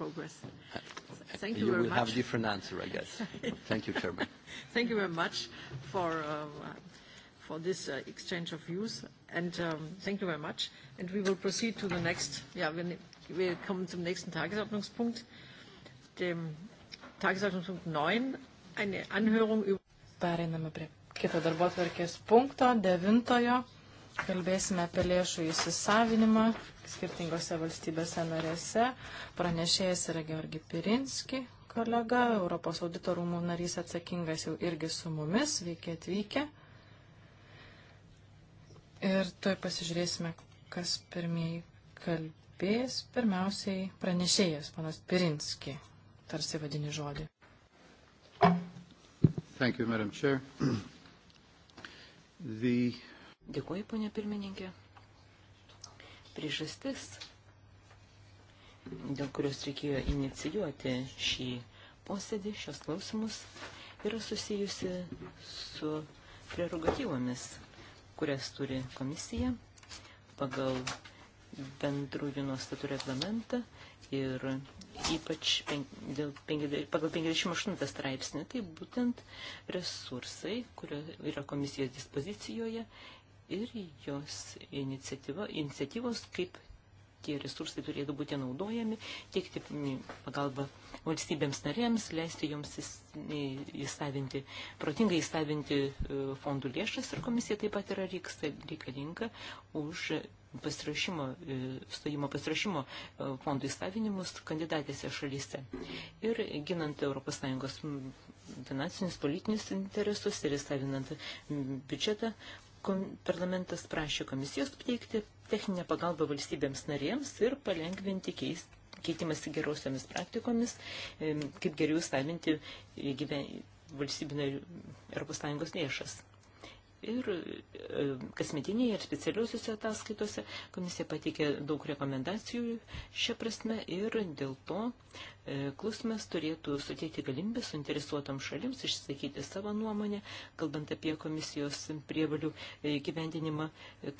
progress. Thank you, you very much. You will have different answer, I guess. Thank you, Chairman. Thank you very much for, uh, for this uh, exchange of views, and um, thank you very much. And we will proceed to the next, ja, wir, wir kommen zum nächsten Tagesordnungspunkt, dem Tagesordnungspunkt 9, eine Anhörung über... Pereiname prie kito darbotvarkės punkto, devintojo. Kalbėsime apie lėšų įsisavinimą skirtingose valstybėse narėse. Pranešėjas yra Georgi Pirinski, kolega, Europos audito rūmų narys atsakingas jau irgi su mumis, veikia atvykę. Ir tuoj pasižiūrėsime, kas pirmieji kalbės. Pirmiausiai pranešėjas, panas Pirinski, tarsi vadini žodį. Thank you, Madam Chair. The Dėkuoju, ponė pirmininkė. Priežastis, dėl kurios reikėjo inicijuoti šį posėdį, šios klausimus, yra susijusi su prerogatyvomis, kurias turi komisija pagal bendrųjų nuostatų reglamentą ir ypač pen, dėl, pagal 58 straipsnį, tai būtent resursai, kurie yra komisijos dispozicijoje ir jos iniciatyvos, kaip tie resursai turėtų būti naudojami, tiekti pagalbą valstybėms narėms, leisti joms įsavinti, protingai įsavinti e, fondų lėšas ir komisija taip pat yra reikalinga už pasirašymo, e, stojimo pasirašymo e, fondų įsavinimus kandidatėse šalyse. Ir ginant ES finansinius, politinius interesus ir įsavinant biudžetą, parlamentas prašė komisijos pateikti techninę pagalbą valstybėms narėms ir palengventi keist, keitimasi gerosiamis praktikomis, kaip geriau įsavinti valstybinio Europos Sąjungos lėšas. Ir e, kasmetinėje ir specialiuosiuose ataskaitose komisija pateikė daug rekomendacijų šią prasme ir dėl to e, klausimas turėtų suteikti galimybę suinteresuotam šalims išsakyti savo nuomonę, kalbant apie komisijos prievalių e, gyvendinimą,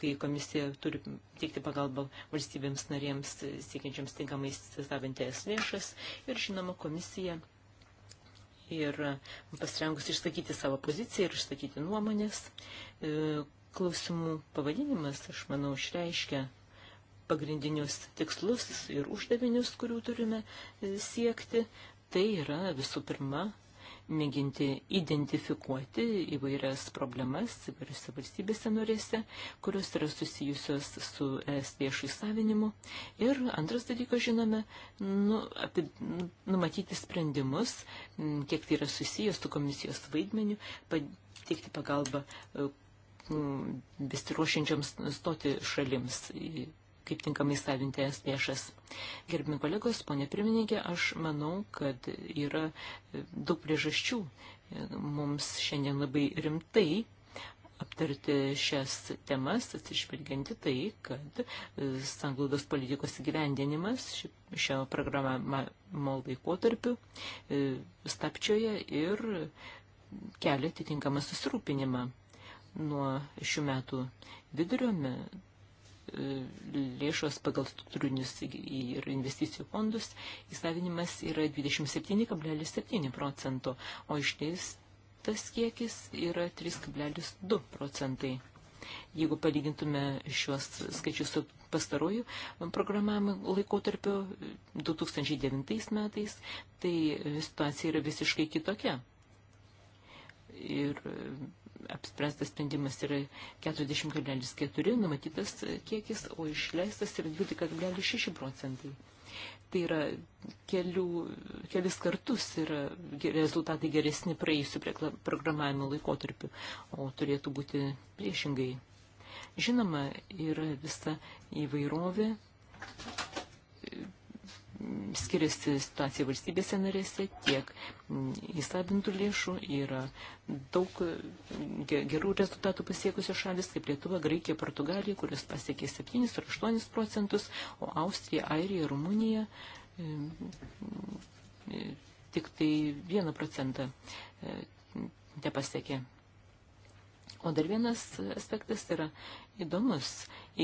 kai komisija turi teikti pagalbą valstybėms narėms siekiančiams tinkamai įsisavinti es lėšas ir žinoma komisija ir pasirengus išsakyti savo poziciją ir išsakyti nuomonės. E, klausimų pavadinimas, aš manau, išreiškia pagrindinius tikslus ir uždavinius, kurių turime e, siekti. Tai yra visų pirma mėginti identifikuoti įvairias problemas įvairiose valstybėse norėse, kurios yra susijusios su ES viešai savinimu. Ir antras dalykas, žinome, nu, apie, numatyti sprendimus, kiek tai yra susijęs su komisijos vaidmeniu, pateikti pagalbą e, besiruošiančiams stoti šalims į kaip tinkamai savinti es lėšas. Gerbimi kolegos, ponė pirmininkė, aš manau, kad yra e, daug priežasčių e, mums šiandien labai rimtai aptarti šias temas, atsižvelgianti tai, kad e, sanglaudos politikos įgyvendinimas šio programavimo laikotarpiu stapčioje ir kelia atitinkamą susirūpinimą nuo šių metų vidurio lėšos pagal struktūrinius ir investicijų fondus, įsavinimas yra 27,7 procento, o išleistas kiekis yra 3,2 procentai. Jeigu palygintume šiuos skaičius su pastaruoju programavimo laikotarpiu 2009 metais, tai situacija yra visiškai kitokia. Ir apspręstas sprendimas yra 40,4 numatytas kiekis, o išleistas yra 12,6 procentai. Tai yra kelių, kelis kartus yra rezultatai geresni praėjusių programavimo laikotarpiu, o turėtų būti priešingai. Žinoma, yra visa įvairovė skiriasi situacija valstybėse narėse, tiek įsavintų lėšų yra daug gerų rezultatų pasiekusios šalis, kaip Lietuva, Graikija, Portugalija, kuris pasiekė 7 ar 8 procentus, o Austrija, Airija, Rumunija e, e, tik tai 1 procentą e, nepasiekė. O dar vienas aspektas yra įdomus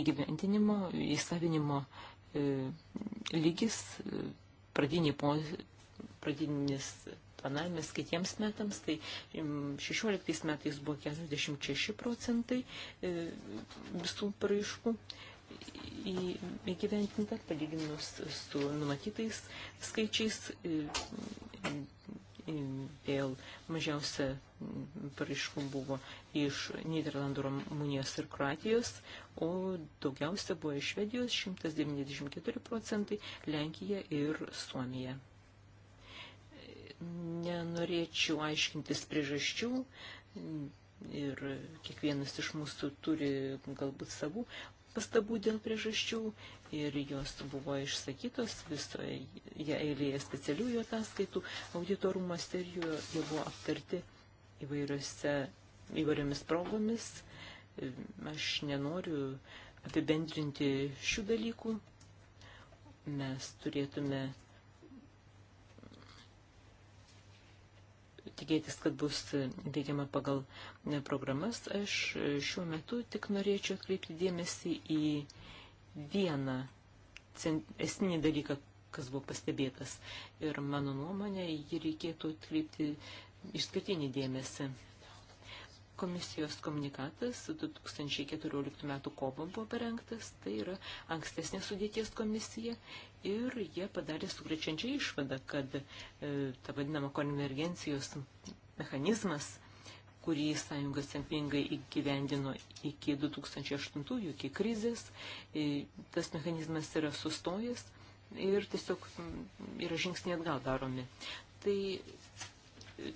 įgyventinimo, įsavinimo E, lygis, e, pradinį po, pradinis planavimas kitiems metams, tai 16 metais buvo 46 procentai e, visų paraiškų įgyventinta, palyginus su numatytais skaičiais vėl mažiausia paraiškų buvo iš Niderlandų, Rumunijos ir Kroatijos, o daugiausia buvo iš Švedijos 194 procentai, Lenkija ir Suomija. Nenorėčiau aiškintis priežasčių ir kiekvienas iš mūsų turi galbūt savų, pastabų dėl priežasčių ir jos buvo išsakytos visoje eilėje specialiųjų ataskaitų auditorų serijoje, jie buvo aptarti įvairiose, įvairiomis progomis. Aš nenoriu apibendrinti šių dalykų. Mes turėtume tikėtis, kad bus veikiama pagal e, programas. Aš e, šiuo metu tik norėčiau atkreipti dėmesį į vieną esminį dalyką, kas buvo pastebėtas. Ir mano nuomonė, jį reikėtų atkreipti išskirtinį dėmesį. Komisijos komunikatas 2014 m. kovo buvo parengtas, tai yra ankstesnė sudėties komisija ir jie padarė sukrečiančią išvadą, kad e, ta vadinama konvergencijos mechanizmas, kurį sąjunga sėkmingai įgyvendino iki 2008, iki krizės, e, tas mechanizmas yra sustojęs ir tiesiog mm, yra žingsniai atgal daromi. Tai e,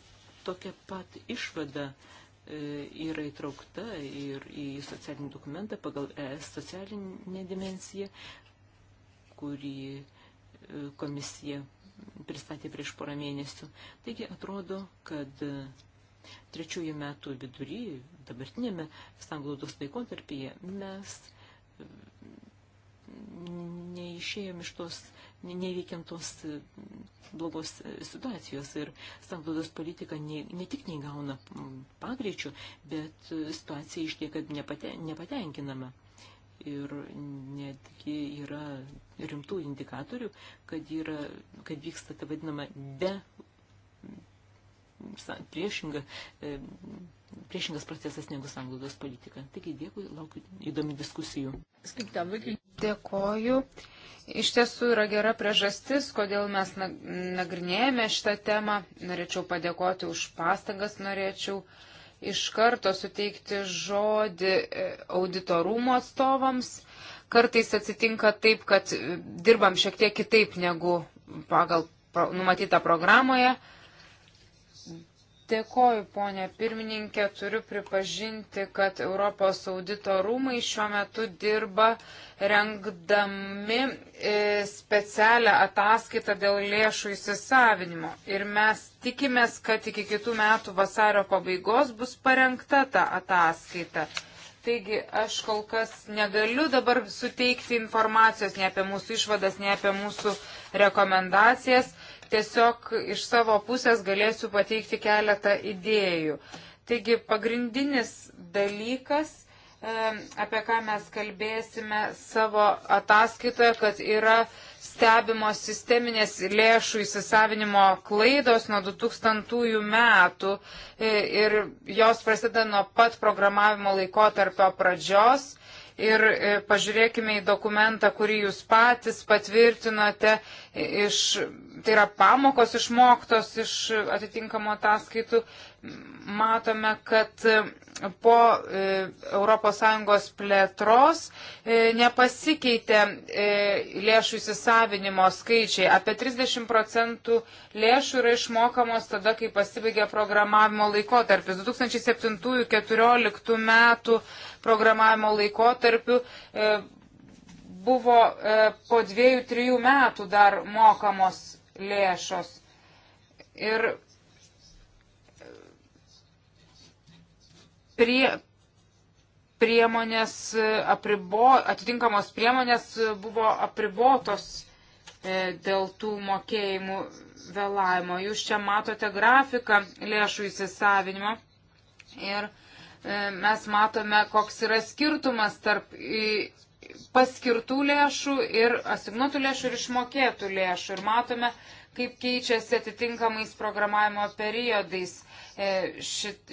tokia pat išvada e, E, yra įtraukta ir į socialinį dokumentą pagal ES socialinę dimensiją, kurį e, komisija pristatė prieš porą mėnesių. Taigi atrodo, kad e, trečiųjų metų vidury, dabartinėme sanglaudos laikotarpyje, mes neišėjom iš tos neveikiam tos mm, blogos e, situacijos ir sanglaudos politika ne, ne tik neįgauna mm, pagreičių, bet e, situacija išlieka nepate, nepatenkinama. Ir netgi yra rimtų indikatorių, kad, yra, kad vyksta ta vadinama de mm, priešinga e, priešingas procesas negu sanglaudos politika. Taigi dėkui, laukiu įdomių diskusijų. Dėkoju. Iš tiesų yra gera priežastis, kodėl mes nagrinėjame šitą temą. Norėčiau padėkoti už pastangas, norėčiau iš karto suteikti žodį e, auditorumo atstovams. Kartais atsitinka taip, kad e, dirbam šiek tiek kitaip negu pagal numatytą programoje. Dėkoju, ponė pirmininkė, turiu pripažinti, kad Europos audito rūmai šiuo metu dirba rengdami e, specialią ataskaitą dėl lėšų įsisavinimo. Ir mes tikimės, kad iki kitų metų vasario pabaigos bus parengta ta ataskaita. Taigi aš kol kas negaliu dabar suteikti informacijos nei apie mūsų išvadas, nei apie mūsų rekomendacijas tiesiog iš savo pusės galėsiu pateikti keletą idėjų. Taigi pagrindinis dalykas, e, apie ką mes kalbėsime savo ataskaitoje, kad yra stebimos sisteminės lėšų įsisavinimo klaidos nuo 2000 metų e, ir jos prasideda nuo pat programavimo laikotarpio pradžios. Ir e, pažiūrėkime į dokumentą, kurį jūs patys patvirtinote iš, tai yra pamokos išmoktos iš atitinkamo ataskaitų, matome, kad po ES plėtros e, nepasikeitė e, lėšų įsisavinimo skaičiai. Apie 30 procentų lėšų yra išmokamos tada, kai pasibaigė programavimo laikotarpis. 2007-2014 metų programavimo laikotarpiu e, buvo e, po dviejų, trijų metų dar mokamos lėšos. Ir e, prie, priemonės e, apribo, atitinkamos priemonės buvo apribotos dėl tų mokėjimų vėlavimo. Jūs čia matote grafiką lėšų įsisavinimo ir mes matome, koks yra skirtumas tarp paskirtų lėšų ir asignuotų lėšų ir išmokėtų lėšų. Ir matome, kaip keičiasi atitinkamais programavimo periodais e,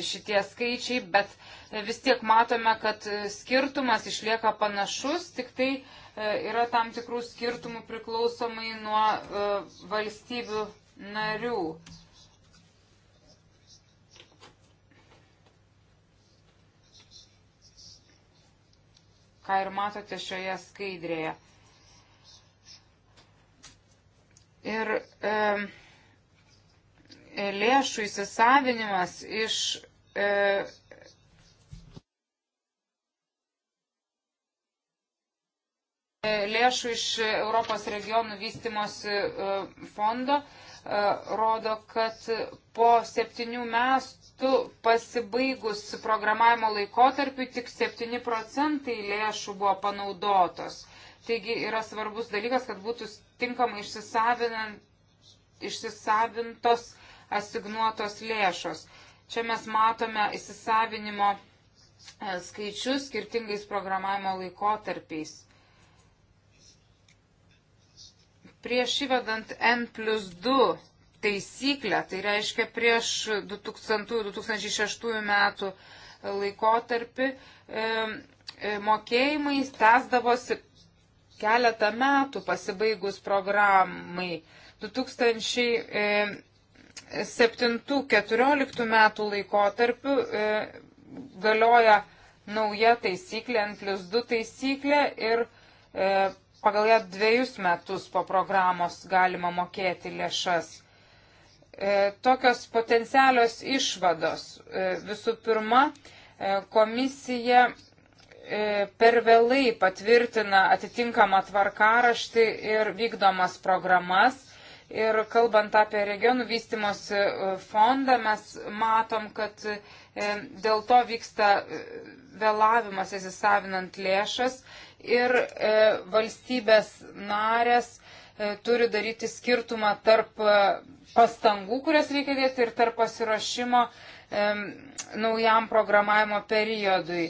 šitie skaičiai, bet e, vis tiek matome, kad skirtumas išlieka panašus, tik tai e, yra tam tikrų skirtumų priklausomai nuo valstybių narių. ką ir matote šioje skaidrėje. Ir e, lėšų įsisavinimas iš e, e, lėšų iš Europos regionų vystimosi e, fondo e, rodo, kad po septynių mes, mastu pasibaigus programavimo laikotarpiu tik 7 procentai lėšų buvo panaudotos. Taigi yra svarbus dalykas, kad būtų tinkamai išsisavintos asignuotos lėšos. Čia mes matome įsisavinimo e, skaičius skirtingais programavimo laikotarpiais. Prieš įvedant N plus 2 taisyklę, tai reiškia prieš 2000-2006 metų laikotarpį e, e, mokėjimai tęsdavosi keletą metų pasibaigus programai. 2007-2014 e, metų laikotarpiu galioja nauja taisyklė, ant plus 2 taisyklė ir pagal ją dviejus metus po programos galima mokėti lėšas. E, tokios potencialios išvados. E, visų pirma, e, komisija per vėlai patvirtina atitinkamą tvarkaraštį ir vykdomas programas. Ir kalbant apie regionų vystimosi fondą, mes matom, kad dėl to vyksta vėlavimas įsisavinant lėšas ir valstybės narės E, turi daryti skirtumą tarp e, pastangų, kurias reikia dėti ir tarp pasiruošimo e, naujam programavimo periodui.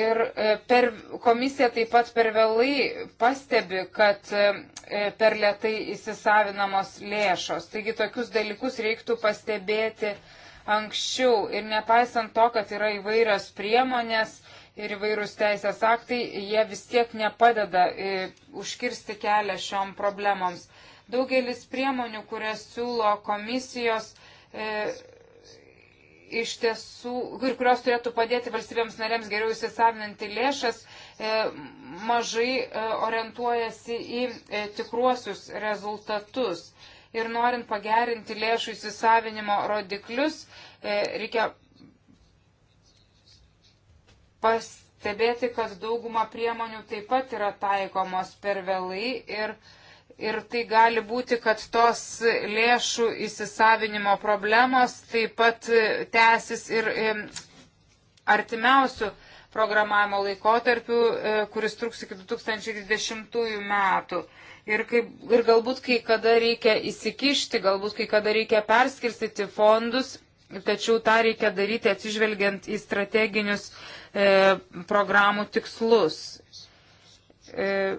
Ir e, per, komisija taip pat per vėlai pastebi, kad per lietai įsisavinamos lėšos. Taigi tokius dalykus reiktų pastebėti anksčiau. Ir nepaisant to, kad yra įvairios priemonės, ir įvairūs teisės aktai, jie vis tiek nepadeda e, užkirsti kelią šiom problemoms. Daugelis priemonių, kurias siūlo komisijos, e, iš tiesų, ir kurios turėtų padėti valstybėms narėms geriau įsisavinti lėšas, e, mažai orientuojasi į tikruosius rezultatus. Ir norint pagerinti lėšų įsisavinimo rodiklius, reikia pastebėti, kad dauguma priemonių taip pat yra taikomos per vėlai ir, ir tai gali būti, kad tos lėšų įsisavinimo problemos taip pat tęsis ir, ir artimiausių programavimo laikotarpių, e, kuris truks iki 2020 metų. Ir, kaip, ir galbūt kai kada reikia įsikišti, galbūt kai kada reikia perskirstyti fondus tačiau tą reikia daryti atsižvelgiant į strateginius e, programų tikslus. E,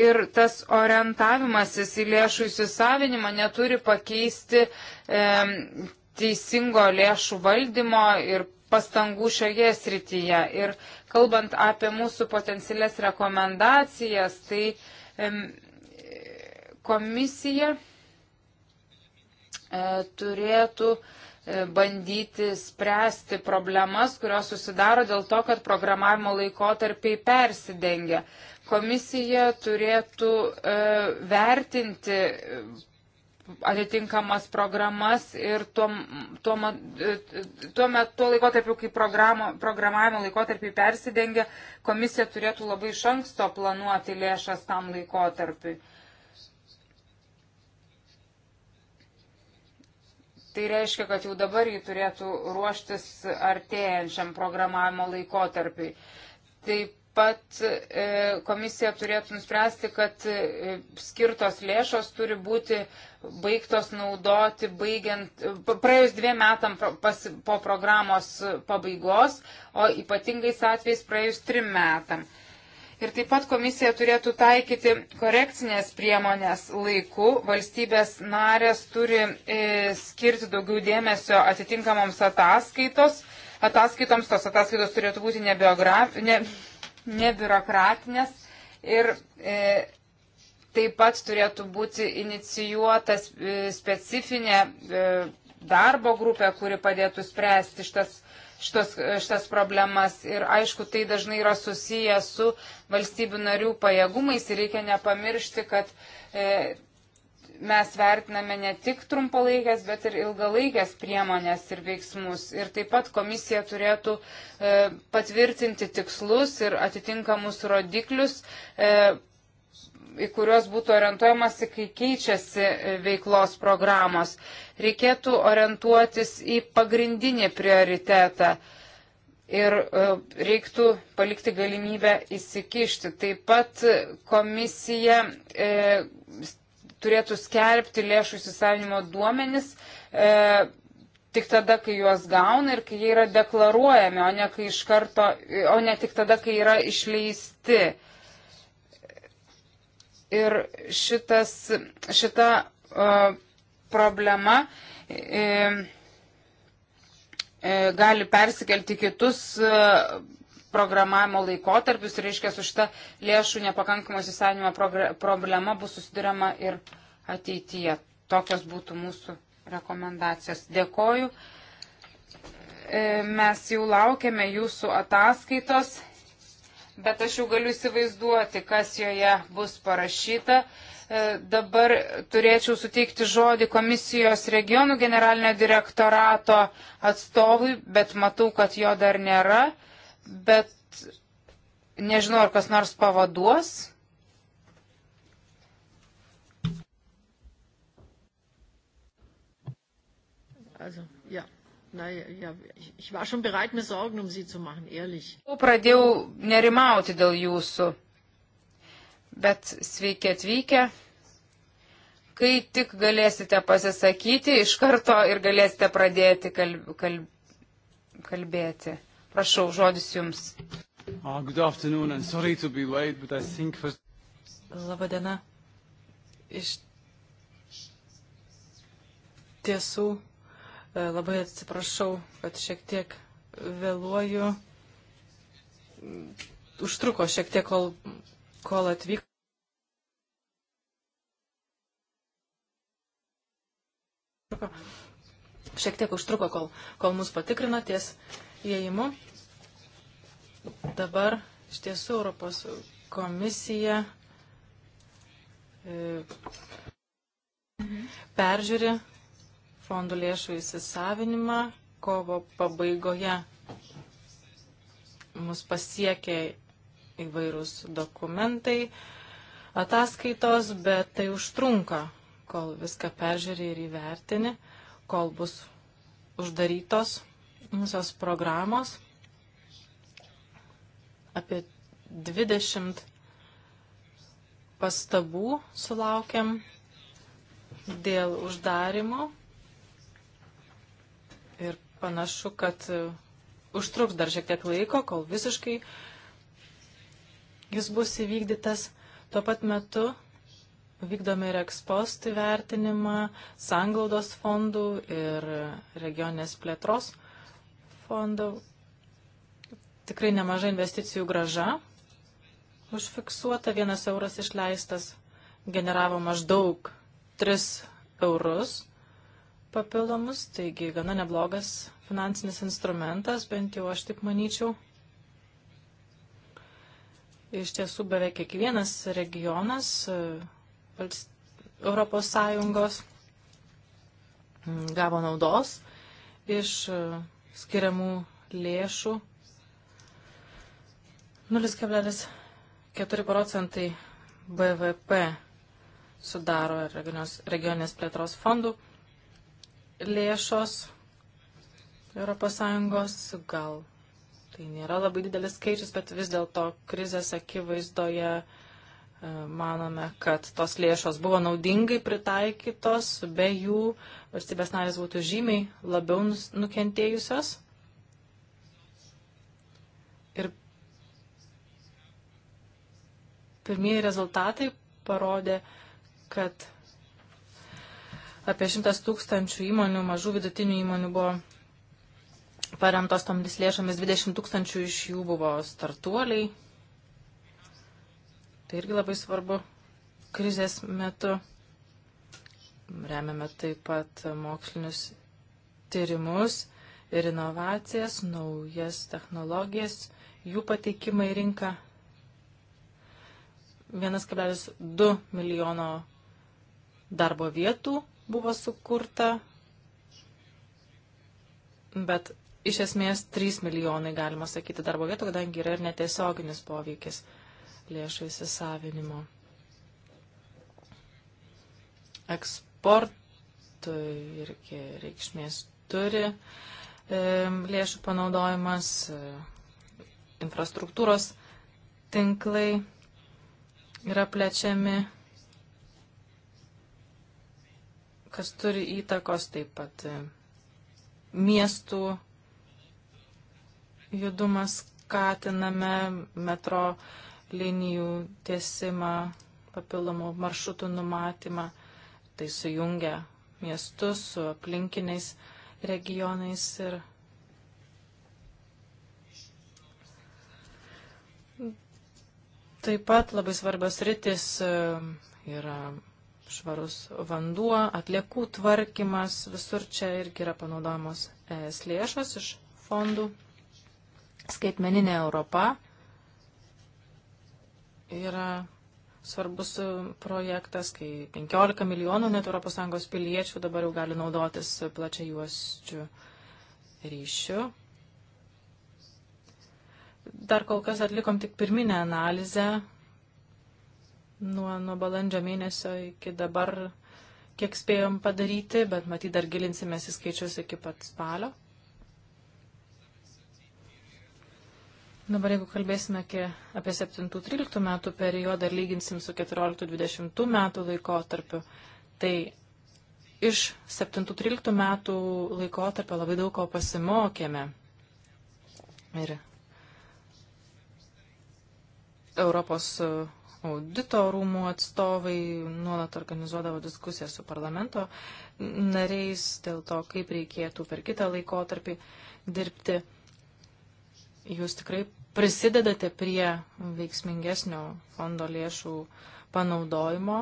ir tas orientavimasis į lėšų įsisavinimą neturi pakeisti e, teisingo lėšų valdymo ir pastangų šioje srityje. Ir kalbant apie mūsų potencialias rekomendacijas, tai e, komisija. E, E, turėtų e, bandyti spręsti problemas, kurios susidaro dėl to, kad programavimo laikotarpiai persidengia. Komisija turėtų e, vertinti atitinkamas programas ir tuo, tuo, tuo metu, tuo laikotarpiu, kai programo, programavimo laikotarpiai persidengia, komisija turėtų labai iš anksto planuoti lėšas tam laikotarpiui. Tai reiškia, kad jau dabar jį turėtų ruoštis artėjančiam programavimo laikotarpiui. Taip pat e, komisija turėtų nuspręsti, kad e, skirtos lėšos turi būti baigtos naudoti baigiant, praėjus dviem metam pas, po programos pabaigos, o ypatingais atvejais praėjus trim metam. Ir taip pat komisija turėtų taikyti korekcinės priemonės laiku. Valstybės narės turi e, skirti daugiau dėmesio atitinkamoms ataskaitos. Ataskaitoms tos ataskaitos turėtų būti nebiurokratinės. Ne, ne ir e, taip pat turėtų būti inicijuotas e, specifinė e, darbo grupė, kuri padėtų spręsti šitas šitas, šitas problemas ir aišku, tai dažnai yra susiję su valstybių narių pajėgumais ir reikia nepamiršti, kad e, mes vertiname ne tik trumpalaikės, bet ir ilgalaikės priemonės ir veiksmus. Ir taip pat komisija turėtų e, patvirtinti tikslus ir atitinkamus rodiklius, e, į kuriuos būtų orientuojamasi, kai keičiasi e, veiklos programos. Reikėtų orientuotis į pagrindinį prioritetą ir e, reiktų palikti galimybę įsikišti. Taip pat komisija e, turėtų skelbti lėšų įsisavinimo duomenis e, tik tada, kai juos gauna ir kai jie yra deklaruojami, o ne, kai iš karto, o ne tik tada, kai yra išleisti. Ir šitas, šita uh, problema uh, gali persikelti kitus programavimo laikotarpius, reiškia su šita lėšų nepakankamo įsisavinimo problema bus susidurama ir ateityje. Tokios būtų mūsų rekomendacijos. Dėkoju. Mes jau laukiame jūsų ataskaitos bet aš jau galiu įsivaizduoti, kas joje bus parašyta. E, dabar turėčiau suteikti žodį komisijos regionų generalinio direktorato atstovui, bet matau, kad jo dar nėra. Bet nežinau, ar kas nors pavaduos. Also. Naja, ich war schon bereit, mir Sorgen um sie zu machen, ehrlich. Pradėjau nerimauti dėl jūsų. Bet sveiki atvykę. Kai tik galėsite pasisakyti iš karto ir galėsite pradėti kalb kalb kalbėti. Prašau, žodis jums. Oh, good afternoon and sorry to be late, but I think first... Labadiena. Iš tiesų E, labai atsiprašau, kad šiek tiek vėluoju. Užtruko šiek tiek, kol, kol atvyko. Šiek tiek užtruko, kol, kol mus patikrino ties įėjimu. Dabar iš tiesų Europos komisija e, peržiūri fondų lėšų įsisavinimą. Kovo pabaigoje mus pasiekė įvairūs dokumentai, ataskaitos, bet tai užtrunka, kol viską peržiūri ir įvertini, kol bus uždarytos visos programos. Apie 20 pastabų sulaukiam dėl uždarimo Ir panašu, kad e, užtruks dar šiek tiek laiko, kol visiškai jis bus įvykdytas. Tuo pat metu vykdome ir ekspostų vertinimą, sanglaudos fondų ir regionės plėtros fondų. Tikrai nemaža investicijų graža užfiksuota, vienas euras išleistas generavo maždaug 3 eurus papildomus, taigi gana neblogas finansinis instrumentas, bent jau aš taip manyčiau. Iš tiesų beveik kiekvienas regionas e, Europos Sąjungos gavo naudos iš e, skiriamų lėšų 0,4 procentai BVP sudaro regionės plėtros fondų lėšos ES, gal tai nėra labai didelis skaičius, bet vis dėlto krizės akivaizdoje e, manome, kad tos lėšos buvo naudingai pritaikytos, be jų valstybės narės būtų žymiai labiau nukentėjusios. Ir pirmieji rezultatai parodė, kad apie 100 tūkstančių įmonių, mažų vidutinių įmonių buvo paremtos tomis lėšomis, 20 tūkstančių iš jų buvo startuoliai. Tai irgi labai svarbu krizės metu. Remiame taip pat mokslinius tyrimus ir inovacijas, naujas technologijas, jų pateikimą į rinką. 1,2 milijono darbo vietų buvo sukurta, bet iš esmės 3 milijonai galima sakyti darbo vietų, kadangi yra ir netiesioginis poveikis lėšų įsisavinimo. Eksportui irgi reikšmės turi e, lėšų panaudojimas, e, infrastruktūros tinklai yra plečiami kas turi įtakos taip pat e, miestų judumas skatiname, metro linijų tiesimą, papildomų maršrutų numatymą. Tai sujungia miestus su aplinkiniais regionais ir taip pat labai svarbios rytis e, yra švarus vanduo, atliekų tvarkymas, visur čia irgi yra panaudojamos ES lėšos iš fondų. Skaitmeninė Europa yra svarbus e, projektas, kai 15 milijonų net ES piliečių dabar jau gali naudotis plačiai juosčių ryšių. Dar kol kas atlikom tik pirminę analizę nuo, nuo balandžio mėnesio iki dabar, kiek spėjom padaryti, bet matyt dar gilinsimės į skaičius iki pat spalio. Dabar jeigu kalbėsime apie 7-13 metų periodą ir lyginsim su 14-20 metų laikotarpiu, tai iš 7-13 metų laikotarpio labai daug ko pasimokėme. Ir Europos audito rūmų atstovai nuolat organizuodavo diskusiją su parlamento nariais dėl to, kaip reikėtų per kitą laikotarpį dirbti. Jūs tikrai prisidedate prie veiksmingesnio fondo lėšų panaudojimo.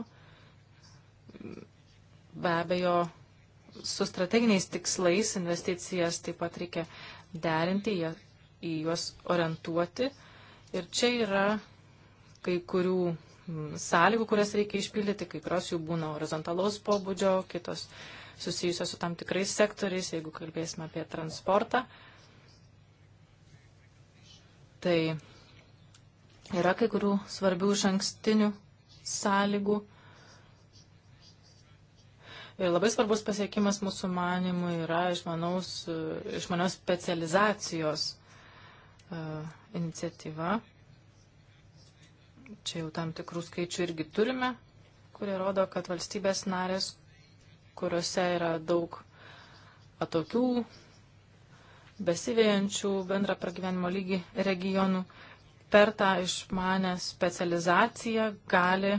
Be abejo, su strateginiais tikslais investicijas taip pat reikia derinti, į juos orientuoti. Ir čia yra kai kurių mm, sąlygų, kurias reikia išpildyti, kai kurios jų būna horizontalaus pobūdžio, kitos susijusios su tam tikrais sektoriais, jeigu kalbėsime apie transportą. Tai yra kai kurių svarbių iš ankstinių sąlygų. Ir labai svarbus pasiekimas mūsų manimų yra išmanaus, išmanios specializacijos uh, iniciatyva. Čia jau tam tikrų skaičių irgi turime, kurie rodo, kad valstybės narės, kuriuose yra daug atokių, besivėjančių bendrą pragyvenimo lygį regionų, per tą išmanę specializaciją gali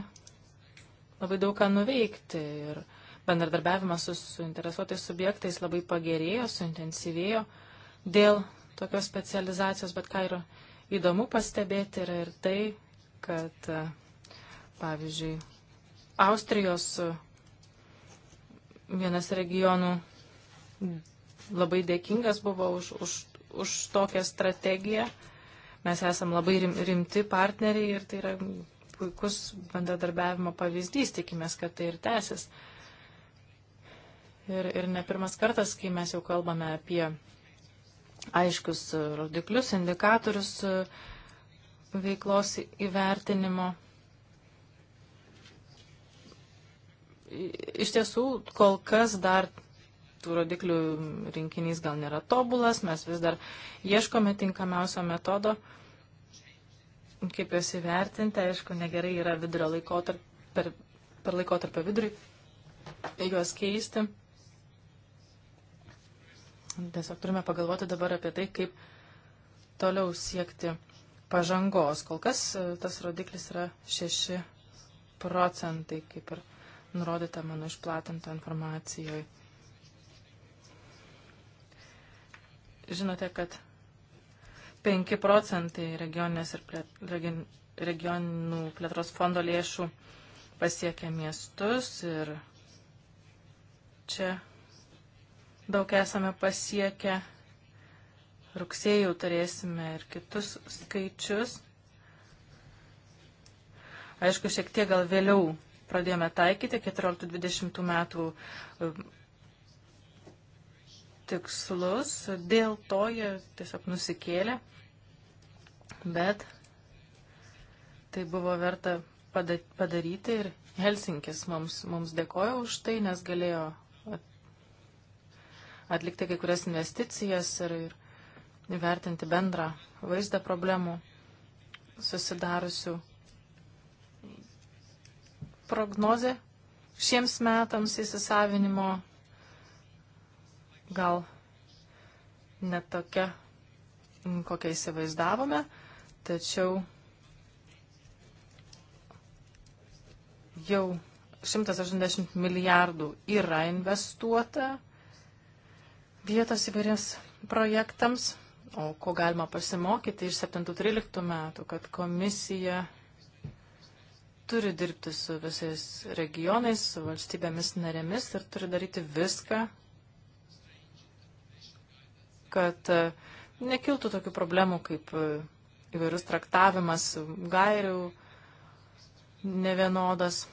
labai daug ką nuveikti. Ir bendradarbiavimas su suinteresuotais subjektais labai pagerėjo, suintensyvėjo dėl tokios specializacijos, bet ką ir įdomu pastebėti yra ir tai, kad pavyzdžiui Austrijos vienas regionų labai dėkingas buvo už, už, už tokią strategiją. Mes esam labai rimti partneriai ir tai yra puikus bendradarbiavimo pavyzdys, tikimės, kad tai ir tęsis. Ir, ir ne pirmas kartas, kai mes jau kalbame apie aiškius rodiklius, indikatorius, uh, veiklos įvertinimo. Iš tiesų, kol kas dar tų rodiklių rinkinys gal nėra tobulas, mes vis dar ieškome tinkamiausio metodo, kaip juos įvertinti. Aišku, negerai yra vidurio laikotarp, per, per laikotarpio vidurį juos keisti. Tiesiog turime pagalvoti dabar apie tai, kaip toliau siekti pažangos. Kol kas e, tas rodiklis yra 6 procentai, kaip ir nurodyta mano išplatinta informacijoje. Žinote, kad 5 procentai regioninės ir plėt, region, regionų plėtros fondo lėšų pasiekia miestus ir čia daug esame pasiekę rugsėjų turėsime ir kitus skaičius. Aišku, šiek tiek gal vėliau pradėjome taikyti 14-20 metų um, tikslus, dėl to jie tiesiog nusikėlė, bet tai buvo verta padaryti ir Helsinkis mums, mums dėkojo už tai, nes galėjo atlikti kai kurias investicijas ir, ir įvertinti bendrą vaizdą problemų susidariusių. Prognozė šiems metams įsisavinimo gal netokia, kokią įsivaizdavome, tačiau jau 180 milijardų yra investuota vietos įvairiems projektams. O ko galima pasimokyti iš 7-13 metų, kad komisija turi dirbti su visais regionais, su valstybėmis narėmis ir turi daryti viską, kad e, nekiltų tokių problemų kaip e, įvairus traktavimas gairių nevienodas.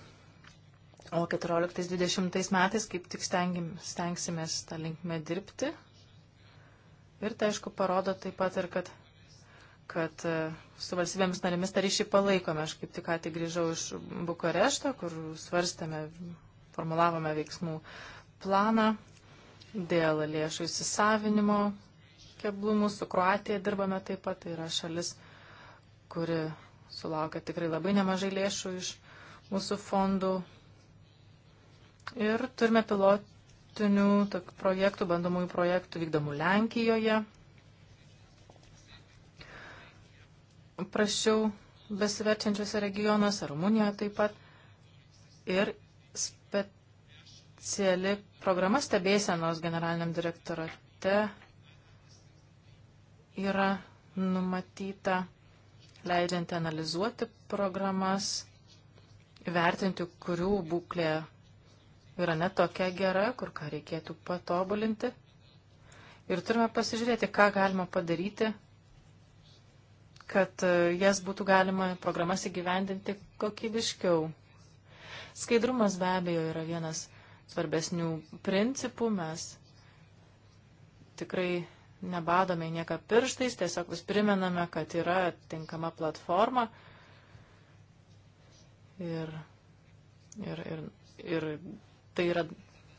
O 14-20 metais kaip tik stengim, stengsimės tą linkmę dirbti Ir tai, aišku, parodo taip pat ir, kad, kad e, su valstybėmis narėmis tą ryšį palaikome. Aš kaip tik ką tik grįžau iš Bukarešto, kur svarstėme, formulavome veiksmų planą dėl lėšų įsisavinimo keblumų. Su Kroatija dirbame taip pat. Tai yra šalis, kuri sulaukia tikrai labai nemažai lėšų iš mūsų fondų. Ir turime pilot, pilotinių projektų, bandomųjų projektų vykdomų Lenkijoje. Prašiau besiverčiančiuose regionuose, Rumunijoje taip pat. Ir speciali programa stebėsenos generaliniam direktorate yra numatyta leidžianti analizuoti programas, vertinti, kurių būklė yra netokia gera, kur ką reikėtų patobulinti. Ir turime pasižiūrėti, ką galima padaryti, kad e, jas būtų galima programas įgyvendinti kokybiškiau. Skaidrumas be abejo yra vienas svarbesnių principų. Mes tikrai nebadome nieką pirštais, tiesiog vis primename, kad yra tinkama platforma. Ir, ir, ir, ir tai yra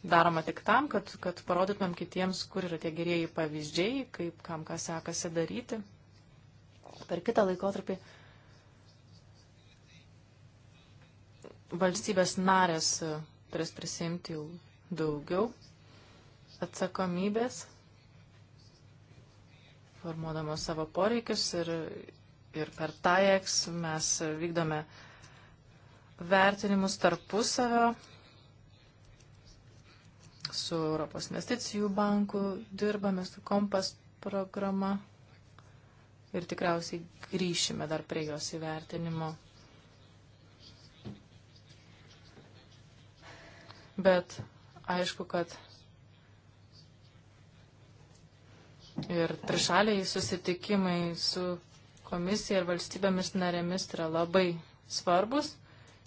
daroma tik tam, kad, kad parodytumėm kitiems, kur yra tie gerieji pavyzdžiai, kaip kam ką sekasi daryti. Per kitą laikotarpį valstybės narės turės prisimti jau daugiau atsakomybės, formuodamos savo poreikius ir, ir per TAEX mes vykdome vertinimus tarpusavio su Europos investicijų banku, dirbame su kompas programa ir tikriausiai grįšime dar prie jos įvertinimo. Bet aišku, kad ir trišaliai susitikimai su komisija ir valstybėmis narėmis yra labai svarbus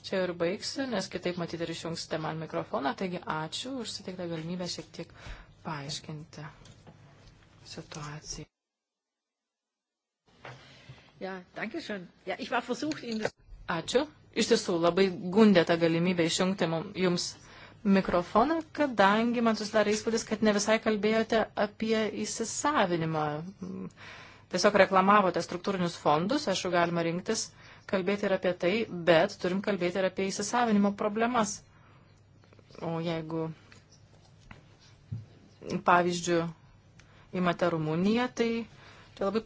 čia ir baigsiu, nes kitaip matyti ir išjungsite man mikrofoną. Taigi ačiū už suteiktą galimybę šiek tiek paaiškinti situaciją. Ja, danke schön. Ja, ich war versucht, Ihnen das. Ačiū. Iš tiesų, labai gundė tą galimybę išjungti jums mikrofoną, kadangi man susidarė įspūdis, kad ne visai kalbėjote apie įsisavinimą. Tiesiog reklamavote struktūrinius fondus, aišku, galima rinktis uh, kalbėti ir apie tai, bet turim kalbėti ir apie įsisavinimo problemas. O jeigu, pavyzdžiui, įmate Rumuniją, tai tai labai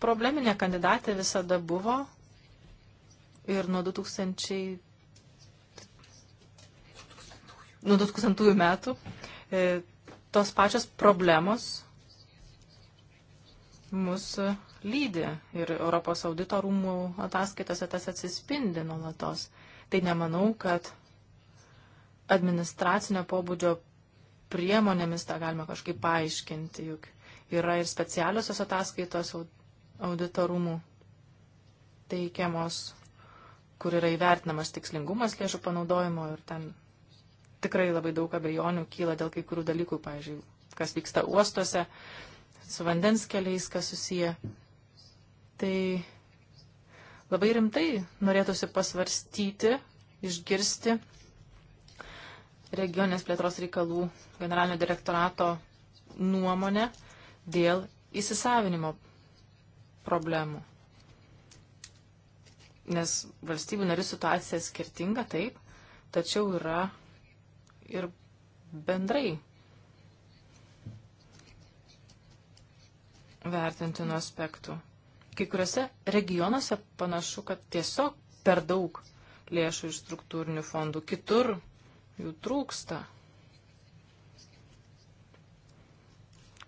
probleminė kandidatė visada buvo ir nuo 2000. Nuo 2000 metų e, tos pačios problemos mūsų lydi ir Europos audito rūmų ataskaitose tas atsispindi nuolatos. Tai nemanau, kad administracinio pobūdžio priemonėmis tą galima kažkaip paaiškinti, juk yra ir specialiosios ataskaitos auditorumų teikiamos, kur yra įvertinamas tikslingumas lėšų panaudojimo ir ten tikrai labai daug abejonių kyla dėl kai kurių dalykų, pavyzdžiui, kas vyksta uostuose, su vandens keliais, kas susiję Tai labai rimtai norėtųsi pasvarstyti, išgirsti regionės plėtros reikalų generalinio direktorato nuomonę dėl įsisavinimo problemų. Nes valstybių narių situacija skirtinga, taip, tačiau yra ir bendrai vertintinų aspektų kai kuriuose regionuose panašu, kad tiesiog per daug lėšų iš struktūrinių fondų, kitur jų trūksta.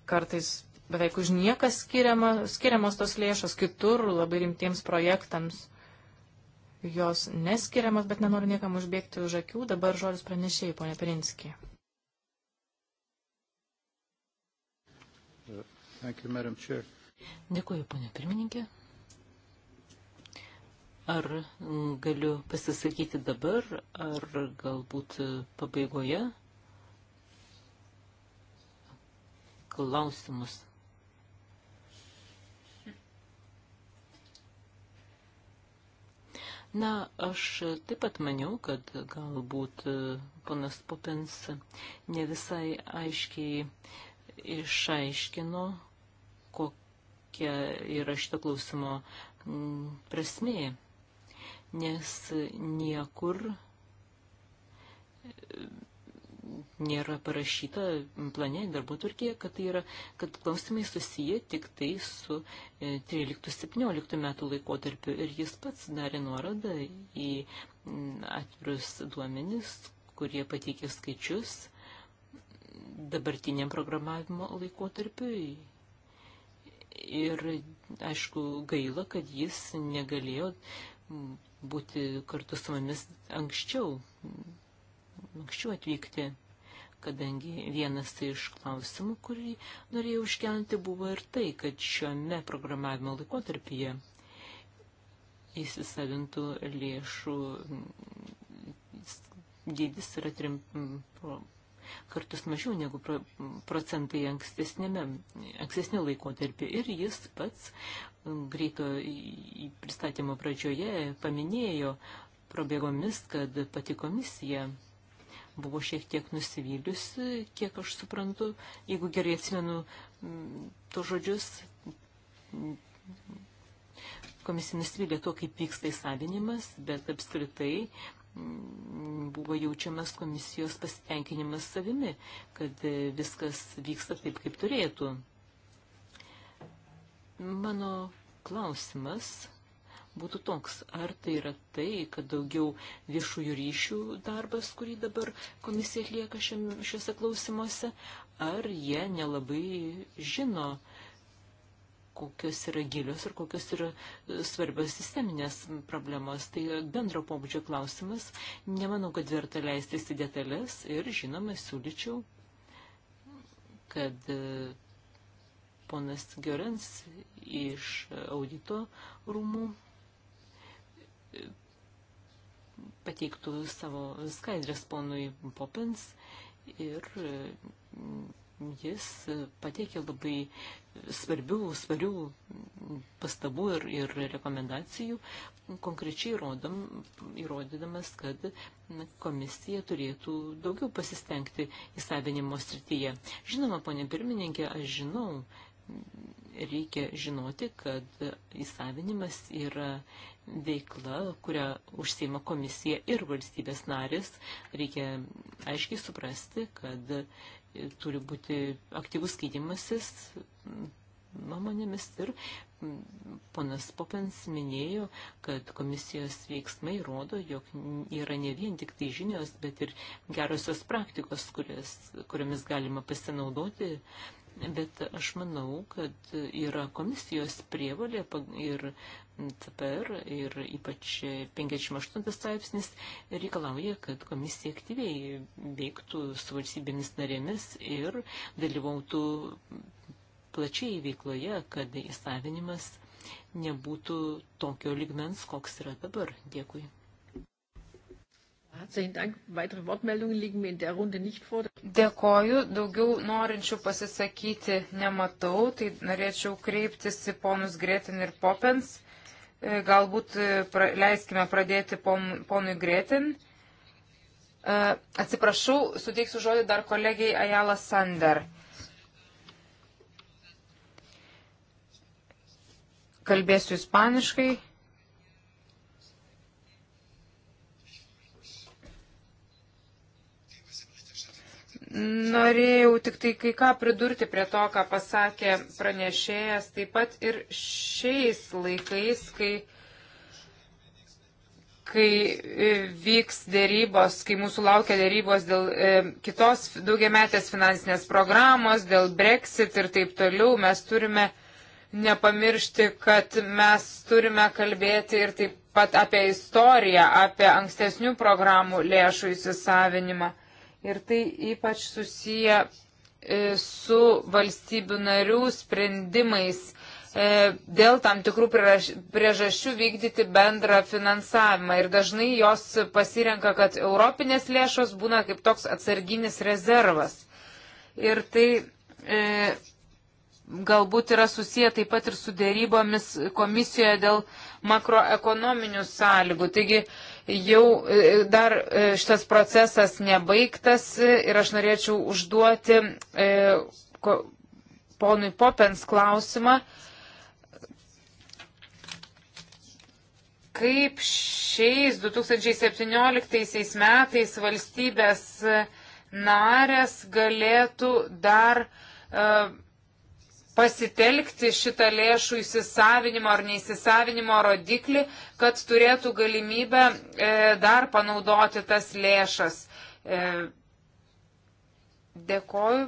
Kartais beveik už nieką skiriama, skiriamos tos lėšos, kitur labai rimtiems projektams jos neskiriamas, bet nenoriu niekam užbėgti už akių. Dabar žodis pranešėjai, ponė Pirinski. Thank you, Madam Chair. Dėkuoju, ponė pirmininkė. Ar galiu pasisakyti dabar, ar galbūt pabaigoje? Klausimus. Na, aš taip pat maniau, kad galbūt ponas Popins ne visai aiškiai išaiškino, kokia yra šito klausimo mm, prasmė, nes niekur mm, nėra parašyta plane darbo Turkija, kad, tai yra, kad klausimai susiję tik tai su 13-17 e, metų laikotarpiu ir jis pats darė nuorodą į mm, atvirus duomenis, kurie pateikė skaičius dabartiniam programavimo laikotarpiu Ir aišku, gaila, kad jis negalėjo būti kartu su mumis anksčiau, anksčiau atvykti, kadangi vienas tai iš klausimų, kurį norėjau iškelti, buvo ir tai, kad šiame programavimo laikotarpyje įsisavintų lėšų dydis yra 3 kartus mažiau negu procentai ankstesnė laikotarpį. Ir jis pats um, greito pristatymo pradžioje paminėjo probėgomis, kad pati komisija buvo šiek tiek nusivyliusi, kiek aš suprantu, jeigu gerai atsimenu to žodžius, komisija nusivylė to, kaip vyksta įsavinimas, bet apskritai buvo jaučiamas komisijos pasitenkinimas savimi, kad viskas vyksta taip, kaip turėtų. Mano klausimas būtų toks, ar tai yra tai, kad daugiau viešųjų ryšių darbas, kurį dabar komisija atlieka šiame, šiuose klausimuose, ar jie nelabai žino, kokios yra gilios ir kokios yra e, svarbios sisteminės problemos. Tai bendro pobūdžio klausimas. Nemanau, kad verta leistis į detalės ir, žinoma, siūlyčiau, kad e, ponas Gerens iš audito rūmų e, pateiktų savo skaidrės ponui Popins ir jis pateikė labai svarbių, svarių pastabų ir, ir rekomendacijų, konkrečiai įrodom, įrodydamas, kad komisija turėtų daugiau pasistengti įsavinimo srityje. Žinoma, ponė pirmininkė, aš žinau, reikia žinoti, kad įsavinimas yra veikla, kurią užsima komisija ir valstybės narės. Reikia aiškiai suprasti, kad turi būti aktyvus skaitimasis nuomonėmis ir ponas Popens minėjo, kad komisijos veiksmai rodo, jog yra ne vien tik tai žinios, bet ir gerosios praktikos, kurias, kuriomis galima pasinaudoti bet aš manau, kad yra komisijos prievalė ir CPR ir ypač 58 straipsnis reikalauja, kad komisija aktyviai veiktų su valstybėmis narėmis ir dalyvautų plačiai veikloje, kad įsavinimas nebūtų tokio ligmens, koks yra dabar. Dėkui. Dėkoju, daugiau norinčių pasisakyti nematau, tai norėčiau kreiptis į ponus Gretin ir Popens. E, galbūt e, pra, leiskime pradėti pon, ponui Gretin. E, atsiprašau, suteiksiu žodį dar kolegijai Ajala Sander. Kalbėsiu ispaniškai. Norėjau tik tai kai ką pridurti prie to, ką pasakė pranešėjas, taip pat ir šiais laikais, kai, kai e, vyks dėrybos, kai mūsų laukia dėrybos dėl e, kitos daugiametės finansinės programos, dėl Brexit ir taip toliau, mes turime nepamiršti, kad mes turime kalbėti ir taip pat apie istoriją, apie ankstesnių programų lėšų įsisavinimą. Ir tai ypač susiję e, su valstybių narių sprendimais e, dėl tam tikrų priežasčių vykdyti bendrą finansavimą. Ir dažnai jos pasirenka, kad europinės lėšos būna kaip toks atsarginis rezervas. Ir tai e, galbūt yra susiję taip pat ir su dėrybomis komisijoje dėl makroekonominių sąlygų. Taigi jau e, dar e, šitas procesas nebaigtas ir aš norėčiau užduoti e, ko, ponui Popens klausimą. Kaip šiais 2017 metais valstybės narės galėtų dar uh, e, pasitelkti šitą lėšų įsisavinimo ar neįsisavinimo rodiklį, kad turėtų galimybę e, dar panaudoti tas lėšas. E, dėkoju.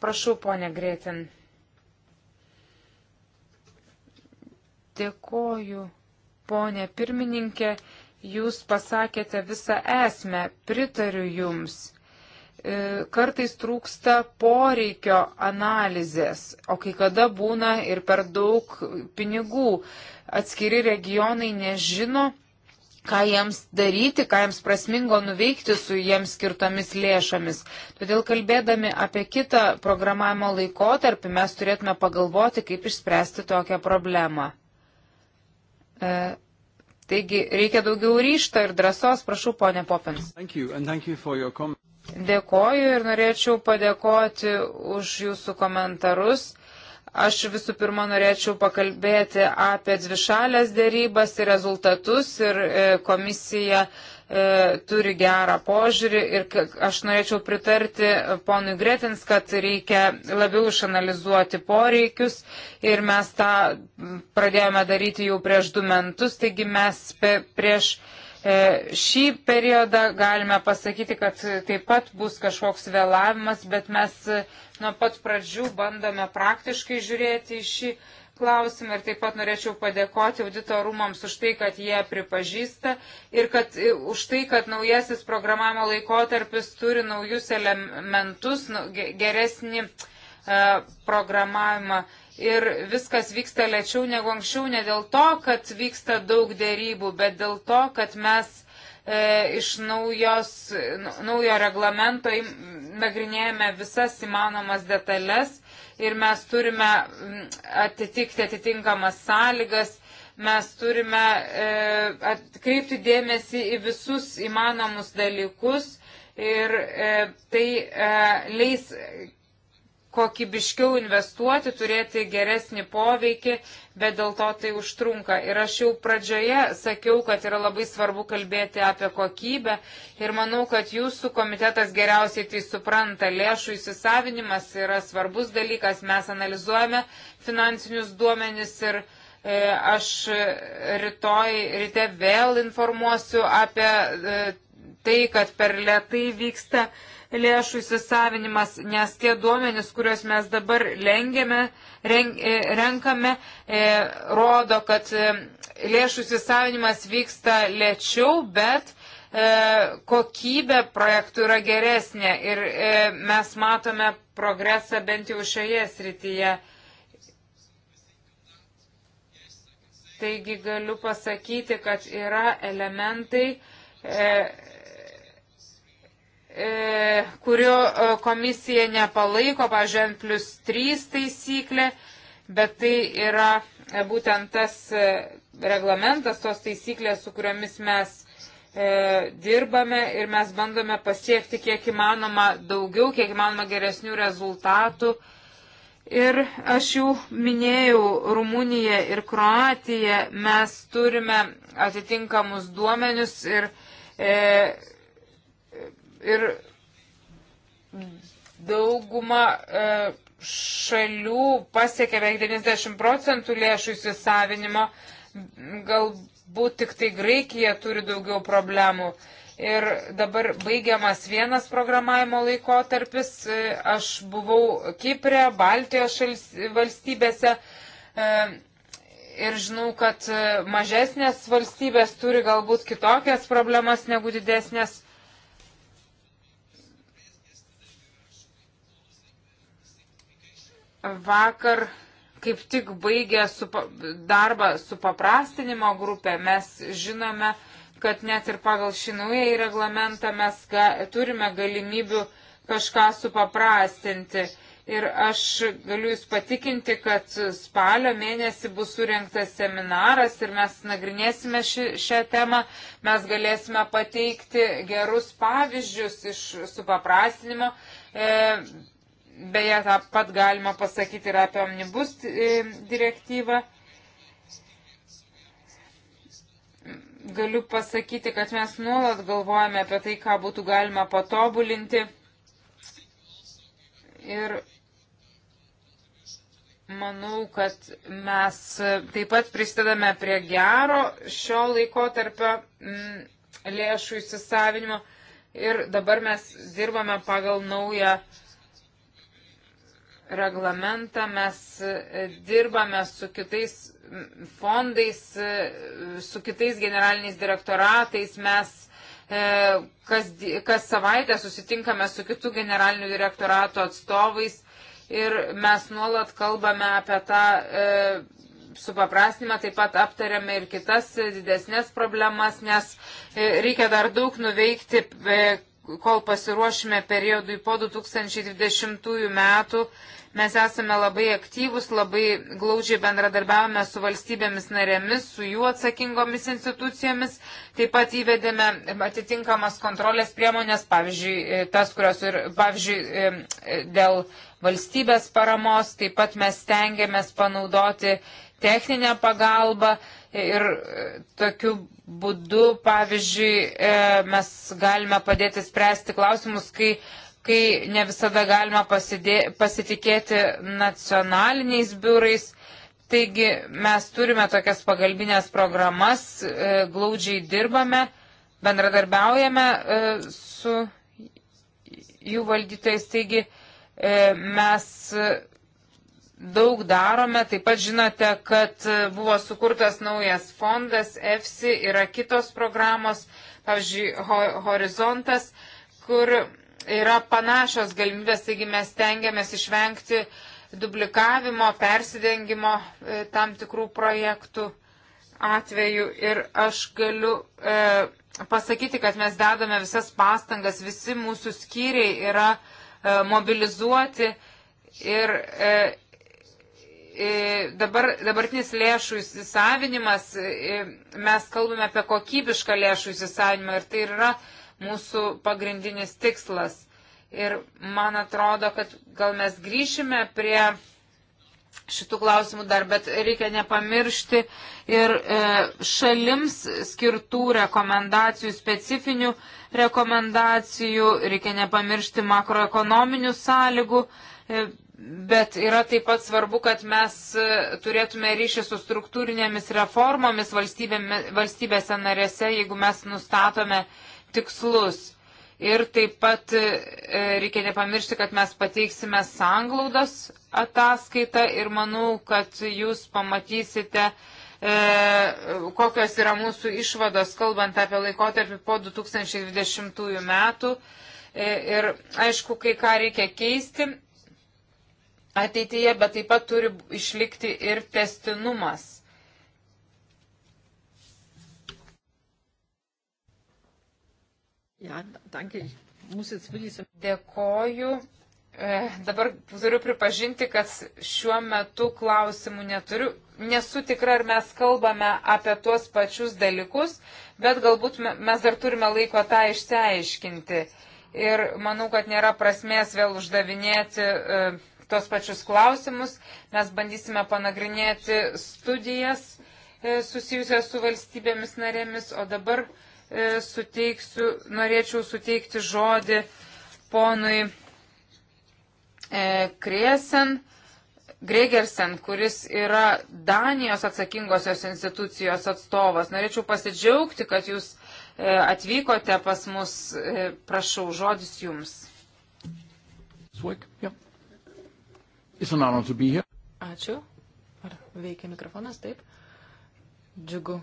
Prašau, ponė Gretin. Dėkoju, ponė pirmininkė. Jūs pasakėte visą esmę. Pritariu jums. E, kartais trūksta poreikio analizės, o kai kada būna ir per daug pinigų. Atskiri regionai nežino, ką jiems daryti, ką jiems prasmingo nuveikti su jiems skirtomis lėšomis. Todėl kalbėdami apie kitą programavimo laikotarpį mes turėtume pagalvoti, kaip išspręsti tokią problemą. E, taigi reikia daugiau ryšto ir drąsos, prašau, ponė Popins. Thank you, Dėkoju ir norėčiau padėkoti už jūsų komentarus. Aš visų pirma norėčiau pakalbėti apie dvišalės dėrybas ir rezultatus ir e, komisija e, turi gerą požiūrį ir aš norėčiau pritarti ponui Gretins, kad reikia labiau išanalizuoti poreikius ir mes tą pradėjome daryti jau prieš du metus, taigi mes pe, prieš E, šį periodą galime pasakyti, kad taip pat bus kažkoks vėlavimas, bet mes e, nuo pat pradžių bandome praktiškai žiūrėti į šį klausimą ir taip pat norėčiau padėkoti auditorumams už tai, kad jie pripažįsta ir kad, e, už tai, kad naujasis programavimo laikotarpis turi naujus elementus, nu, geresnį programavimą ir viskas vyksta lėčiau negu anksčiau, ne dėl to, kad vyksta daug dėrybų, bet dėl to, kad mes e, iš naujos, naujo reglamento nagrinėjame visas įmanomas detalės ir mes turime atitikti atitinkamas sąlygas. Mes turime e, atkreipti dėmesį į visus įmanomus dalykus ir e, tai e, leis kokybiškiau investuoti, turėti geresnį poveikį, bet dėl to tai užtrunka. Ir aš jau pradžioje sakiau, kad yra labai svarbu kalbėti apie kokybę ir manau, kad jūsų komitetas geriausiai tai supranta. Lėšų įsisavinimas yra svarbus dalykas, mes analizuojame finansinius duomenis ir e, aš rytoj ryte vėl informuosiu apie e, tai, kad per lietai vyksta lėšų įsisavinimas, nes tie duomenys, kuriuos mes dabar lengiame, ren, e, renkame, e, rodo, kad e, lėšų įsisavinimas vyksta lėčiau, bet e, kokybė projektų yra geresnė ir e, mes matome progresą bent jau šioje srityje. Taigi galiu pasakyti, kad yra elementai, e, E, kurio e, komisija nepalaiko, pažiūrėjau, N plus 3 taisyklė, bet tai yra e, būtent tas reglamentas, tos taisyklės, su kuriomis mes e, dirbame ir mes bandome pasiekti kiek įmanoma daugiau, kiek įmanoma geresnių rezultatų. Ir aš jau minėjau, Rumunija ir Kroatija mes turime atitinkamus duomenius ir e, Ir dauguma e, šalių pasiekia beveik 90 procentų lėšų įsisavinimo, galbūt tik tai Graikija turi daugiau problemų. Ir dabar baigiamas vienas programavimo laikotarpis. E, aš buvau Kiprė, Baltijos šals, valstybėse e, ir žinau, kad mažesnės valstybės turi galbūt kitokias problemas negu didesnės. vakar kaip tik baigė su, darbą su paprastinimo grupė. Mes žinome, kad net ir pagal šį naują reglamentą mes ga, turime galimybių kažką supaprastinti. Ir aš galiu Jūs patikinti, kad spalio mėnesį bus surinktas seminaras ir mes nagrinėsime ši, šią temą. Mes galėsime pateikti gerus pavyzdžius iš supaprastinimo. E, Beje, tą pat galima pasakyti ir apie omnibus e, direktyvą. Galiu pasakyti, kad mes nuolat galvojame apie tai, ką būtų galima patobulinti. Ir manau, kad mes taip pat prisidedame prie gero šio laiko tarpio mm, lėšų įsisavinimo. Ir dabar mes dirbame pagal naują reglamentą, mes e, dirbame su kitais fondais, e, su kitais generaliniais direktoratais, mes e, kas, kas savaitę susitinkame su kitų generalinių direktorato atstovais ir mes nuolat kalbame apie tą e, supaprastinimą, taip pat aptariame ir kitas didesnės problemas, nes reikia dar daug nuveikti, kol pasiruošime periodui po 2020 metų. Mes esame labai aktyvus, labai glaudžiai bendradarbiavame su valstybėmis narėmis, su jų atsakingomis institucijomis. Taip pat įvedėme atitinkamas kontrolės priemonės, pavyzdžiui, e, tas, kurios ir, pavyzdžiui, e, e, dėl valstybės paramos. Taip pat mes stengiamės panaudoti techninę pagalbą ir tokiu būdu, pavyzdžiui, mes galime padėti spręsti klausimus, kai kai ne visada galima pasidė, pasitikėti nacionaliniais biurais. Taigi mes turime tokias pagalbinės programas, e, glaudžiai dirbame, bendradarbiaujame e, su jų valdytojais. Taigi e, mes daug darome. Taip pat žinote, kad e, buvo sukurtas naujas fondas, EFSI yra kitos programos, pavyzdžiui, ho, Horizontas, kur yra panašios galimybės, taigi mes tengiamės išvengti duplikavimo, persidengimo e, tam tikrų projektų atveju ir aš galiu e, pasakyti, kad mes dedame visas pastangas, visi mūsų skyriai yra e, mobilizuoti ir e, e, dabar, dabartinis lėšų įsisavinimas, e, mes kalbame apie kokybišką lėšų įsisavinimą ir tai yra e, mūsų pagrindinis tikslas. Ir man atrodo, kad gal mes grįšime prie šitų klausimų dar, bet reikia nepamiršti ir e, šalims skirtų rekomendacijų, specifinių rekomendacijų, reikia nepamiršti makroekonominių sąlygų, e, bet yra taip pat svarbu, kad mes e, turėtume ryšį su struktūrinėmis reformomis valstybėse narėse, jeigu mes nustatome e, tikslus. Ir taip pat e, reikia nepamiršti, kad mes pateiksime sanglaudos ataskaitą ir manau, kad jūs pamatysite, e, kokios yra mūsų išvados, kalbant apie laikotarpį po 2020 metų. E, ir aišku, kai ką reikia keisti ateityje, bet taip pat turi išlikti ir testinumas. Ja, danke. Ich muss jetzt wirklich sagen. Dėkoju. E, dabar turiu pripažinti, kad šiuo metu klausimų neturiu. Nesu tikra, ar mes kalbame apie tuos pačius dalykus, bet galbūt mes dar turime laiko tą išsiaiškinti. Ir manau, kad nėra prasmės vėl uždavinėti e, tos pačius klausimus. Mes bandysime panagrinėti studijas e, susijusias su valstybėmis narėmis, o dabar. E, E, suteiksiu, norėčiau suteikti žodį ponui e, Kriesen. Gregersen, kuris yra Danijos atsakingosios institucijos atstovas. Norėčiau pasidžiaugti, kad jūs e, atvykote pas mus. Prašau, žodis jums. Ačiū. Ar veikia mikrofonas? Taip. Džiugu,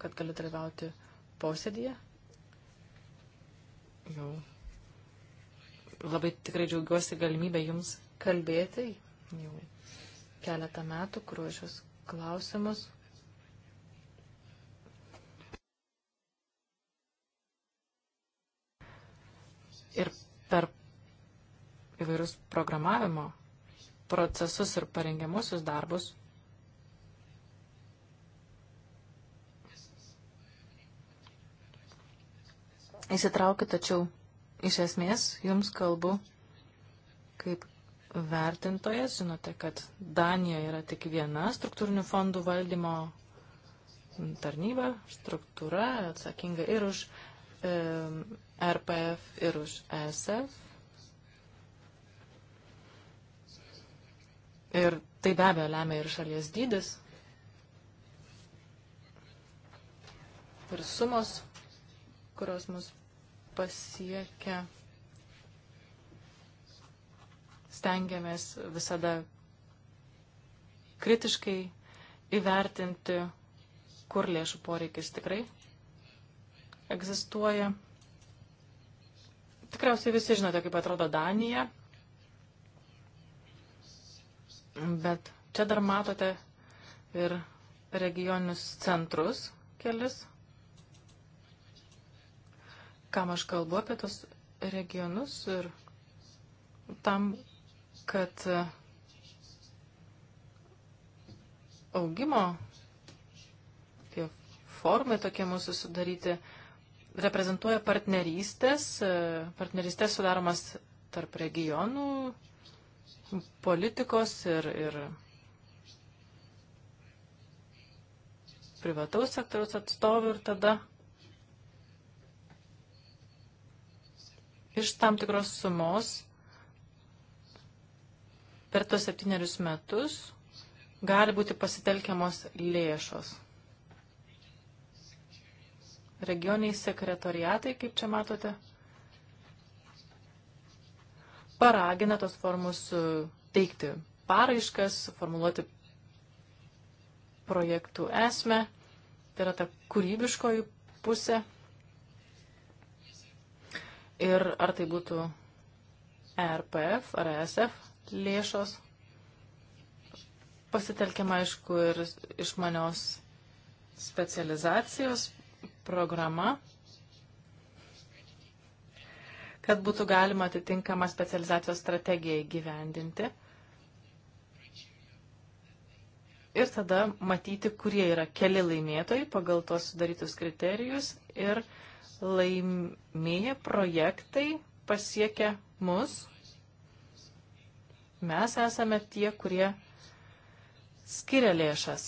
kad galiu dalyvauti posėdėje. Jau labai tikrai džiaugiuosi galimybę Jums kalbėti. Jau keletą metų kruošius klausimus. Ir per įvairius programavimo procesus ir parengiamusius darbus įsitraukė, tačiau iš esmės jums kalbu kaip vertintojas. Žinote, kad Danija yra tik viena struktūrinių fondų valdymo tarnyba, struktūra atsakinga ir už e, RPF, ir už ESF. Ir tai be abejo lemia ir šalies dydis, ir sumos, kurios mus pasiekia. Stengiamės visada kritiškai įvertinti, kur lėšų poreikis tikrai egzistuoja. Tikriausiai visi žinote, kaip atrodo Danija, bet čia dar matote ir regioninius centrus kelis kam aš kalbu apie tos regionus ir tam, kad e, augimo tie formai tokie mūsų sudaryti reprezentuoja partnerystės, e, partnerystės sudaromas tarp regionų, politikos ir, ir privataus sektoriaus atstovų ir tada iš tam tikros sumos per tos septynerius metus gali būti pasitelkiamos lėšos. Regioniai sekretoriatai, kaip čia matote, paragina tos formus e, teikti paraiškas, formuluoti projektų esmę, tai yra ta kūrybiškoji pusė Ir ar tai būtų ERPF ar ESF lėšos, pasitelkiama aišku ir išmanios specializacijos programa, kad būtų galima atitinkamą specializacijos strategiją įgyvendinti. Ir tada matyti, kurie yra keli laimėtojai pagal tuos sudarytus kriterijus ir uh, laimėję projektai pasiekia mus. Mes esame tie, kurie skiria lėšas.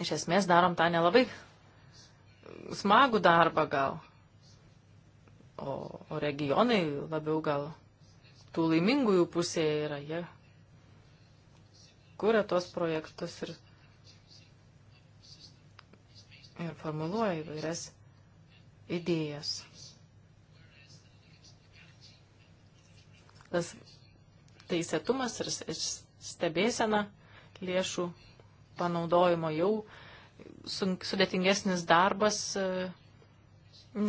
Iš esmės darom tą nelabai smagų darbą gal. O, o regionai labiau gal tų laimingųjų pusėje yra. Jie kuria tos projektus ir ir formuluoja įvairias idėjas. Tas teisėtumas ir stebėsena lėšų panaudojimo jau sudėtingesnis darbas, e,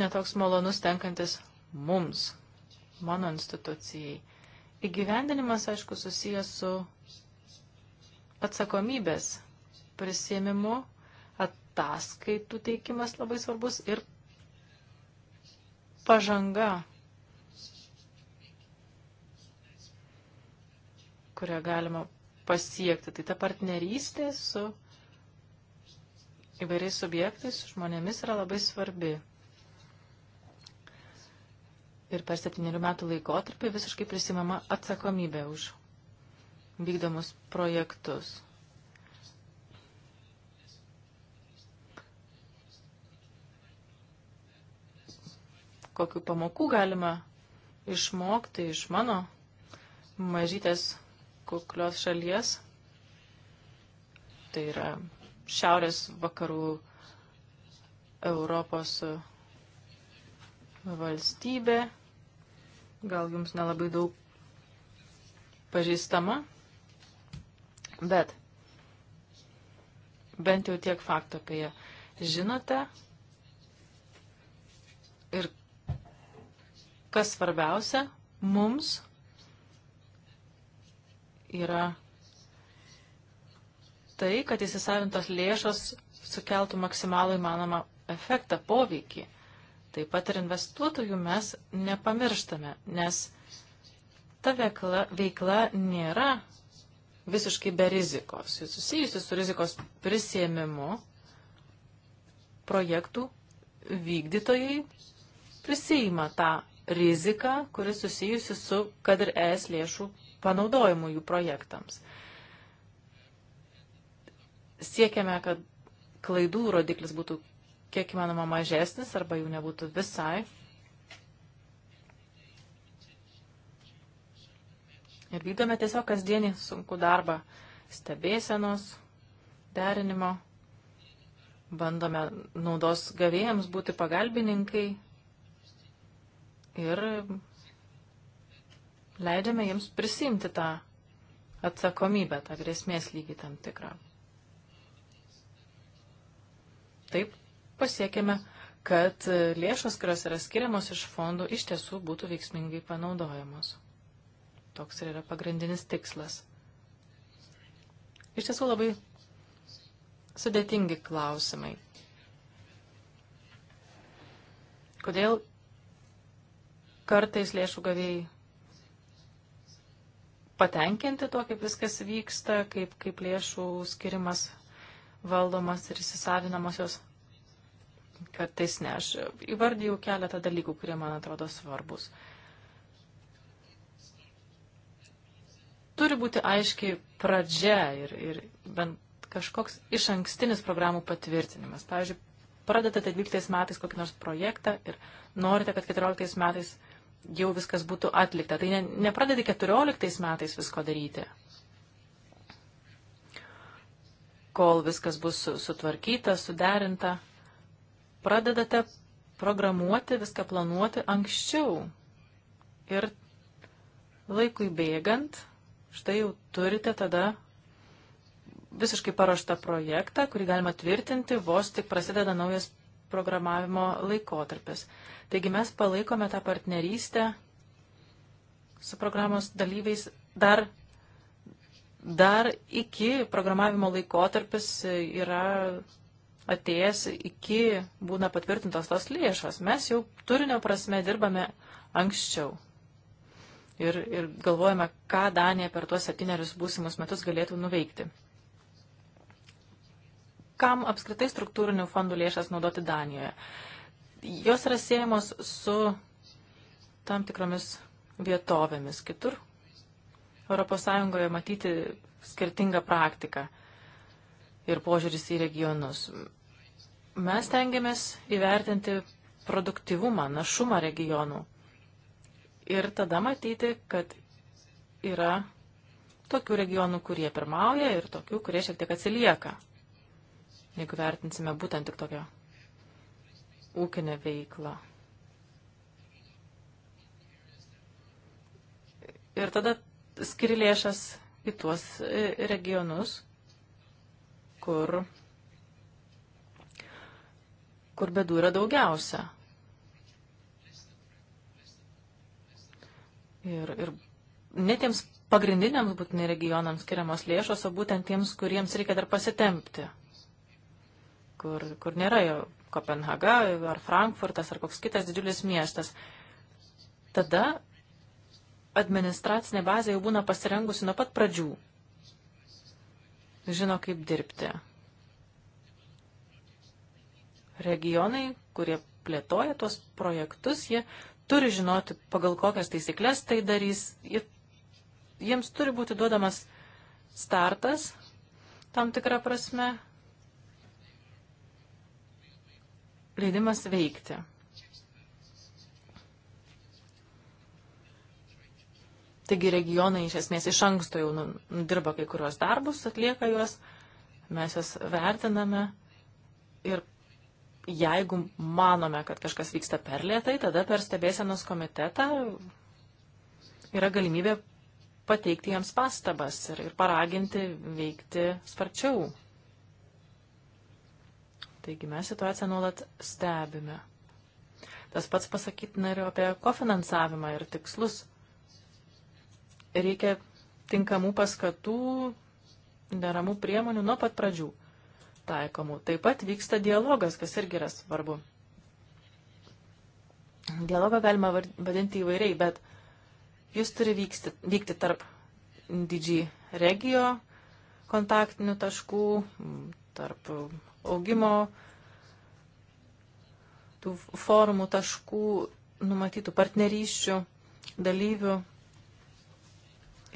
netoks malonus tenkantis mums, mano institucijai. Įgyvendinimas, aišku, susijęs su atsakomybės prisėmimu ataskaitų teikimas labai svarbus ir pažanga, kurią galima pasiekti. Tai ta partnerystė su įvairiais subjektais, su žmonėmis yra labai svarbi. Ir per septynerių metų laikotarpį visiškai prisimama atsakomybė už vykdomus projektus. kokiu pamokų galima išmokti iš mano mažytės kuklios šalies. Tai yra šiaurės vakarų Europos valstybė. Gal jums nelabai daug pažįstama, bet bent jau tiek faktų apie ją žinote. Kas svarbiausia mums yra tai, kad įsisavintos lėšos sukeltų maksimalų įmanomą efektą, poveikį. Taip pat ir investuotojų mes nepamirštame, nes ta veikla, veikla nėra visiškai be rizikos. Jis susijusi su rizikos prisėmimu projektų vykdytojai prisėima tą riziką, kuris susijusi su, kad ir ES lėšų panaudojimu jų projektams. Siekiame, kad klaidų rodiklis būtų kiek įmanoma mažesnis arba jų nebūtų visai. Ir vykdome tiesiog kasdienį sunku darbą stebėsenos, derinimo, bandome naudos gavėjams būti pagalbininkai ir leidžiame jiems prisimti tą atsakomybę, tą grėsmės lygį tam tikrą. Taip pasiekėme, kad lėšos, kurios yra skiriamos iš fondų, iš tiesų būtų veiksmingai panaudojamos. Toks ir yra pagrindinis tikslas. Iš tiesų labai sudėtingi klausimai. Kodėl kartais lėšų gavėjai patenkinti tuo, kaip viskas vyksta, kaip, kaip lėšų skirimas valdomas ir įsisavinamosios. Kartais ne, aš įvardėjau keletą dalykų, kurie man atrodo svarbus. Turi būti aiškiai pradžia ir, ir bent kažkoks iš ankstinis programų patvirtinimas. Pavyzdžiui, pradedate 12 metais kokį nors projektą ir norite, kad 14 metais jau viskas būtų atlikta. Tai ne, nepradedi 14 metais visko daryti, kol viskas bus sutvarkyta, suderinta. Pradedate programuoti, viską planuoti anksčiau. Ir laikui bėgant, štai jau turite tada visiškai paruoštą projektą, kurį galima tvirtinti, vos tik prasideda naujas programavimo laikotarpis. Taigi mes palaikome tą partnerystę su programos dalyviais dar, dar iki programavimo laikotarpis yra atėjęs, iki būna patvirtintos tos lėšos. Mes jau turinio prasme dirbame anksčiau. Ir, ir galvojame, ką Danija per tuos septynerius būsimus metus galėtų nuveikti kam apskritai struktūrinių fondų lėšas naudoti Danijoje. Jos yra siejamos su tam tikromis vietovėmis. Kitur ES matyti skirtingą praktiką ir požiūris į regionus. Mes tengiamės įvertinti produktivumą, našumą regionų. Ir tada matyti, kad yra tokių regionų, kurie pirmauja ir tokių, kurie šiek tiek atsilieka jeigu vertinsime būtent tik tokią ūkinę veiklą. Ir tada skiri lėšas į tuos e, regionus, kur, kur bedų yra daugiausia. Ir, ir ne tiems pagrindiniams būtinai regionams skiriamos lėšos, o būtent tiems, kuriems reikia dar pasitempti kur, kur nėra jau Kopenhaga ar Frankfurtas ar koks kitas didžiulis miestas. Tada administracinė bazė jau būna pasirengusi nuo pat pradžių. Žino, kaip dirbti. Regionai, kurie plėtoja tuos projektus, jie turi žinoti, pagal kokias taisyklės tai darys. Jiems turi būti duodamas startas, tam tikrą prasme, leidimas veikti. Taigi regionai iš esmės iš anksto jau nu, dirba kai kurios darbus, atlieka juos, mes juos vertiname ir jeigu manome, kad kažkas vyksta per lietai, tada per stebėsenos komitetą yra galimybė pateikti jiems pastabas ir, ir paraginti veikti sparčiau. Taigi mes situaciją nuolat stebime. Tas pats pasakytina ir apie kofinansavimą ir tikslus. Reikia tinkamų paskatų, deramų priemonių nuo pat pradžių taikomų. Taip pat vyksta dialogas, kas irgi yra svarbu. Dialogą galima vadinti įvairiai, bet jis turi vykti, vykti tarp didžiai regio kontaktinių taškų, tarp augimo tų formų, taškų, numatytų partnerysčių, dalyvių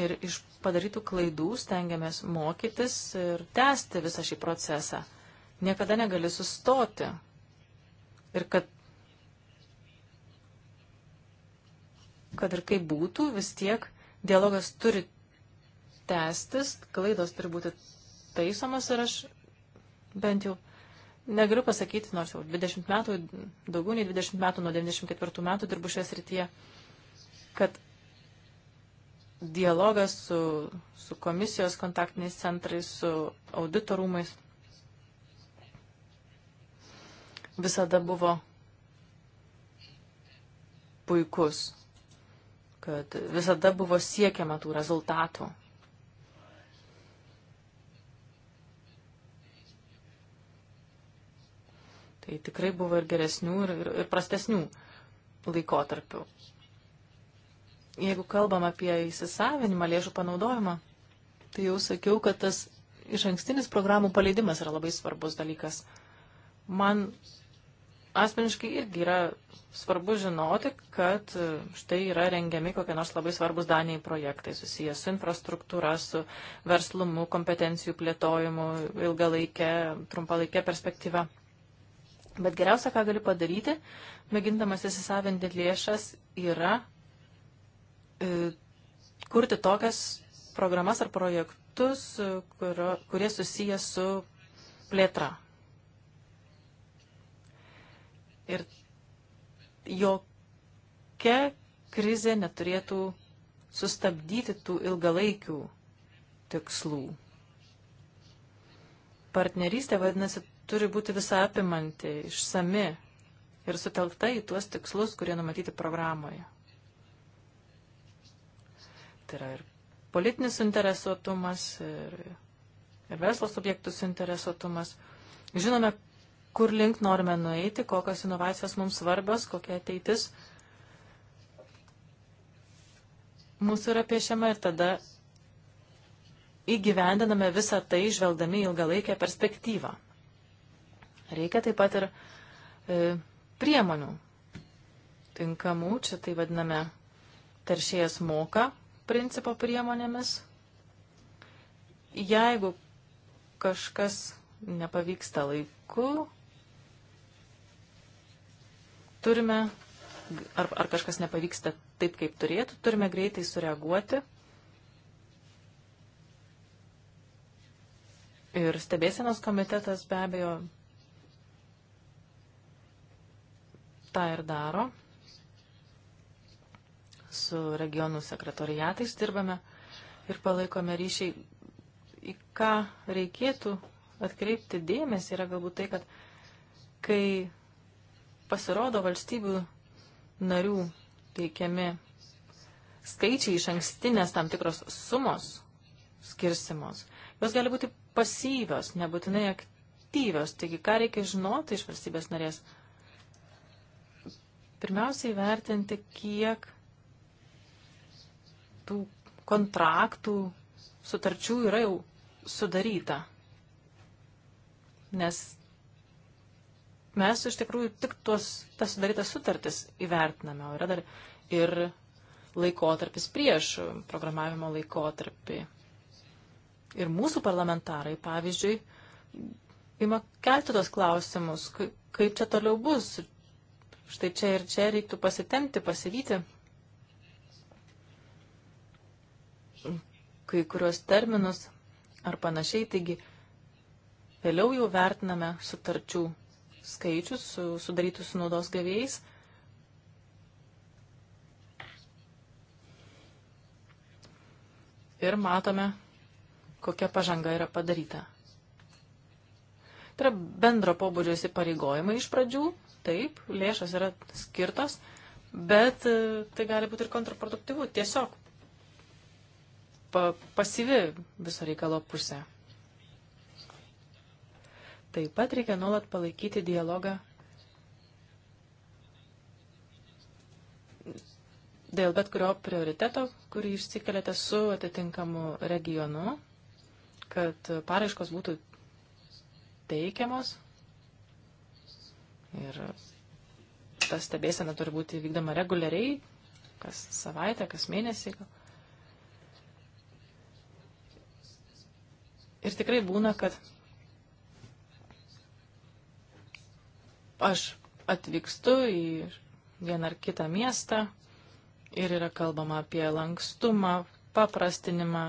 ir iš padarytų klaidų stengiamės mokytis ir tęsti visą šį procesą. Niekada negali sustoti. Ir kad, kad ir kaip būtų, vis tiek dialogas turi tęstis, klaidos turi būti taisomas ir aš bent jau negaliu pasakyti, nors jau 20 metų, daugiau nei 20 metų, nuo 94 metų dirbu šioje srityje, kad dialogas su, su komisijos kontaktiniais centrais, su auditorumais visada buvo puikus, kad visada buvo siekiama tų rezultatų Tai tikrai buvo ir geresnių, ir, ir, ir prastesnių laikotarpių. Jeigu kalbam apie įsisavinimą, lėšų panaudojimą, tai jau sakiau, kad tas iš ankstinis programų paleidimas yra labai svarbus dalykas. Man asmeniškai irgi yra svarbu žinoti, kad štai yra rengiami kokie nors labai svarbus Danijai projektai susijęs su infrastruktūra, su verslumu, kompetencijų plėtojimu, ilgalaikė, trumpalaikė perspektyva. Bet geriausia, ką gali padaryti, mėgindamas įsisavinti lėšas, yra e, kurti tokias programas ar projektus, e, kurio, kurie susiję su plėtra. Ir jokia krizė neturėtų sustabdyti tų ilgalaikių tikslų. Partnerystė vadinasi turi būti visą apimanti, išsami ir sutelkta į tuos tikslus, kurie numatyti programoje. Tai yra ir politinis suinteresuotumas, ir, ir verslo subjektų suinteresuotumas. Žinome, kur link norime nueiti, kokios inovacijos mums svarbios, kokia ateitis mūsų yra piešiama ir tada įgyvendiname visą tai, žvelgdami ilgalaikę perspektyvą. Reikia taip pat ir e, priemonių tinkamų, čia tai vadiname teršėjas moka principo priemonėmis. Jeigu kažkas nepavyksta laiku, turime, ar, ar kažkas nepavyksta taip, kaip turėtų, turime greitai sureaguoti ir stebėsenos komitetas be abejo tą ir daro. Su regionų sekretoriatais dirbame ir palaikome ryšiai. Į ką reikėtų atkreipti dėmesį yra galbūt tai, kad kai pasirodo valstybių narių teikiami skaičiai iš ankstinės tam tikros sumos skirsimos, jos gali būti pasyvios, nebūtinai aktyvios. Taigi, ką reikia žinoti iš valstybės narės pirmiausiai vertinti, kiek tų kontraktų, sutarčių yra jau sudaryta. Nes mes iš tikrųjų tik tuos, tas sudarytas sutartis įvertiname, o yra dar ir laikotarpis prieš programavimo laikotarpį. Ir mūsų parlamentarai, pavyzdžiui, ima kelti tos klausimus, kaip čia toliau bus, Štai čia ir čia reiktų pasitemti, pasivyti kai kuriuos terminus ar panašiai. Taigi vėliau jau vertiname sutarčių skaičius su, sudarytus su naudos gavėjais. Ir matome, kokia pažanga yra padaryta. Tai yra bendro pobūdžio įsipareigojimai iš pradžių Taip, lėšos yra skirtos, bet e, tai gali būti ir kontraproduktyvu. Tiesiog pa pasyvi viso reikalo pusė. Taip pat reikia nuolat palaikyti dialogą dėl bet kurio prioriteto, kurį išsikeliate su atitinkamu regionu, kad paraiškos būtų teikiamos Ir ta stebėsena turi būti vykdoma reguliariai, kas savaitę, kas mėnesį. Ir tikrai būna, kad aš atvykstu į vieną ar kitą miestą ir yra kalbama apie lankstumą, paprastinimą,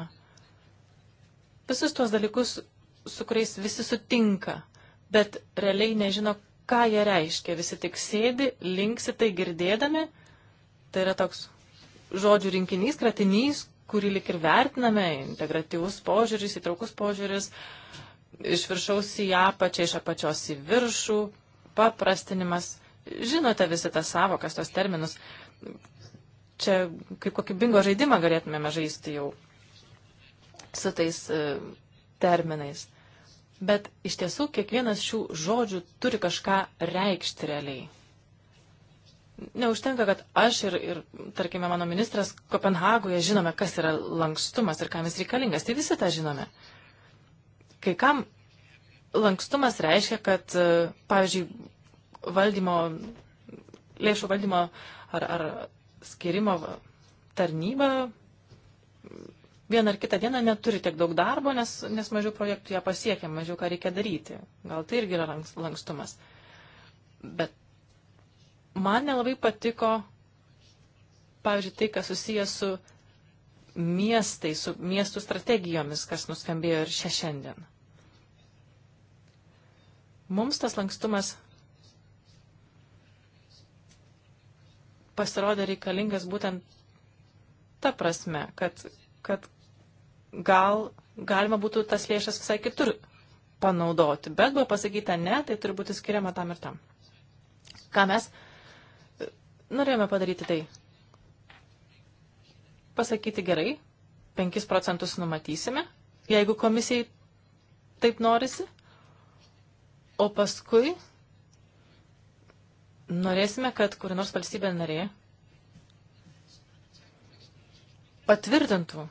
visus tuos dalykus, su kuriais visi sutinka, bet realiai nežino, ką jie reiškia. Visi tik sėdi, linksi tai girdėdami. Tai yra toks žodžių rinkinys, kratinys, kurį lik ir vertiname, integratyvus požiūris, įtraukus požiūris, iš viršaus į apačią, iš apačios į viršų, paprastinimas. Žinote visi tas savokas, tos terminus. Čia kaip kokį bingo žaidimą galėtumėme žaisti jau su tais e, terminais. Bet iš tiesų kiekvienas šių žodžių turi kažką reikšti realiai. Neužtenka, kad aš ir, ir tarkime, mano ministras Kopenhagoje žinome, kas yra lankstumas ir kam jis reikalingas. Tai visi tą žinome. Kai kam lankstumas reiškia, kad, e, pavyzdžiui, valdymo, lėšų valdymo ar, ar skirimo tarnyba vieną ar kitą dieną neturi tiek daug darbo, nes, nes mažiau projektų ją pasiekia, mažiau ką reikia daryti. Gal tai irgi yra lankstumas. Bet man nelabai patiko, pavyzdžiui, tai, kas susijęs su miestai, su miestų strategijomis, kas nuskambėjo ir šią šiandien. Mums tas lankstumas pasirodė reikalingas būtent ta prasme, kad, kad gal galima būtų tas lėšas visai kitur panaudoti. Bet buvo pasakyta ne, tai turi būti skiriama tam ir tam. Ką mes e, norėjome padaryti tai? Pasakyti gerai, 5 procentus numatysime, jeigu komisijai taip norisi, o paskui norėsime, kad kuri nors valstybė narė patvirtintų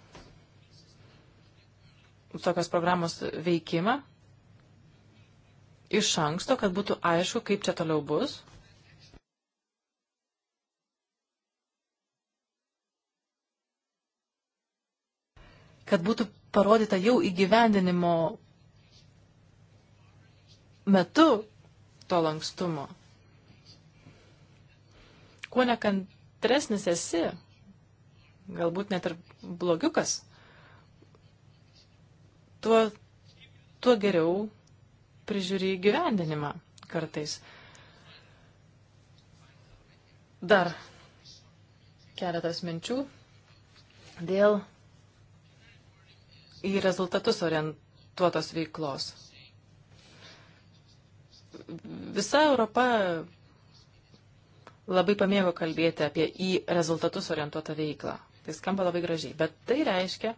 tokios programos veikimą iš anksto, kad būtų aišku, kaip čia toliau bus. Kad būtų parodyta jau įgyvendinimo metu to lankstumo. Kuo nekantresnis esi, galbūt net ir blogiukas, tuo, tuo geriau prižiūri gyvendinimą kartais. Dar keletas minčių dėl į rezultatus orientuotos veiklos. Visa Europa labai pamėgo kalbėti apie į rezultatus orientuotą veiklą. Tai skamba labai gražiai, bet tai reiškia,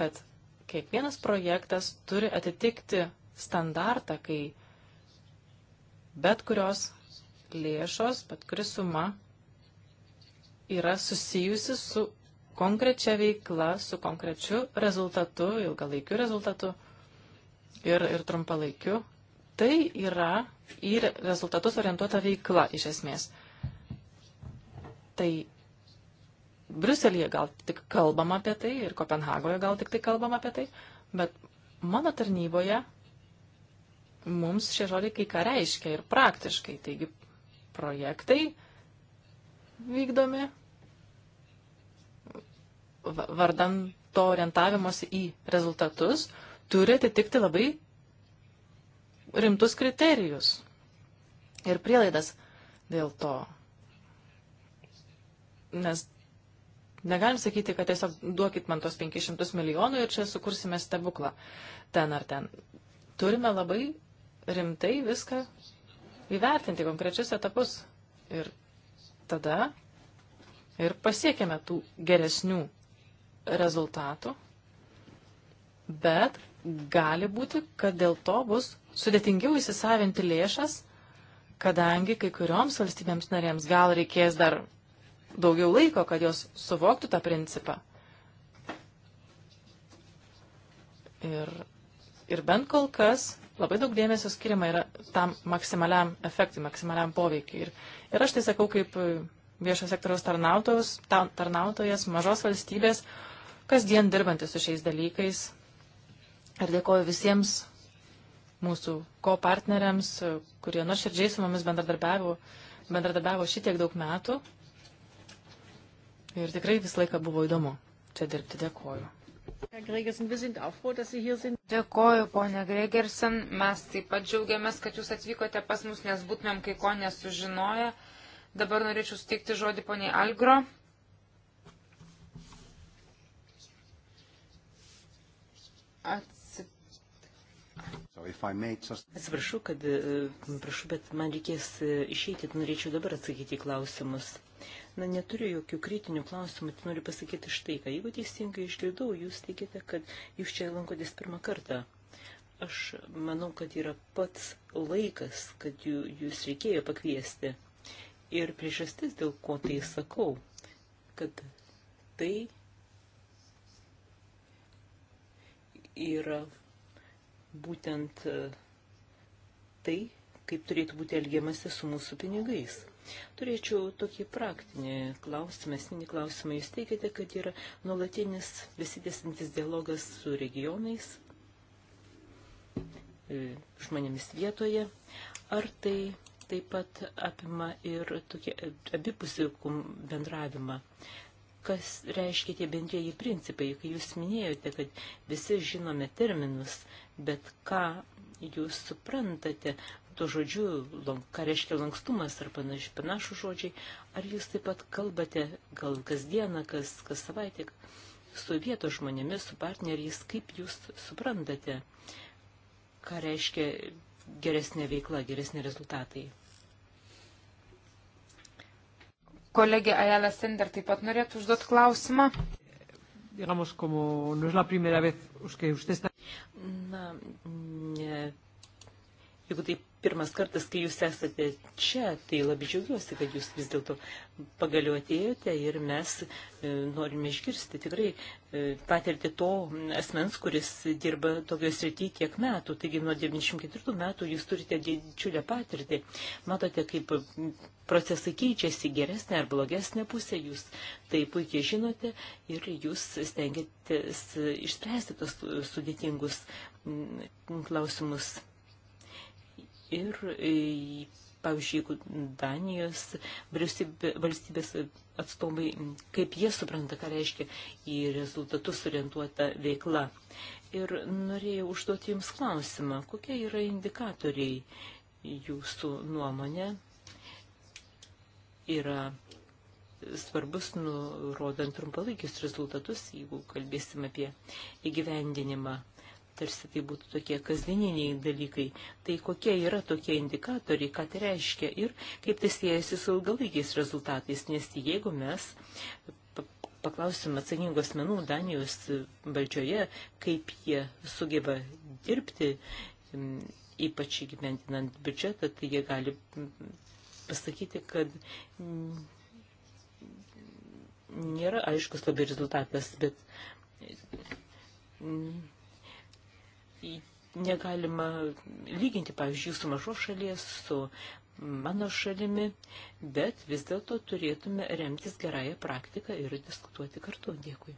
kad kiekvienas projektas turi atitikti standartą, kai bet kurios lėšos, bet kuri suma yra susijusi su konkrečia veikla, su konkrečiu rezultatu, ilgalaikiu rezultatu ir, ir trumpalaikiu. Tai yra į rezultatus orientuota veikla iš esmės. Tai Bruselėje gal tik kalbam apie tai ir Kopenhagoje gal tik tai kalbam apie tai, bet mano tarnyboje mums šie žodžiai kai ką reiškia ir praktiškai. Taigi projektai vykdomi vardan to orientavimosi į rezultatus turi atitikti labai rimtus kriterijus ir prielaidas dėl to. Nes Negalim sakyti, kad tiesiog duokit man tos 500 milijonų ir čia sukursime stebuklą ten ar ten. Turime labai rimtai viską įvertinti, konkrečius etapus. Ir tada ir pasiekėme tų geresnių rezultatų, bet gali būti, kad dėl to bus sudėtingiau įsisavinti lėšas, kadangi kai kurioms valstybėms narėms gal reikės dar daugiau laiko, kad jos suvoktų tą principą. Ir, ir bent kol kas labai daug dėmesio skiriama yra tam maksimaliam efektui, maksimaliam poveikiai. Ir, ir aš tai sakau kaip viešo sektoriaus tarnautojas, ta, tarnautojas mažos valstybės, kasdien dirbantis su šiais dalykais. Ir dėkoju visiems mūsų ko partneriams, kurie nuoširdžiai su mumis bendradarbiavo, bendradarbiavo šitiek daug metų. Ir tikrai visą laiką buvo įdomu čia dirbti. Dėkoju. Dėkoju, ponė Gregersen. Mes taip pat džiaugiamės, kad jūs atvykote pas mus, nes būtumėm kai ko nesužinoję. Dabar norėčiau suteikti žodį poniai Algro. Atsip... Atsiprašau, kad e, prašau, bet man reikės e, išeiti, norėčiau dabar atsakyti klausimus. Na, neturiu jokių kritinių klausimų, tai noriu pasakyti štai, kad jeigu teisingai išgirdau, jūs teikite, kad jūs čia lankotės pirmą kartą. Aš manau, kad yra pats laikas, kad jų, jūs reikėjo pakviesti. Ir priežastis, dėl ko tai sakau, kad tai yra būtent e, tai, kaip turėtų būti elgiamasi su mūsų pinigais. Turėčiau tokį praktinį klausimą, esminį klausimą. Jūs teigiate, kad yra nuolatinis besitėsantis dialogas su regionais, e, žmonėmis vietoje. Ar tai taip pat apima ir tokį abipusį bendravimą? Kas reiškia tie bendrėjai principai? Kai jūs minėjote, kad visi žinome terminus, bet ką jūs suprantate tuo žodžiu, ką reiškia lankstumas ar panašiai, panašų žodžiai, ar jūs taip pat kalbate gal kasdieną, kas, kas savaitę su vietos žmonėmis, su partneriais, kaip jūs suprantate, ką reiškia geresnė veikla, geresni rezultatai. Kolegė Ayala Sender taip pat norėtų užduoti klausimą digamos, como no es la primera vez que usted está. Na, ne, jeigu taip pirmas kartas, kai jūs esate čia, tai labai džiaugiuosi, kad jūs vis dėlto pagaliau atėjote ir mes e, norime išgirsti tikrai e, patirti to asmens, kuris dirba tokioje srityje tiek metų. Taigi nuo 94 metų jūs turite didžiulę patirtį. Matote, kaip procesai keičiasi geresnė ar blogesnė pusė, jūs tai puikiai žinote ir jūs stengiatės išspręsti tos sudėtingus klausimus Ir, e, pavyzdžiui, jeigu Danijos valstybės atstovai, kaip jie supranta, ką reiškia į rezultatus orientuota veikla. Ir norėjau užduoti Jums klausimą, kokie yra indikatoriai Jūsų nuomonė yra svarbus, nurodant trumpalaikius rezultatus, jeigu kalbėsim apie įgyvendinimą tarsi tai būtų tokie kasdieniniai dalykai. Tai kokie yra tokie indikatoriai, ką tai reiškia ir kaip tai siejasi su ilgalaikiais rezultatais, nes jeigu mes paklausim atsakingų asmenų Danijos valdžioje, kaip jie sugeba dirbti, ypač įgyventinant biudžetą, tai jie gali pasakyti, kad nėra aiškus labai rezultatas, bet negalima lyginti, pavyzdžiui, jūsų mažos šalies su mano šalimi, bet vis dėlto turėtume remtis gerąją praktiką ir diskutuoti kartu. Dėkui.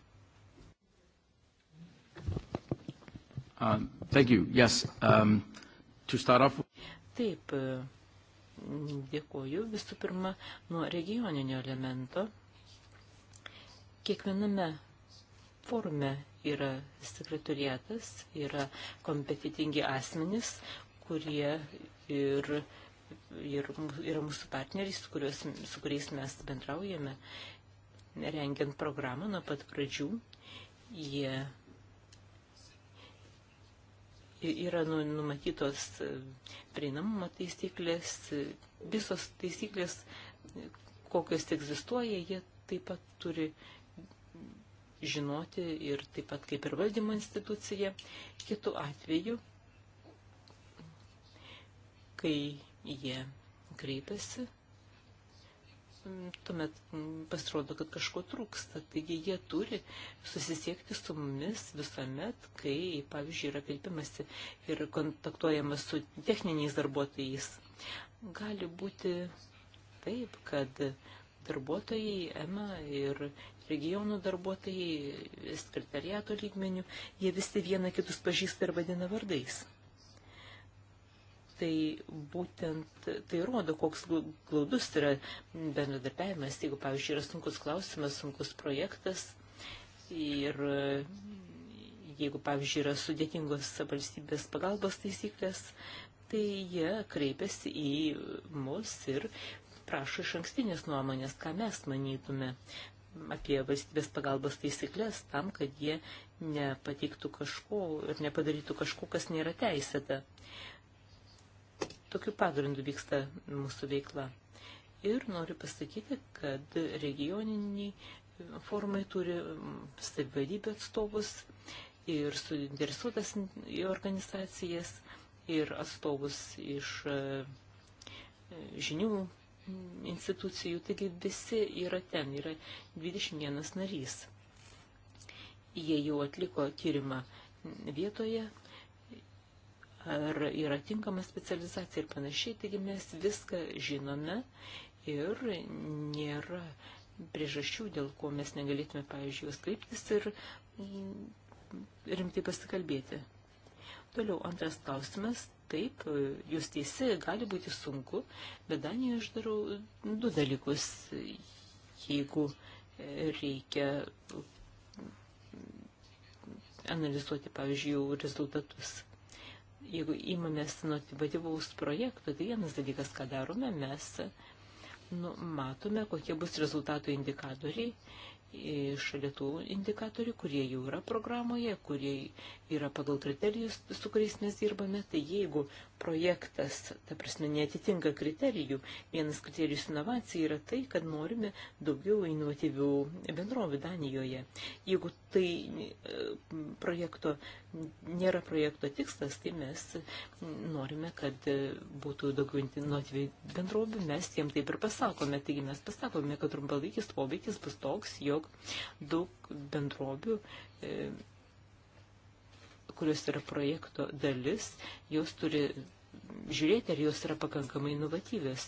Uh, thank you. Yes. Um, to start off. Taip, dėkuoju visų pirma nuo regioninio elemento. Kiekviename forume yra sekretoriatas, yra kompetitingi asmenys, kurie ir, ir yra mūsų partneriai, su, kuriuos, su kuriais mes bendraujame, rengiant programą nuo pat pradžių. Jie yra nu, numatytos e, prieinamumo taisyklės, e, visos taisyklės, kokios egzistuoja, jie taip pat turi žinoti ir taip pat kaip ir valdymo institucija. Kitu atveju, kai jie kreipiasi, tuomet pasirodo, kad kažko trūksta. Taigi jie turi susisiekti su mumis visuomet, kai, pavyzdžiui, yra kreipiamasi ir kontaktuojama su techniniais darbuotojais. Gali būti taip, kad darbuotojai EMA ir regionų darbuotojai, sekretariato lygmenių, jie visi viena kitus pažįsta ir vadina vardais. Tai būtent tai rodo, koks glaudus yra bendradarbiavimas, jeigu, pavyzdžiui, yra sunkus klausimas, sunkus projektas ir jeigu, pavyzdžiui, yra sudėtingos valstybės pagalbos taisyklės, tai jie kreipiasi į mus ir prašo iš ankstinės nuomonės, ką mes manytume apie valstybės pagalbos taisyklės tam, kad jie nepateiktų kažko ir nepadarytų kažko, kas nėra teisėta. Tokiu pagrindu vyksta mūsų veikla. Ir noriu pasakyti, kad regioniniai formai turi savivalybę atstovus ir suinteresuotas į organizacijas ir atstovus iš e, žinių institucijų, taigi visi yra ten, yra 21 narys. Jie jau atliko tyrimą vietoje, ar yra tinkama specializacija ir panašiai, taigi mes viską žinome ir nėra priežasčių, dėl ko mes negalėtume, pavyzdžiui, juos kreiptis ir mm, rimtai pasikalbėti. Toliau antras klausimas Taip, jūs teisi, gali būti sunku, bet Danijoje aš darau du dalykus. Jeigu reikia analizuoti, pavyzdžiui, jau rezultatus. Jeigu įmamės motivatyvaus projektų, tai vienas dalykas, ką darome, mes nu, matome, kokie bus rezultatų indikatoriai šalia tų indikatorių, kurie jau yra programoje, kurie yra pagal kriterijus, su kuriais mes dirbame, tai jeigu projektas, ta prasme, netitinka kriterijų, vienas kriterijus inovacija yra tai, kad norime daugiau inovatyvių bendrovių Danijoje. Jeigu tai e, projekto, nėra projekto tikslas, tai mes norime, kad e, būtų daugiau inovatyvių bendrovių, mes jiem taip ir pasakome. Taigi mes pasakome, kad trumpalaikis poveikis bus toks, jog daug bendrovių e, kurios yra projekto dalis, jos turi žiūrėti, ar jos yra pakankamai inovatyvios.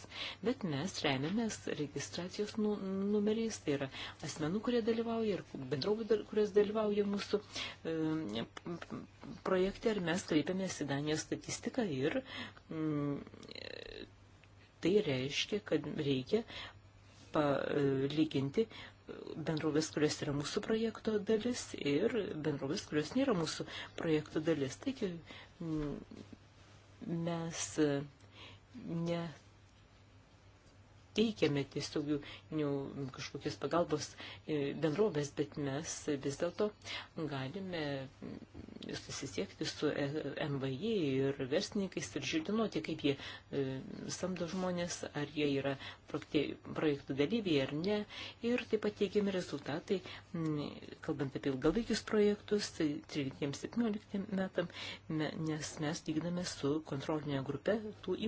Bet mes remiamės registracijos nu, numeriais, tai yra asmenų, kurie dalyvauja ir bendrovų, kurios dalyvauja mūsų e, projekte, ir mes kreipiamės į Danijos statistiką ir mm, e, tai reiškia, kad reikia palyginti e, bendrovės, kurios yra mūsų projekto dalis ir bendrovės, kurios nėra mūsų projekto dalis. Taigi mes e, ne teikiame tiesioginių kažkokios pagalbos e, bendrovės, bet mes vis dėlto galime susisiekti su e, MVI ir verslininkais ir žinoti, kaip jie e, samdo žmonės, ar jie yra projektų dalyviai ar ne. Ir taip pat teikiami rezultatai, kalbant apie ilgalaikius projektus, 13-17 tai metam, nes mes vykdame su kontrolinė grupė tų,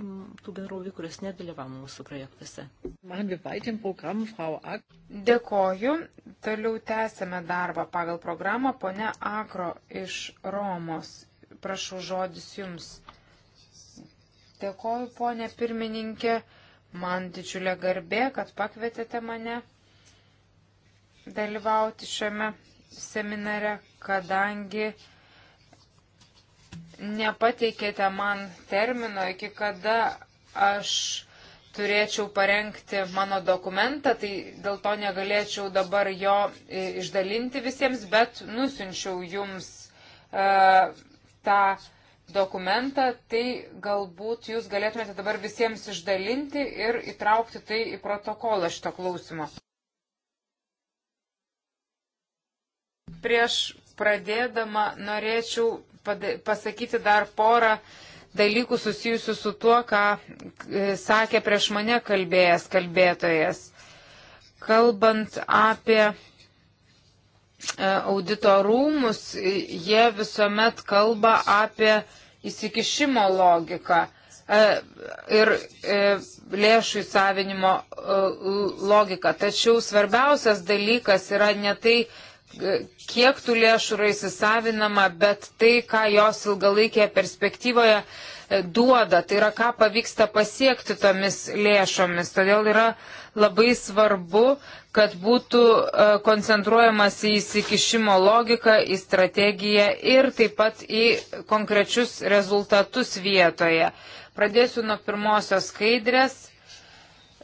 tų bendrovių, kurios nedalyvavo mūsų projektuose. Dėkoju. Toliau tęsime darbą pagal programą. Pone Akro iš Romos. Prašau žodis jums. Dėkoju, ponė pirmininkė. Man didžiulė garbė, kad pakvietėte mane dalyvauti šiame seminare, kadangi nepateikėte man termino, iki kada aš turėčiau parengti mano dokumentą, tai dėl to negalėčiau dabar jo e, išdalinti visiems, bet nusinčiau jums e, tą dokumentą, tai galbūt jūs galėtumėte dabar visiems išdalinti ir įtraukti tai į protokolą šito klausimo. Prieš pradėdama norėčiau pasakyti dar porą dalykų susijusių su tuo, ką e, sakė prieš mane kalbėjęs kalbėtojas. Kalbant apie e, auditorumus, jie visuomet kalba apie įsikišimo logiką e, ir lėšų įsavinimo logiką. Tačiau svarbiausias dalykas yra ne tai, kiek tų lėšų yra įsisavinama, bet tai, ką jos ilgalaikėje perspektyvoje e, duoda, tai yra, ką pavyksta pasiekti tomis lėšomis. Todėl yra labai svarbu, kad būtų e, koncentruojamas į įsikišimo logiką, į strategiją ir taip pat į konkrečius rezultatus vietoje. Pradėsiu nuo pirmosios skaidrės.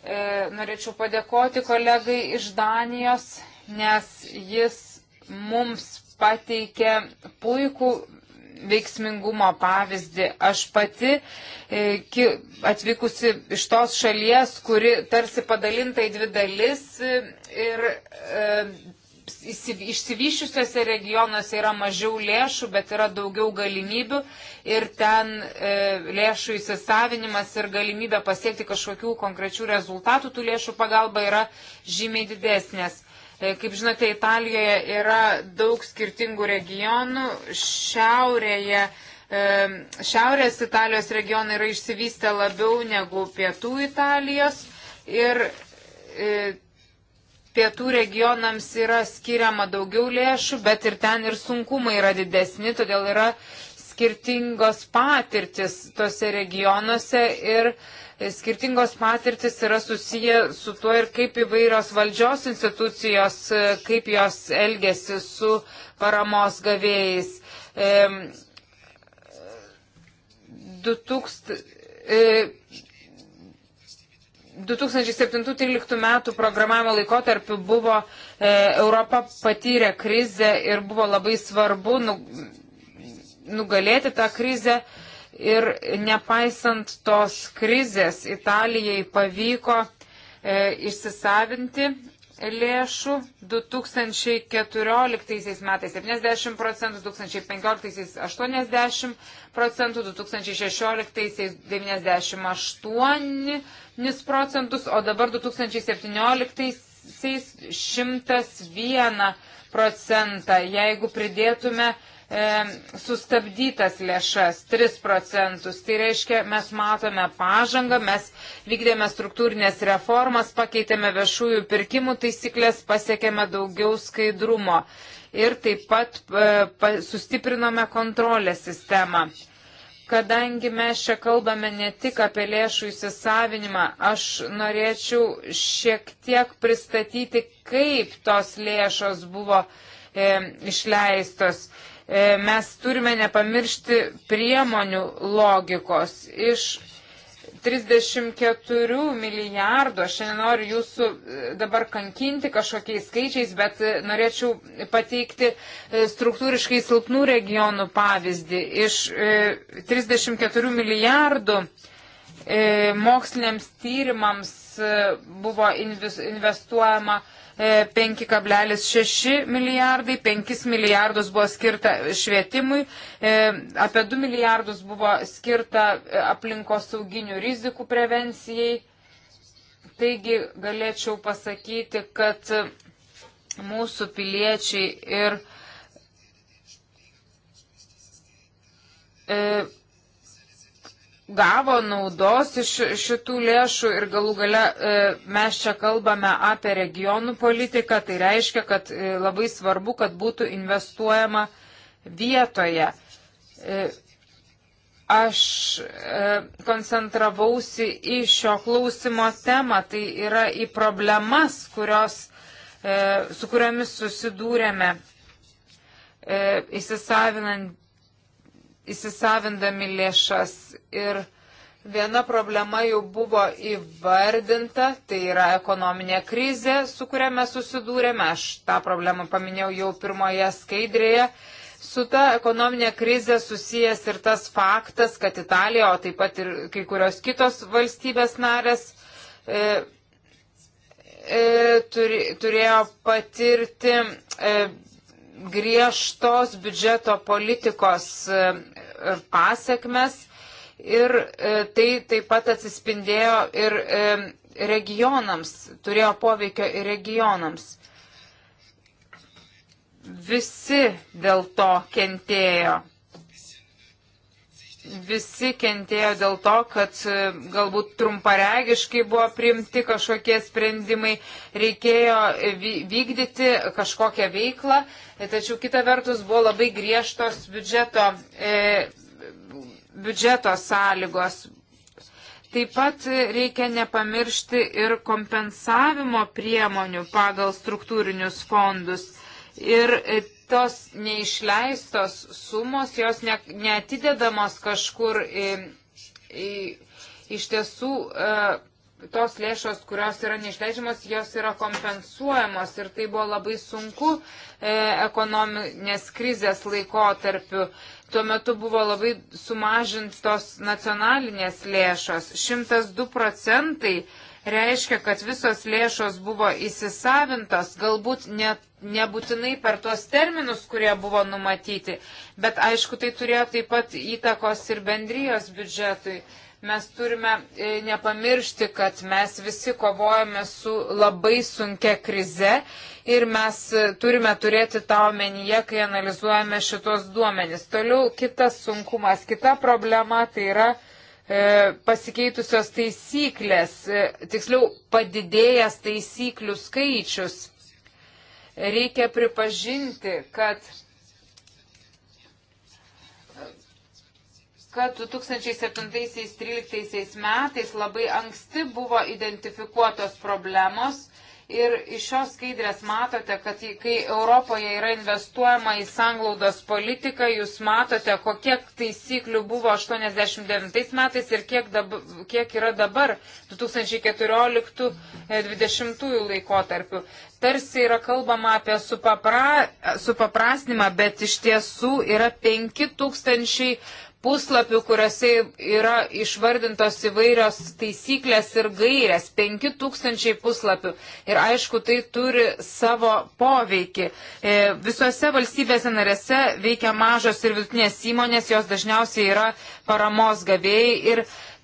E, norėčiau padėkoti kolegai iš Danijos, nes jis mums pateikė puikų veiksmingumo pavyzdį. Aš pati e, atvykusi iš tos šalies, kuri tarsi padalinta į dvi dalis e, ir e, išsivyščiusiuose regionuose yra mažiau lėšų, bet yra daugiau galimybių ir ten e, lėšų įsisavinimas ir galimybė pasiekti kažkokių konkrečių rezultatų tų lėšų pagalba yra žymiai didesnės. E, kaip žinote, Italijoje yra daug skirtingų regionų. Šiaurėje, e, šiaurės Italijos regionai yra išsivystę labiau negu pietų Italijos. Ir e, pietų regionams yra skiriama daugiau lėšų, bet ir ten ir sunkumai yra didesni, todėl yra skirtingos patirtis tose regionuose ir skirtingos patirtis yra susiję su tuo ir kaip įvairios valdžios institucijos, e, kaip jos elgesi su paramos gavėjais. 2007-2013 e, metų programavimo laikotarpiu buvo e, Europa patyrė krizę ir buvo labai svarbu nu, nugalėti tą krizę. E, Ir nepaisant tos krizės, Italijai pavyko e, išsisavinti lėšų 2014 metais 70 procentų, 2015 80 procentų, 2016 98 procentus, o dabar 2017 101 procentą. Jeigu pridėtume e, sustabdytas lėšas 3 procentus. Tai reiškia, mes matome pažangą, mes vykdėme struktūrinės reformas, pakeitėme viešųjų pirkimų taisyklės, pasiekėme daugiau skaidrumo ir taip pat e, sustiprinome kontrolės sistemą kadangi mes čia kalbame ne tik apie lėšų įsisavinimą, aš norėčiau šiek tiek pristatyti, kaip tos lėšos buvo e, išleistos. E, mes turime nepamiršti priemonių logikos. Iš 34 milijardų, aš šiandien noriu jūsų e, dabar kankinti kažkokiais skaičiais, bet e, norėčiau pateikti struktūriškai silpnų regionų pavyzdį. Iš 34 milijardų moksliniams tyrimams buvo investuojama 5,6 e, milijardai, 5 milijardus buvo skirta švietimui, e, apie 2 milijardus buvo skirta e, aplinkos sauginių rizikų prevencijai. Taigi galėčiau pasakyti, kad mūsų piliečiai ir e, gavo naudos iš šitų lėšų ir galų gale e, mes čia kalbame apie regionų politiką, tai reiškia, kad e, labai svarbu, kad būtų investuojama vietoje. E, aš koncentravausi į šio klausimo temą, tai yra į problemas, kurios, su kuriomis susidūrėme įsisavinant įsisavindami lėšas. Ir viena problema jau buvo įvardinta, tai yra ekonominė krizė, su kuria mes susidūrėme. Aš tą problemą paminėjau jau pirmoje skaidrėje su ta ekonominė krize susijęs ir tas faktas, kad Italija, o taip pat ir kai kurios kitos valstybės narės e, e, turėjo patirti e, griežtos biudžeto politikos e, pasiekmes ir e, tai taip pat atsispindėjo ir e, regionams, turėjo poveikio ir regionams. Visi dėl to kentėjo visi kentėjo dėl to, kad e, galbūt trumparegiškai buvo priimti kažkokie sprendimai, reikėjo e, vykdyti kažkokią veiklą, e, tačiau kita vertus buvo labai griežtos biudžeto, biudžeto sąlygos. Taip pat reikia nepamiršti ir kompensavimo priemonių pagal struktūrinius fondus. Ir tos neišleistos sumos, jos ne, neatidedamos kažkur į, į, iš tiesų. Uh, tos lėšos, kurios yra neišleidžiamos, jos yra kompensuojamos ir tai buvo labai sunku e, ekonominės krizės laikotarpiu. Tuo metu buvo labai sumažintos nacionalinės lėšos. 102 procentai reiškia, kad visos lėšos buvo įsisavintos, galbūt net nebūtinai per tuos terminus, kurie buvo numatyti, bet aišku, tai turėjo taip pat įtakos ir bendrijos biudžetui. Mes turime e, nepamiršti, kad mes visi kovojame su labai sunkia krize ir mes e, turime turėti tą omenyje, kai analizuojame šitos duomenys. Toliau kitas sunkumas, kita problema tai yra E, pasikeitusios taisyklės, e, tiksliau padidėjęs taisyklių skaičius. Reikia pripažinti, kad, kad 2007-2013 metais labai anksti buvo identifikuotos problemos Ir iš šios skaidrės matote, kad kai Europoje yra investuojama į sanglaudos politiką, jūs matote, kokie taisyklių buvo 89 metais ir kiek, dab, kiek yra dabar 2014-2020 e, laikotarpiu. Tarsi yra kalbama apie supapra, supaprasnimą, bet iš tiesų yra 5000 puslapių, kuriuose yra išvardintos įvairios taisyklės ir gairės, 5000 puslapių. Ir aišku, tai turi savo poveikį. E, visose valstybėse narėse veikia mažos ir vidutinės įmonės, jos dažniausiai yra paramos gavėjai. Ir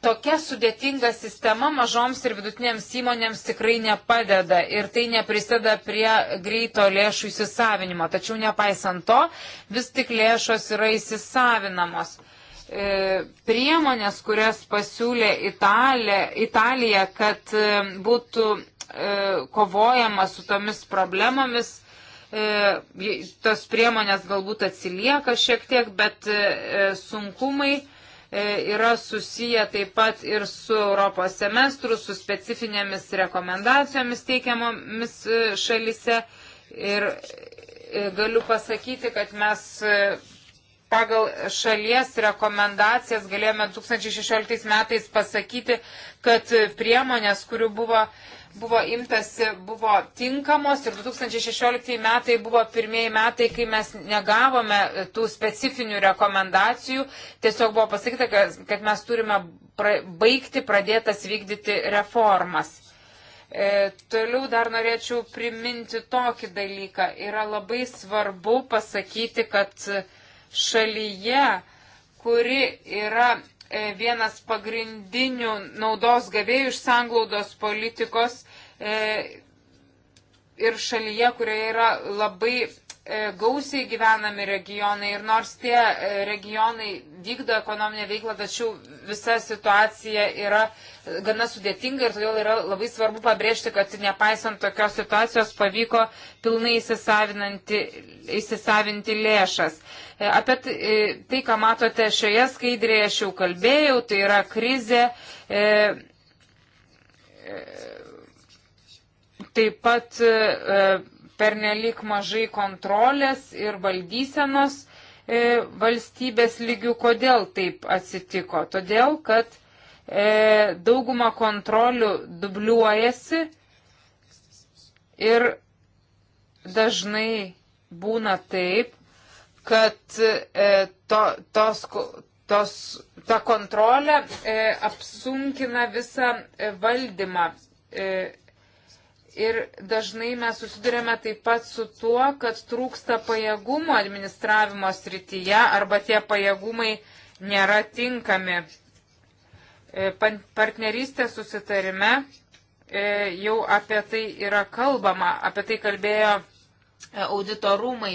tokia sudėtinga sistema mažoms ir vidutinėms įmonėms tikrai nepadeda ir tai neprisėda prie greito lėšų įsisavinimo. Tačiau nepaisant to, vis tik lėšos yra įsisavinamos. E, priemonės, kurias pasiūlė Italija, Italija kad e, būtų e, kovojama su tomis problemomis. Tos priemonės galbūt atsilieka šiek tiek, bet sunkumai yra susiję taip pat ir su Europos semestru, su specifinėmis rekomendacijomis teikiamomis šalise. Ir galiu pasakyti, kad mes pagal šalies rekomendacijas galėjome 2016 metais pasakyti, kad priemonės, kurių buvo, buvo imtasi, buvo tinkamos ir 2016 metai buvo pirmieji metai, kai mes negavome tų specifinių rekomendacijų. Tiesiog buvo pasakyta, kad, kad mes turime pra, baigti pradėtas vykdyti reformas. E, toliau dar norėčiau priminti tokį dalyką. Yra labai svarbu pasakyti, kad e, šalyje, kuri yra e, vienas pagrindinių naudos gavėjų iš sanglaudos politikos e, ir šalyje, kurioje yra labai E, gausiai gyvenami regionai ir nors tie e, regionai vykdo ekonominę veiklą, tačiau visa situacija yra e, gana sudėtinga ir todėl yra labai svarbu pabrėžti, kad nepaisant tokios situacijos pavyko pilnai įsisavinti lėšas. Apie tai, ką matote šioje skaidrėje, aš jau kalbėjau, tai yra krizė. Taip pat pernelik mažai kontrolės ir valdysenos e, valstybės lygių. Kodėl taip atsitiko? Todėl, kad e, dauguma kontrolių dubliuojasi ir dažnai būna taip, kad e, to, tos, tos, ta kontrolė e, apsunkina visą e, valdymą. E, Ir dažnai mes susidurėme taip pat su tuo, kad trūksta pajėgumo administravimo srityje arba tie pajėgumai nėra tinkami. E, partnerystės susitarime e, jau apie tai yra kalbama, apie tai kalbėjo e, auditorumai.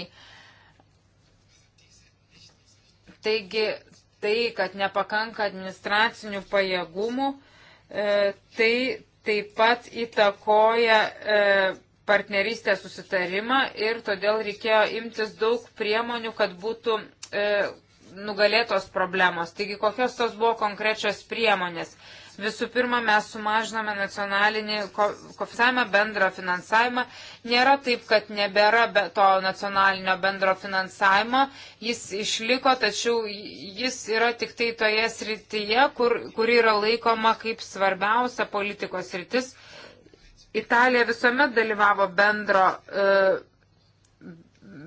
Taigi tai, kad nepakanka administracinių pajėgumų, tai taip pat įtakoja e, partnerystės susitarimą ir todėl reikėjo imtis daug priemonių, kad būtų e, nugalėtos problemos. Taigi, kokios tos buvo konkrečios priemonės? E, Visų pirma, mes sumažiname nacionalinį kofisavimą, bendrą finansavimą. Nėra taip, kad nebėra to nacionalinio bendro finansavimo. Jis išliko, tačiau jis yra tik tai toje srityje, kur, kur yra laikoma kaip svarbiausia politikos sritis. Italija visuomet dalyvavo bendro, e,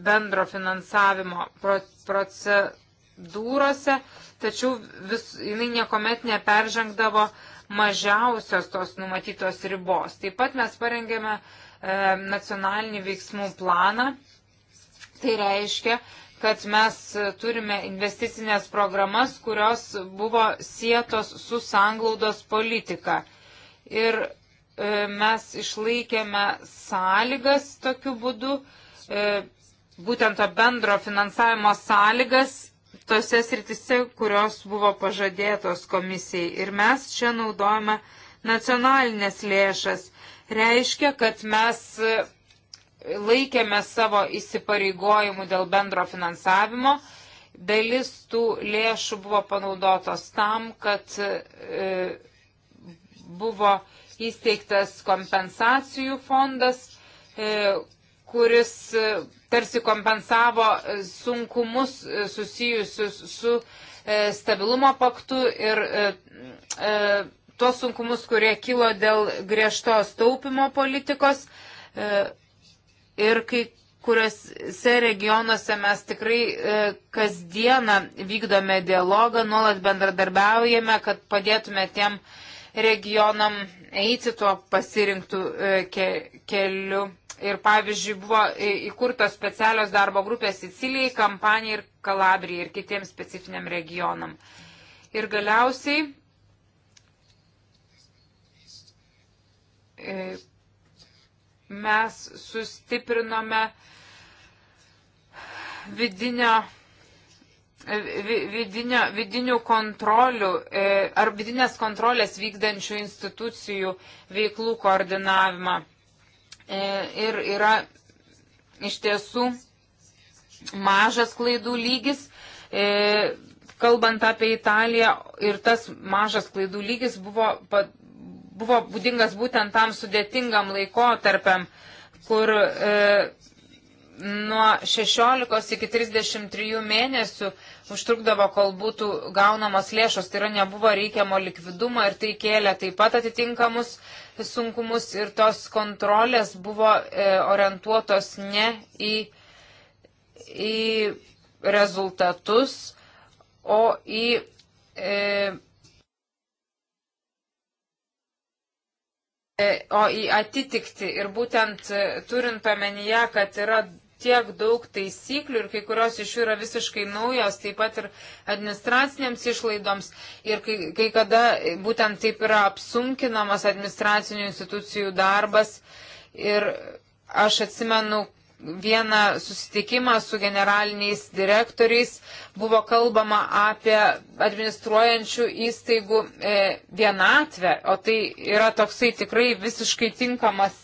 bendro finansavimo procedūrose tačiau vis, jinai niekuomet neperžengdavo mažiausios tos numatytos ribos. Taip pat mes parengėme e, nacionalinį veiksmų planą. Tai reiškia, kad mes turime investicinės programas, kurios buvo sėtos su sanglaudos politika. Ir e, mes išlaikėme sąlygas tokiu būdu, e, būtent to bendro finansavimo sąlygas tose sritise, kurios buvo pažadėtos komisijai. Ir mes čia naudojame nacionalinės lėšas. Reiškia, kad mes e, laikėme savo įsipareigojimų dėl bendro finansavimo. Dalis tų lėšų buvo panaudotos tam, kad e, buvo įsteigtas kompensacijų fondas, e, kuris e, tarsi kompensavo e, sunkumus e, susijusius su e, stabilumo paktu ir tuos sunkumus, kurie kilo dėl griežtos taupimo politikos. Ir kai kuriuose regionuose mes tikrai kasdieną vykdome dialogą, nuolat bendradarbiaujame, kad padėtume tiem regionam eiti tuo pasirinktų keliu. Ir pavyzdžiui, buvo įkurtos specialios darbo grupės Sicilijai, Kampanijai ir Kalabrijai ir kitiems specifiniam regionam. Ir galiausiai e, mes sustiprinome vidinio e, vidinio, vidinių kontrolių e, ar vidinės kontrolės vykdančių institucijų veiklų koordinavimą. E, ir yra iš tiesų mažas klaidų lygis. E, kalbant apie Italiją ir tas mažas klaidų lygis buvo, buvo būdingas būtent tam sudėtingam laikotarpiam, kur e, nuo 16 iki 33 mėnesių užtrukdavo, kol būtų gaunamos lėšos, tai yra nebuvo reikiamo likvidumo ir tai kėlė taip pat atitinkamus sunkumus ir tos kontrolės buvo e, orientuotos ne į, į rezultatus, o į. E, e O į atitikti ir būtent e, turint omenyje, kad yra tiek daug taisyklių ir kai kurios iš jų yra visiškai naujos, taip pat ir administracinėms išlaidoms. Ir kai, kai kada būtent taip yra apsunkinamas administracinių institucijų darbas. Ir aš atsimenu vieną susitikimą su generaliniais direktoriais, buvo kalbama apie administruojančių įstaigų e, vienatvę, o tai yra toksai tikrai visiškai tinkamas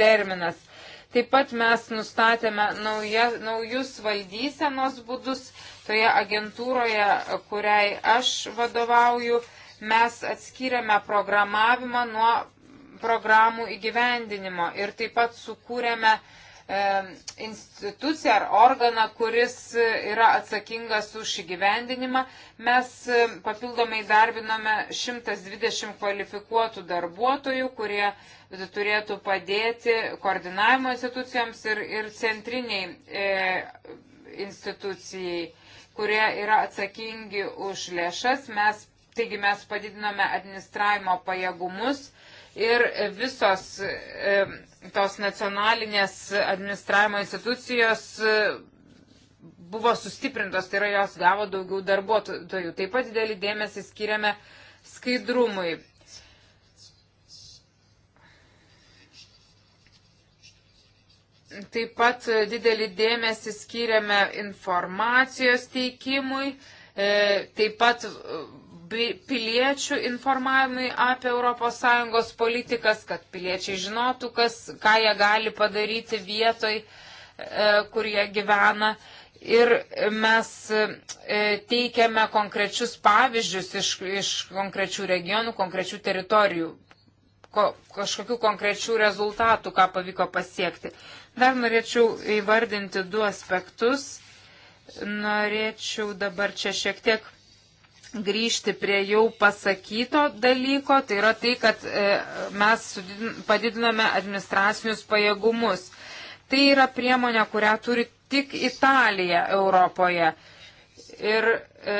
terminas. Taip pat mes nustatėme nauja, naujus valdysenos būdus toje agentūroje, kuriai aš vadovauju. Mes atskiriame programavimą nuo programų įgyvendinimo ir taip pat sukūrėme uh, instituciją ar organą, kuris yra atsakingas už įgyvendinimą. Mes papildomai darbinome 120 kvalifikuotų darbuotojų, kurie turėtų padėti koordinavimo institucijoms ir, ir centriniai e, institucijai, kurie yra atsakingi už lėšas. Mes, taigi mes padidinome administravimo pajėgumus ir visos e, tos nacionalinės administravimo institucijos e, buvo sustiprintos, tai yra jos gavo daugiau darbuotojų. Taip pat didelį dėmesį skiriame skaidrumui. Taip pat didelį dėmesį skiriame informacijos teikimui, e, taip pat piliečių informavimui apie ES politikas, kad piliečiai žinotų, kas, ką jie gali padaryti vietoj, e, kur jie gyvena. Ir mes e, teikiame konkrečius pavyzdžius iš, iš konkrečių regionų, konkrečių teritorijų, ko, kažkokių konkrečių rezultatų, ką pavyko pasiekti. Dar norėčiau įvardinti du aspektus. Norėčiau dabar čia šiek tiek grįžti prie jau pasakyto dalyko, tai yra tai, kad e, mes padidiname administracinius pajėgumus. Tai yra priemonė, kurią turi tik Italija Europoje. Ir, e,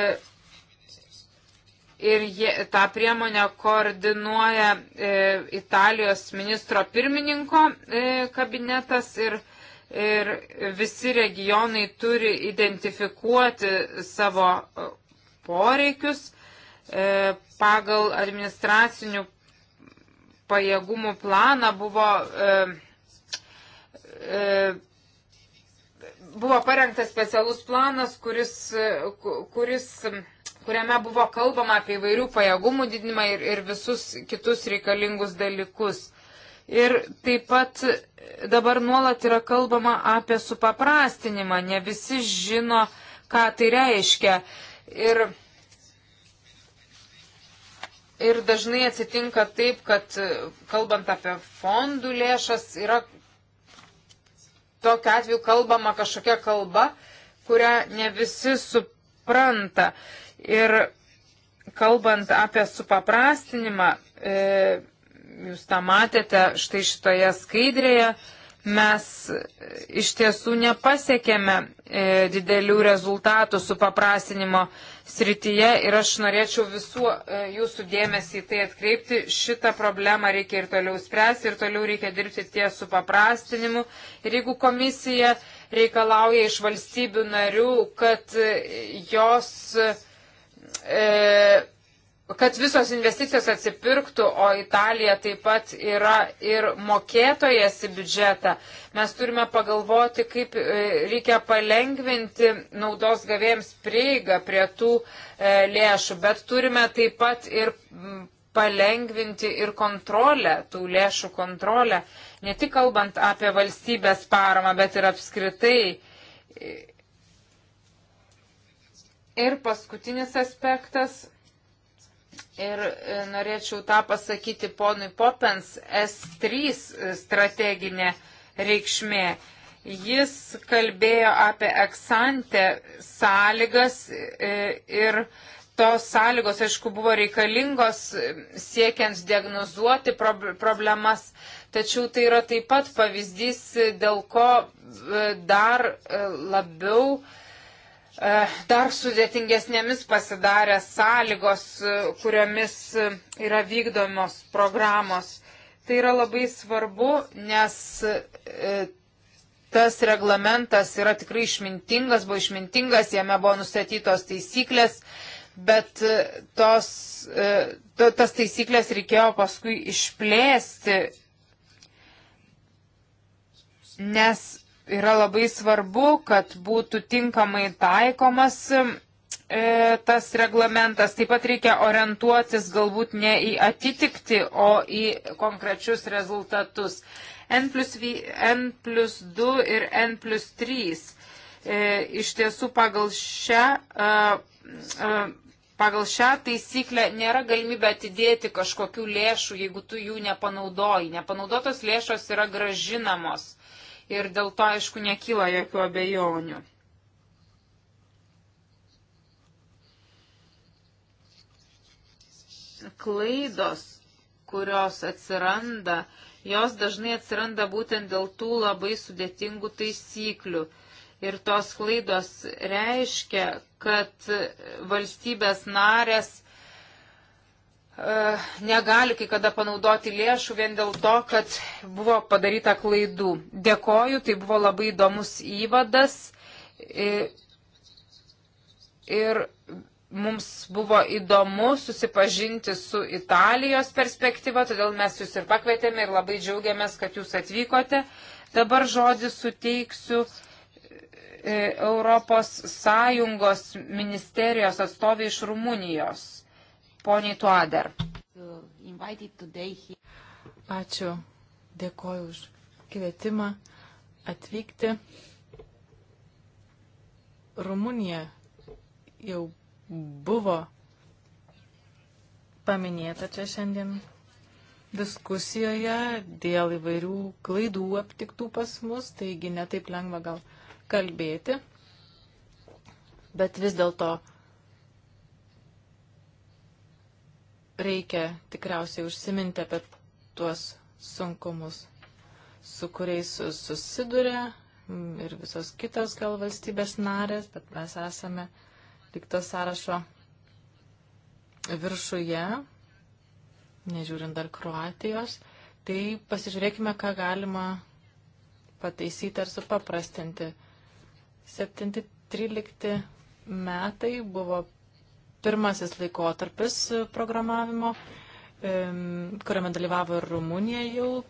ir jie, tą priemonę koordinuoja e, Italijos ministro pirmininko kabinetas ir ir visi regionai turi identifikuoti savo poreikius e, pagal administracinių pajėgumų planą buvo, e, e, buvo parengtas specialus planas, kuris, e, kuris, kuriame buvo kalbama apie įvairių pajėgumų didinimą ir, ir visus kitus reikalingus dalykus. Ir taip pat e, dabar nuolat yra kalbama apie supaprastinimą, ne visi žino, ką tai reiškia. E, Ir, ir dažnai atsitinka taip, kad e, kalbant apie fondų lėšas, yra tokiu atveju kalbama kažkokia kalba, kurią ne visi supranta. Ir kalbant apie supaprastinimą, e, jūs tą matėte štai šitoje skaidrėje, e, mes e, iš tiesų nepasiekėme e, didelių rezultatų su paprastinimo srityje ir aš norėčiau visų e, jūsų dėmesį į tai atkreipti. Šitą problemą reikia ir toliau spręsti ir toliau reikia dirbti ties su paprastinimu. Ir jeigu komisija reikalauja iš valstybių narių, kad jos. E, kad visos investicijos atsipirktų, o Italija taip pat yra ir mokėtojas į biudžetą. Mes turime pagalvoti, kaip e, reikia palengvinti naudos gavėjams prieigą prie tų e, lėšų, bet turime taip pat ir palengvinti ir kontrolę, tų lėšų kontrolę, ne tik kalbant apie valstybės paramą, bet ir apskritai. E, ir paskutinis aspektas Ir e, norėčiau tą pasakyti ponui Popens S3 e, strateginė reikšmė. Jis kalbėjo apie eksantę sąlygas e, ir tos sąlygos, aišku, buvo reikalingos siekiant diagnozuoti problemas, tačiau tai yra taip pat pavyzdys, dėl ko dar labiau uh, E, dar sudėtingesnėmis pasidarė sąlygos, e, kuriomis e, yra vykdomos programos. Tai yra labai svarbu, nes tas reglamentas yra tikrai išmintingas, buvo išmintingas, jame buvo nustatytos taisyklės, bet tos, to, tas taisyklės reikėjo paskui išplėsti, nes yra labai svarbu, kad būtų tinkamai taikomas e, tas reglamentas. Taip pat reikia orientuotis galbūt ne į atitikti, o į konkrečius rezultatus. N plus, v, N plus 2 ir N plus 3. E, iš tiesų pagal šią. E, pagal šią taisyklę nėra galimybė atidėti kažkokių lėšų, jeigu tu jų nepanaudoji. Nepanaudotos lėšos yra gražinamos ir dėl to, aišku, nekyla jokių abejonių. Klaidos, kurios atsiranda, jos dažnai atsiranda būtent dėl tų labai sudėtingų taisyklių. Ir tos klaidos reiškia, kad valstybės narės E, negali kai kada panaudoti lėšų vien dėl to, kad buvo padaryta klaidų. Dėkoju, tai buvo labai įdomus įvadas ir mums buvo įdomu susipažinti su Italijos perspektyva, todėl mes jūs ir pakvietėme ir labai džiaugiamės, kad jūs atvykote. Dabar žodį suteiksiu. E, Europos Sąjungos ministerijos atstovė iš Rumunijos poniai Tuader. Ačiū. Dėkoju už kvietimą atvykti. Rumunija jau buvo paminėta čia šiandien diskusijoje dėl įvairių klaidų aptiktų pas mus, taigi netaip lengva gal kalbėti. Bet vis dėlto reikia tikriausiai užsiminti apie tuos sunkumus, su kuriais susiduria mm, ir visos kitos gal valstybės narės, bet mes esame likto sąrašo viršuje, nežiūrint dar Kroatijos. Tai pasižiūrėkime, ką galima pataisyti ar supaprastinti. 7-13 metai buvo pirmasis laikotarpis programavimo, kuriame dalyvavo ir Rumunija jau,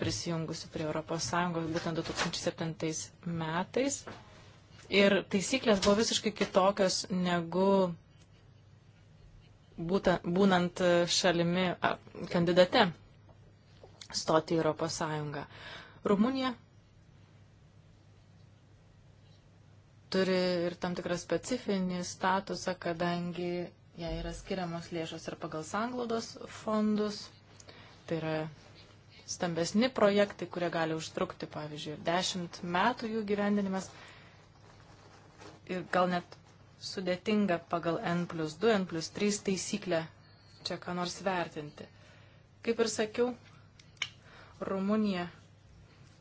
prisijungusi prie ES būtent 2007 metais. Ir taisyklės buvo visiškai kitokios negu būta, būnant šalimi a, kandidate stoti į ES. Rumunija turi ir tam tikrą specifinį statusą, kadangi jai yra skiriamos lėšos ir pagal sanglaudos fondus. Tai yra stambesni projektai, kurie gali užtrukti, pavyzdžiui, dešimt metų jų gyvendinimas ir gal net sudėtinga pagal N plus 2, N plus 3 taisyklę čia ką nors vertinti. Kaip ir sakiau, Rumunija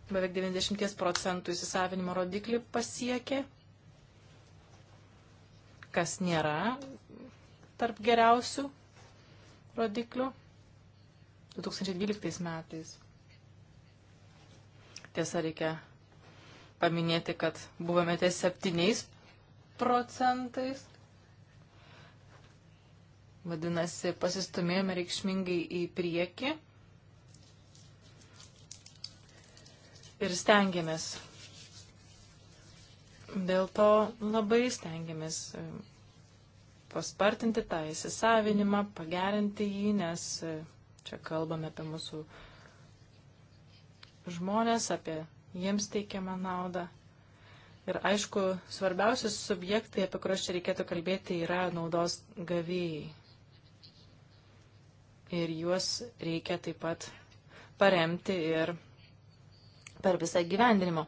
beveik 90 procentų įsisavinimo rodiklį pasiekė, kas nėra tarp geriausių rodiklių 2012 metais. Tiesa, reikia paminėti, kad buvome ties 7 procentais. Vadinasi, pasistumėjome reikšmingai į priekį ir stengiamės Dėl to labai stengiamės e, paspartinti tą įsisavinimą, pagerinti jį, nes e, čia kalbame apie mūsų žmonės, apie jiems teikiamą naudą. Ir aišku, svarbiausias subjektai, apie kuriuos čia reikėtų kalbėti, yra naudos gavėjai. Ir juos reikia taip pat paremti ir per visą gyvendinimo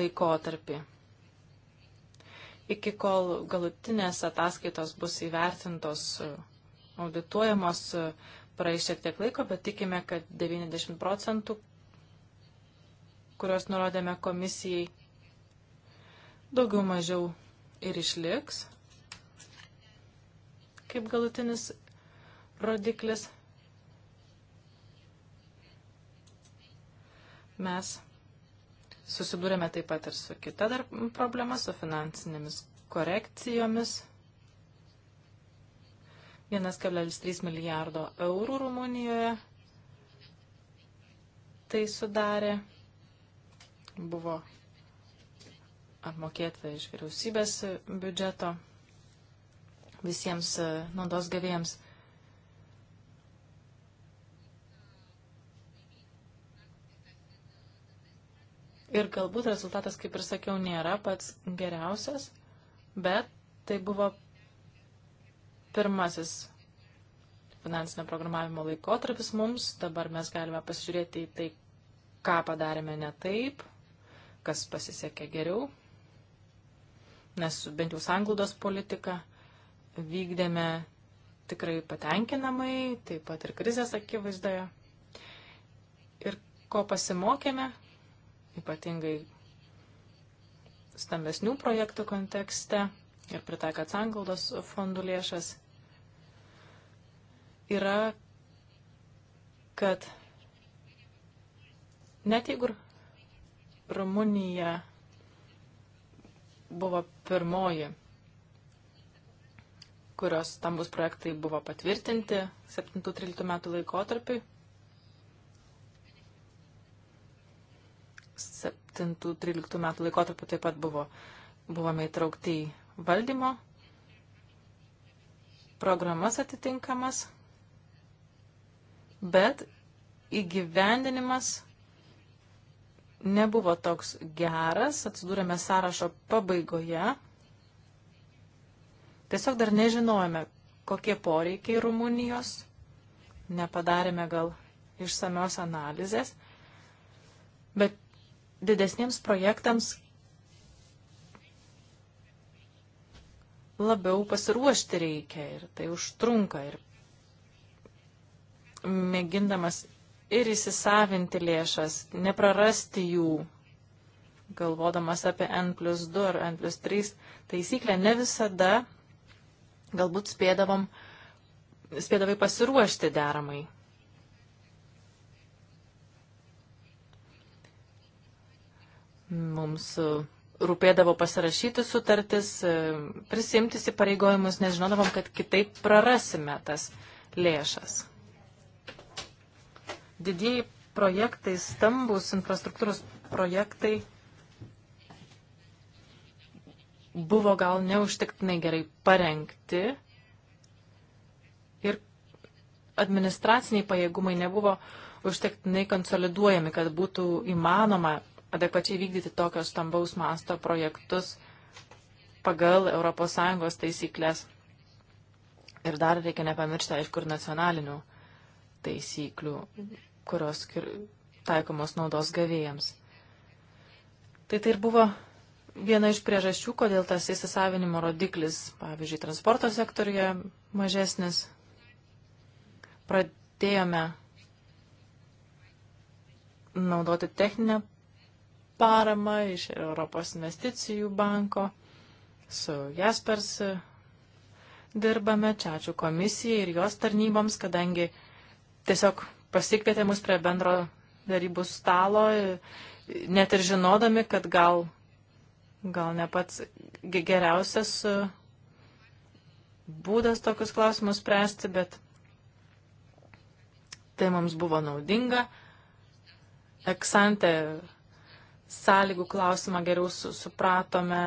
laikotarpį iki kol galutinės ataskaitos bus įvertintos, audituojamos, praeis šiek tiek laiko, bet tikime, kad 90 procentų, kuriuos nurodėme komisijai, daugiau mažiau ir išliks kaip galutinis rodiklis. Mes Susidūrėme taip pat ir su kita dar problema, su finansinėmis korekcijomis. 1,3 milijardo eurų Rumunijoje tai sudarė. Buvo apmokėta iš vyriausybės biudžeto visiems e, naudos gavėjams. Ir galbūt rezultatas, kaip ir sakiau, nėra pats geriausias, bet tai buvo pirmasis finansinio programavimo laikotarpis mums. Dabar mes galime pasižiūrėti į tai, ką padarėme ne taip, kas pasisekė geriau, nes bent jau sanglaudos politiką vykdėme tikrai patenkinamai, taip pat ir krizės akivaizdoje. Ir ko pasimokėme, ypatingai stambesnių projektų kontekste ir pritaikant sanglaudos fondų lėšas, yra, kad net jeigu Rumunija buvo pirmoji, kurios stambus projektai buvo patvirtinti 7-13 metų laikotarpiu, 7-13 metų laikotarpiu taip pat buvo, buvome įtraukti į valdymo programas atitinkamas, bet įgyvendinimas nebuvo toks geras, atsidūrėme sąrašo pabaigoje. Tiesiog dar nežinojame, kokie poreikiai Rumunijos, nepadarėme gal išsamios analizės, bet didesniems projektams labiau pasiruošti reikia ir tai užtrunka ir mėgindamas ir įsisavinti lėšas, neprarasti jų, galvodamas apie N plus 2 ar N plus 3 taisyklę, ne visada galbūt spėdavom, spėdavai pasiruošti deramai mums e, rūpėdavo pasirašyti sutartis, e, prisimti įpareigojimus, nežinodavom, kad kitaip prarasime tas lėšas. Didieji projektai, stambus infrastruktūros projektai buvo gal neužtektinai gerai parengti ir administraciniai pajėgumai nebuvo užtektinai konsoliduojami, kad būtų įmanoma adekvačiai vykdyti tokios stambaus masto projektus pagal ES taisyklės. Ir dar reikia nepamiršti, aišku, ir nacionalinių taisyklių, kurios taikomos naudos gavėjams. Tai tai ir buvo viena iš priežasčių, kodėl tas įsisavinimo rodiklis, pavyzdžiui, transporto sektorija mažesnis. Pradėjome naudoti techninę paramą iš Europos investicijų banko. Su Jaspers e, dirbame, čia ačiū komisijai ir jos tarnyboms, kadangi tiesiog pasikvietė mus prie bendro darybų stalo, e, net ir žinodami, kad gal, gal ne pats geriausias e, būdas tokius klausimus spręsti, bet tai mums buvo naudinga. Eksante sąlygų klausimą geriau su, supratome,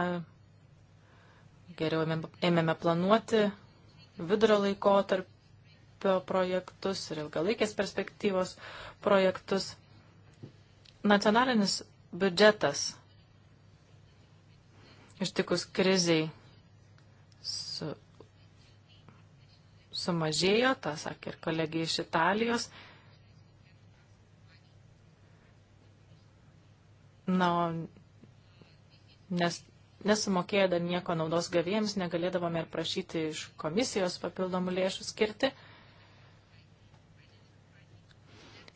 geriau ėmėme planuoti vidurio laikotarpio projektus ir ilgalaikės perspektyvos projektus. Nacionalinis biudžetas ištikus kriziai su, sumažėjo, tą sakė ir kolegija iš Italijos, Na, nes nesumokėję dar nieko naudos gavėjams, negalėdavome ir prašyti iš komisijos papildomų lėšų skirti.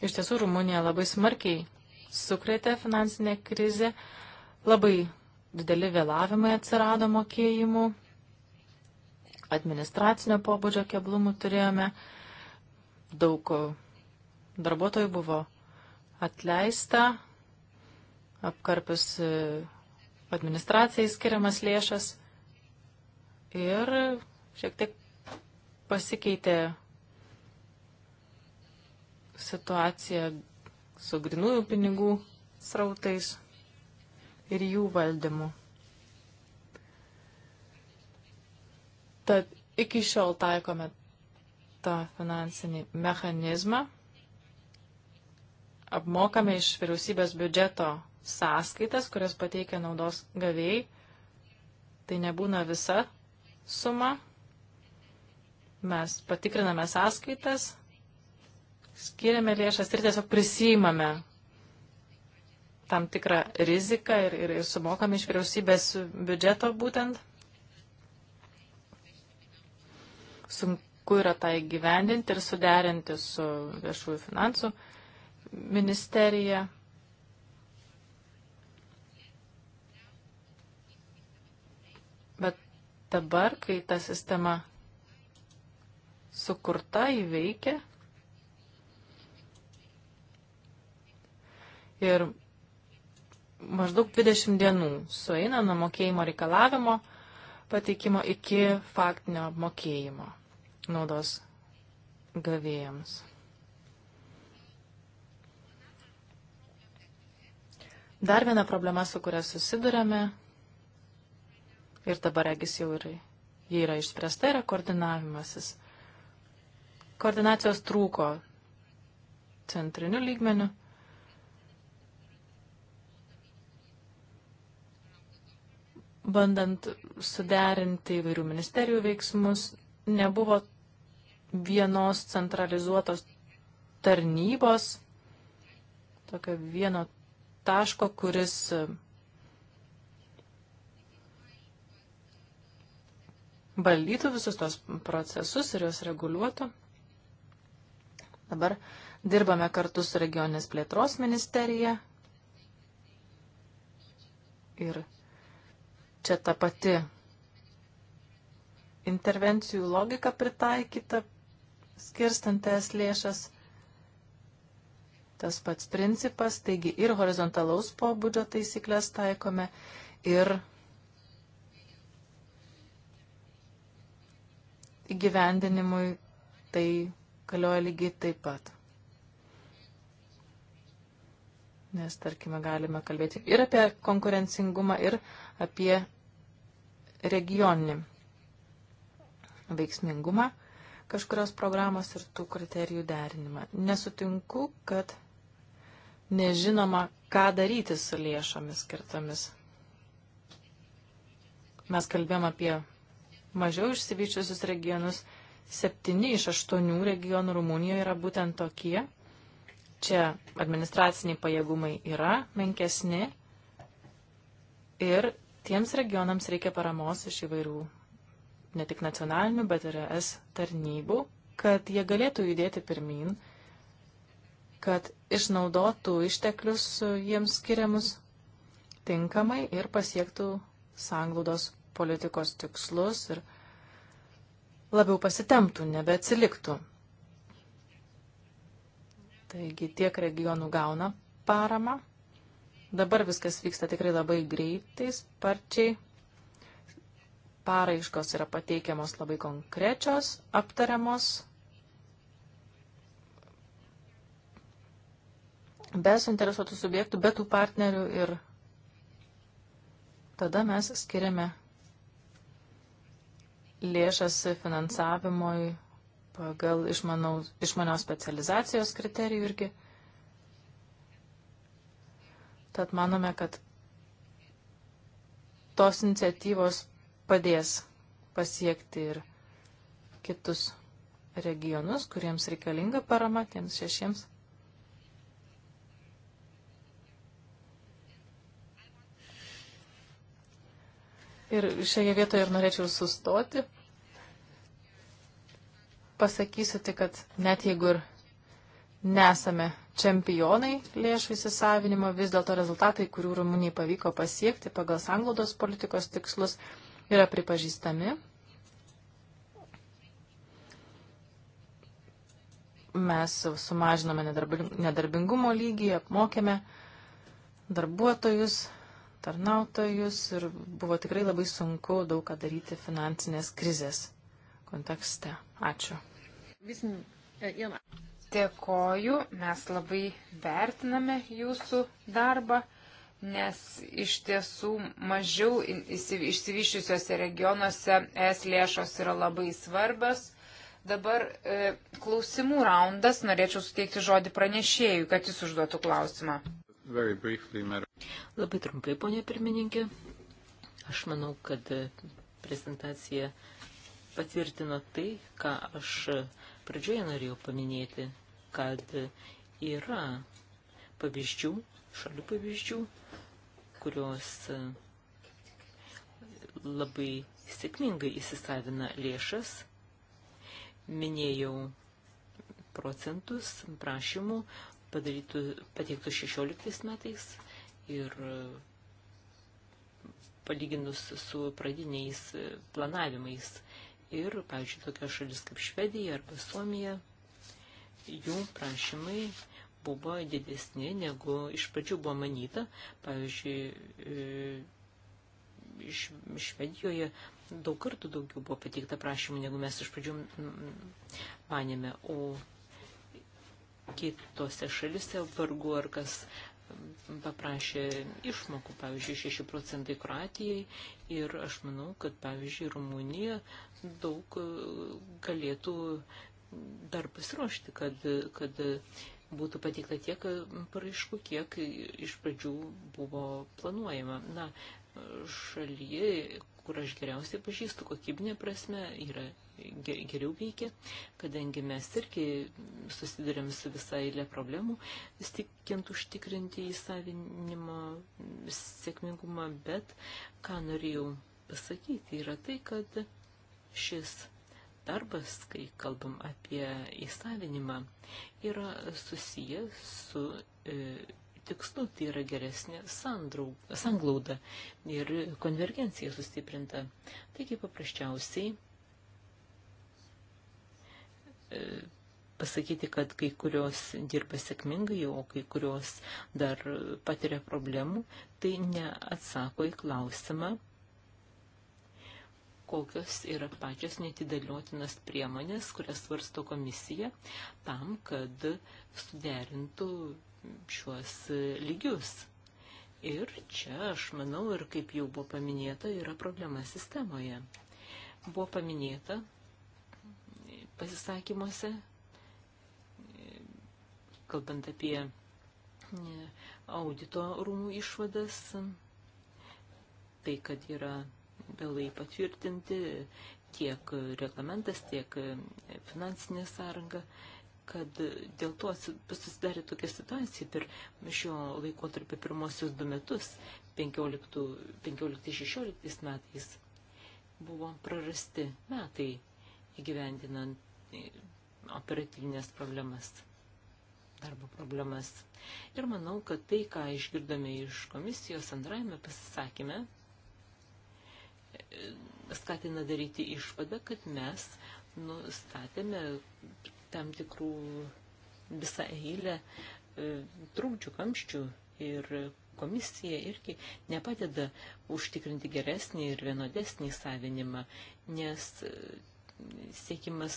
Iš tiesų, Rumunija labai smarkiai sukrėtė finansinė krizė, labai dideli vėlavimai atsirado mokėjimų, administracinio pobūdžio keblumų turėjome, daug darbuotojų buvo atleista, apkarpius e, administracijai skiriamas lėšas ir šiek tiek pasikeitė situacija su grinųjų pinigų srautais ir jų valdymu. Tad iki šiol taikome tą finansinį mechanizmą, apmokame iš vyriausybės biudžeto sąskaitas, kurias pateikia naudos gavėjai. Tai nebūna visa suma. Mes patikriname sąskaitas, skiriame lėšas ir tiesiog prisijimame tam tikrą riziką ir, ir, ir sumokame iš vyriausybės biudžeto būtent. Sunku yra tai gyvendinti ir suderinti su viešųjų finansų ministerija. dabar, kai ta sistema sukurta, įveikia. Ir maždaug 20 dienų sueina nuo mokėjimo reikalavimo pateikimo iki faktinio apmokėjimo naudos gavėjams. Dar viena problema, su kuria susidurėme, Ir dabar regis jau ir jie yra išspręsta, yra koordinavimasis. Koordinacijos trūko centriniu lygmeniu. Bandant suderinti įvairių ministerijų veiksmus, nebuvo vienos centralizuotos tarnybos, tokio vieno taško, kuris valdytų visus tos procesus ir juos reguliuotų. Dabar dirbame kartu su regioninės plėtros ministerija. Ir čia ta pati intervencijų logika pritaikyta, skirstant es lėšas. Tas pats principas, taigi ir horizontalaus pobūdžio taisyklės taikome, ir įgyvendinimui tai galioja lygiai taip pat. Nes, tarkime, galime kalbėti ir apie konkurencingumą, ir apie regioninį veiksmingumą kažkurios programos ir tų kriterijų derinimą. Nesutinku, kad nežinoma, ką daryti su lėšomis skirtomis. Mes kalbėjom apie mažiau išsivyščiusius regionus. Septyni iš aštuonių regionų Rumunijoje yra būtent tokie. Čia administraciniai pajėgumai yra menkesni ir tiems regionams reikia paramos iš įvairių ne tik nacionalinių, bet ir ES tarnybų, kad jie galėtų judėti pirmin, kad išnaudotų išteklius jiems skiriamus tinkamai ir pasiektų sanglaudos politikos tikslus ir labiau pasitemtų, nebeatsiliktų. Taigi tiek regionų gauna paramą. Dabar viskas vyksta tikrai labai greitai, sparčiai. Paraiškos yra pateikiamos labai konkrečios, aptariamos. Be suinteresuotų subjektų, be tų partnerių ir tada mes skiriame lėšas finansavimui pagal išmanaus, išmanios specializacijos kriterijų irgi. Tad manome, kad tos iniciatyvos padės pasiekti ir kitus regionus, kuriems reikalinga parama, tiems šešiems Ir šioje vietoje ir norėčiau sustoti. Pasakysiu tik, kad net jeigu ir nesame čempionai lėšų įsisavinimo, vis dėlto rezultatai, kurių Rumunijai pavyko pasiekti pagal sanglaudos politikos tikslus, yra pripažįstami. Mes sumažinome nedarbingumo lygį, apmokėme darbuotojus, tarnautojus ir buvo tikrai labai sunku daug ką daryti finansinės krizės kontekste. Ačiū. Dėkoju, mes labai vertiname jūsų darbą, nes iš tiesų mažiau išsivyščiusiuose regionuose es lėšos yra labai svarbios. Dabar e, klausimų raundas, norėčiau suteikti žodį pranešėjui, kad jis užduotų klausimą briefly, Labai trumpai, ponė pirmininkė. Aš manau, kad prezentacija patvirtino tai, ką aš pradžioje norėjau paminėti, kad yra pavyzdžių, šalių pavyzdžių, kurios labai sėkmingai įsisavina lėšas. Minėjau procentus prašymų, padarytų, pateiktų 16 metais ir palyginus su pradiniais planavimais. Ir, pavyzdžiui, tokia šalis kaip Švedija arba Suomija, jų prašymai buvo didesni, negu iš pradžių buvo manyta. Pavyzdžiui, e, Švedijoje daug kartų daugiau buvo pateikta prašymų, negu mes iš pradžių manėme, o kitose šalise vargu ar kas paprašė išmokų, pavyzdžiui, 6 procentai Kroatijai ir aš manau, kad, pavyzdžiui, Rumunija daug e, galėtų dar pasiruošti, kad, kad būtų patikta tiek paraiškų, kiek iš pradžių buvo planuojama. Na, šalyje, kur aš geriausiai pažįstu, kokybinė prasme yra geriau veikia, kadangi mes irgi susidurėm su visai eilė problemų, stikiant užtikrinti įsavinimą, sėkmingumą, bet ką norėjau pasakyti yra tai, kad šis darbas, kai kalbam apie įsavinimą, yra susijęs su e, tikslu, tai yra geresnė sanglauda ir konvergencija sustiprinta. Taigi paprasčiausiai E, pasakyti, kad kai kurios dirba sėkmingai, o kai kurios dar patiria problemų, tai neatsako į klausimą, kokios yra pačios netidėliotinas priemonės, kurias svarsto komisija, tam, kad suderintų šiuos lygius. Ir čia, aš manau, ir kaip jau buvo paminėta, yra problema sistemoje. Buvo paminėta, pasisakymuose, kalbant apie e, audito rūmų išvadas, tai kad yra vėlai patvirtinti tiek reglamentas, tiek e, finansinė sąranga, kad dėl to susidarė tokia situacija per šio laikotarpio pirmosius du metus, 15-16 metais, buvo prarasti metai įgyvendinant Tai operatyvinės problemas, darbo problemas. Ir manau, kad tai, ką išgirdome iš komisijos antrajame pasisakime, skatina daryti išvadą, kad mes nustatėme tam tikrų visą eilę e, trūkdžių, kamščių ir komisija irgi nepadeda užtikrinti geresnį ir vienodesnį savinimą, nes e, siekimas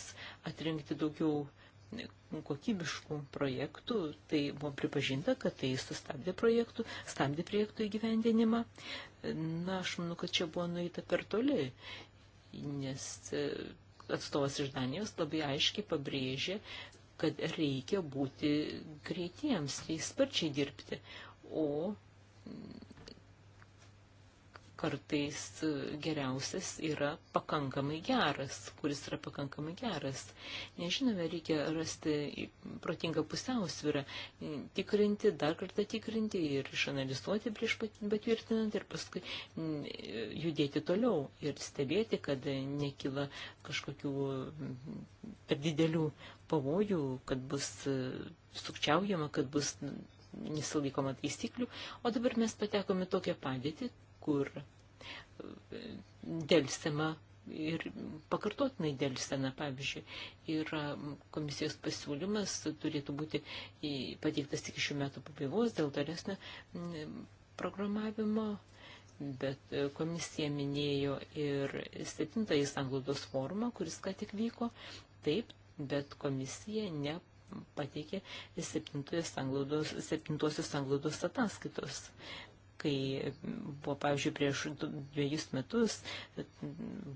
atrinkti daugiau kokybiškų projektų, tai buvo pripažinta, kad tai sustabdė projektų, stabdė projektų įgyvendinimą. Na, aš manau, kad čia buvo nueita per toli, nes e, atstovas iš Danijos labai aiškiai pabrėžė, kad reikia būti greitiems, tai sparčiai dirbti. O kartais geriausias yra pakankamai geras, kuris yra pakankamai geras. Nežinome, reikia rasti protingą pusiausvyrą, tikrinti, dar kartą tikrinti ir išanalizuoti prieš patvirtinant ir paskui mm, judėti toliau ir stebėti, kad nekyla kažkokių mm, per didelių pavojų, kad bus mm, sukčiaujama, kad bus nesilaikoma taisyklių, o dabar mes patekome tokią padėtį, kur dėlstama ir pakartotinai dėlstena, pavyzdžiui, yra komisijos pasiūlymas, turėtų būti pateiktas iki šių metų pabaigos dėl tolesnio programavimo, bet komisija minėjo ir 7-ąjį sanglaudos forumą, kuris ką tik vyko, taip, bet komisija ne pateikė 7-osios sanglaudos ataskaitos kai buvo, pavyzdžiui, prieš dviejus metus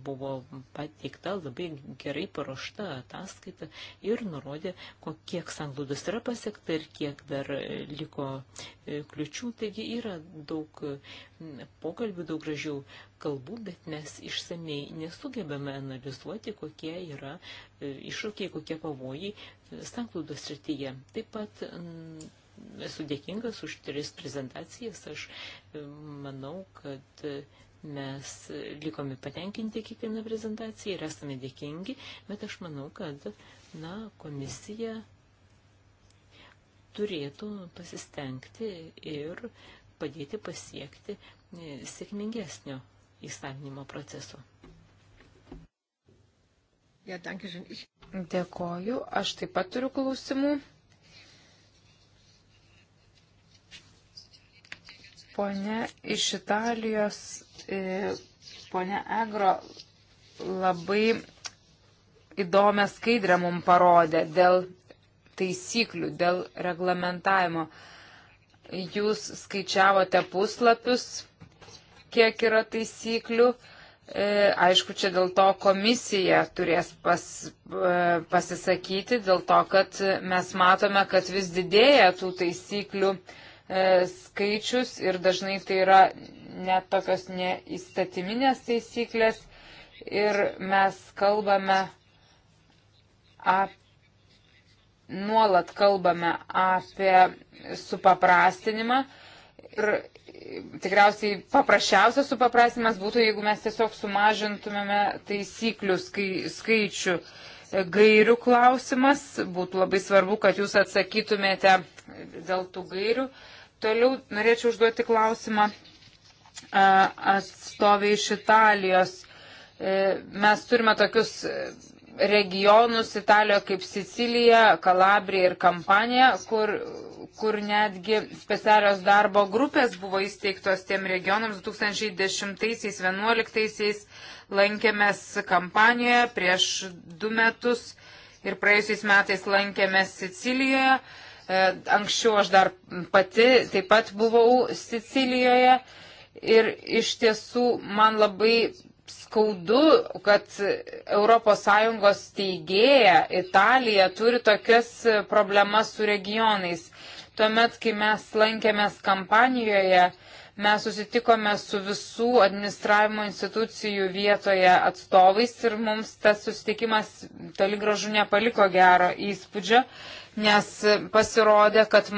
buvo pateikta labai gerai paruošta ataskaita ir nurodė, kiek sanglaudos yra pasiekta ir kiek dar liko e, kliučių. Taigi yra daug pokalbių, daug gražių kalbų, bet mes išsamei nesugebame analizuoti, kokie yra e, iššūkiai, kokie pavojai sanglaudos srityje. Taip pat esu dėkingas už tris prezentacijas. Aš e, manau, kad e, mes likome patenkinti kiekvieną prezentaciją ir esame dėkingi, bet aš manau, kad na, komisija turėtų pasistengti ir padėti pasiekti e, sėkmingesnio įstatymo proceso. Ja, Dėkoju, aš taip pat turiu klausimų. Pone iš Italijos, e, pone Agro, labai įdomią skaidrę mums parodė dėl taisyklių, dėl reglamentavimo. Jūs skaičiavote puslapius, kiek yra taisyklių. E, aišku, čia dėl to komisija turės pas, e, pasisakyti, dėl to, kad mes matome, kad vis didėja tų taisyklių E, skaičius ir dažnai tai yra net tokios neįstatyminės taisyklės ir mes kalbame apie nuolat kalbame apie supaprastinimą ir tikriausiai paprasčiausias supaprastinimas būtų, jeigu mes tiesiog sumažintumėme taisyklių skai, skaičių gairių klausimas. Būtų labai svarbu, kad jūs atsakytumėte dėl tų gairių. Uh, Toliau norėčiau užduoti klausimą atstoviai iš Italijos. E, mes turime tokius e, regionus Italijoje kaip Sicilija, Kalabrija ir Kampanija, kur, kur netgi specialios darbo grupės buvo įsteigtos tiem regionams 2010-2011 lankėmės kampanijoje prieš du metus ir praėjusiais metais lankėmės Sicilijoje. E, anksčiau aš dar pati taip pat buvau Sicilijoje ir iš tiesų man labai skaudu, kad ES teigėja Italija turi tokias problemas su regionais. Tuomet, kai mes lankėmės kampanijoje, mes susitikome su visų administravimo institucijų vietoje atstovais ir mums tas susitikimas toli gražu nepaliko gero įspūdžio nes pasirodė, kad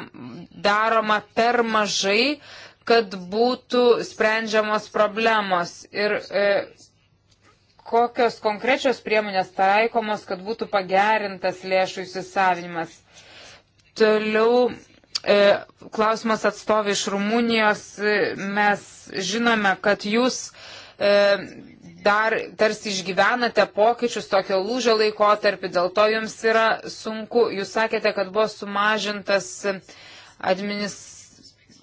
daroma per mažai, kad būtų sprendžiamos problemos. Ir e, kokios konkrečios priemonės taikomos, kad būtų pagerintas lėšų įsisavinimas. Toliau e, klausimas atstovai iš Rumunijos. E, mes žinome, kad jūs e, dar tarsi išgyvenate pokyčius tokio lūžio laikotarpį, dėl to jums yra sunku. Jūs sakėte, kad buvo sumažintas administ...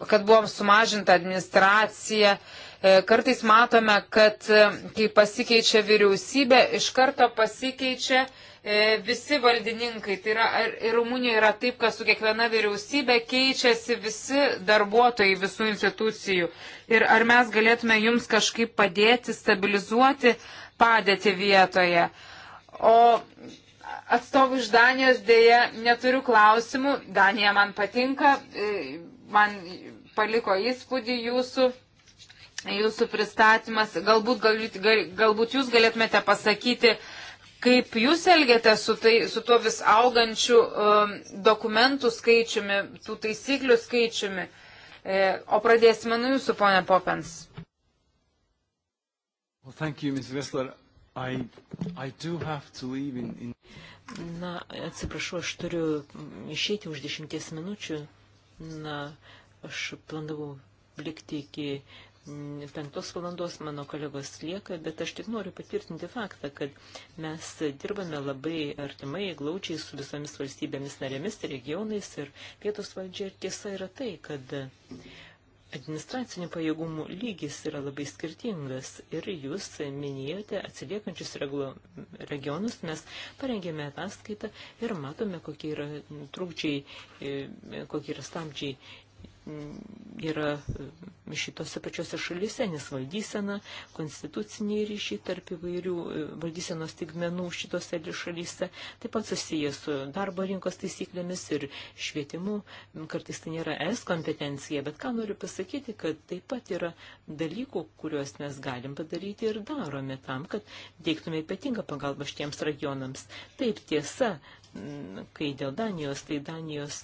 kad buvom sumažinta administracija. E, kartais matome, kad e, kai pasikeičia vyriausybė, iš karto pasikeičia E, visi valdininkai. Tai yra, ir Rumunijoje yra taip, kad su kiekviena vyriausybė keičiasi visi darbuotojai visų institucijų. Ir ar mes galėtume jums kažkaip padėti, stabilizuoti padėti vietoje. O atstovų iš Danijos dėja neturiu klausimų. Danija man patinka, e, man paliko įspūdį jūsų jūsų pristatymas. Galbūt, galbūt, galbūt jūs galėtumėte pasakyti, Kaip jūs elgėte su, tai, su tuo vis augančiu um, dokumentų skaičiumi, tų taisyklių skaičiumi? E, o pradėsime nuo jūsų, ponė Popens. Well, you, I, I in, in... Na, atsiprašau, aš turiu išeiti už dešimties minučių. Na, aš planavau likti iki penktos valandos mano kolegos lieka, bet aš tik noriu patvirtinti faktą, kad mes dirbame labai artimai, glaučiai su visomis valstybėmis narėmis, regionais ir vietos valdžia. Ir tiesa yra tai, kad administracinių pajėgumų lygis yra labai skirtingas ir jūs minėjote atsiliekančius reglo, regionus, mes parengėme ataskaitą ir matome, kokie yra trūkčiai, e, kokie yra stamčiai yra e, šitose pačiose šalyse, nes valdysena, konstituciniai ryšiai tarp įvairių e, valdysenos stigmenų šitose šalyse taip pat susijęs su darbo rinkos taisyklėmis ir švietimu. Kartais tai nėra es kompetencija, bet ką noriu pasakyti, kad taip pat yra dalykų, kuriuos mes galim padaryti ir darome tam, kad teiktume ypatingą pagalbą šitiems regionams. Taip tiesa, kai dėl Danijos, tai Danijos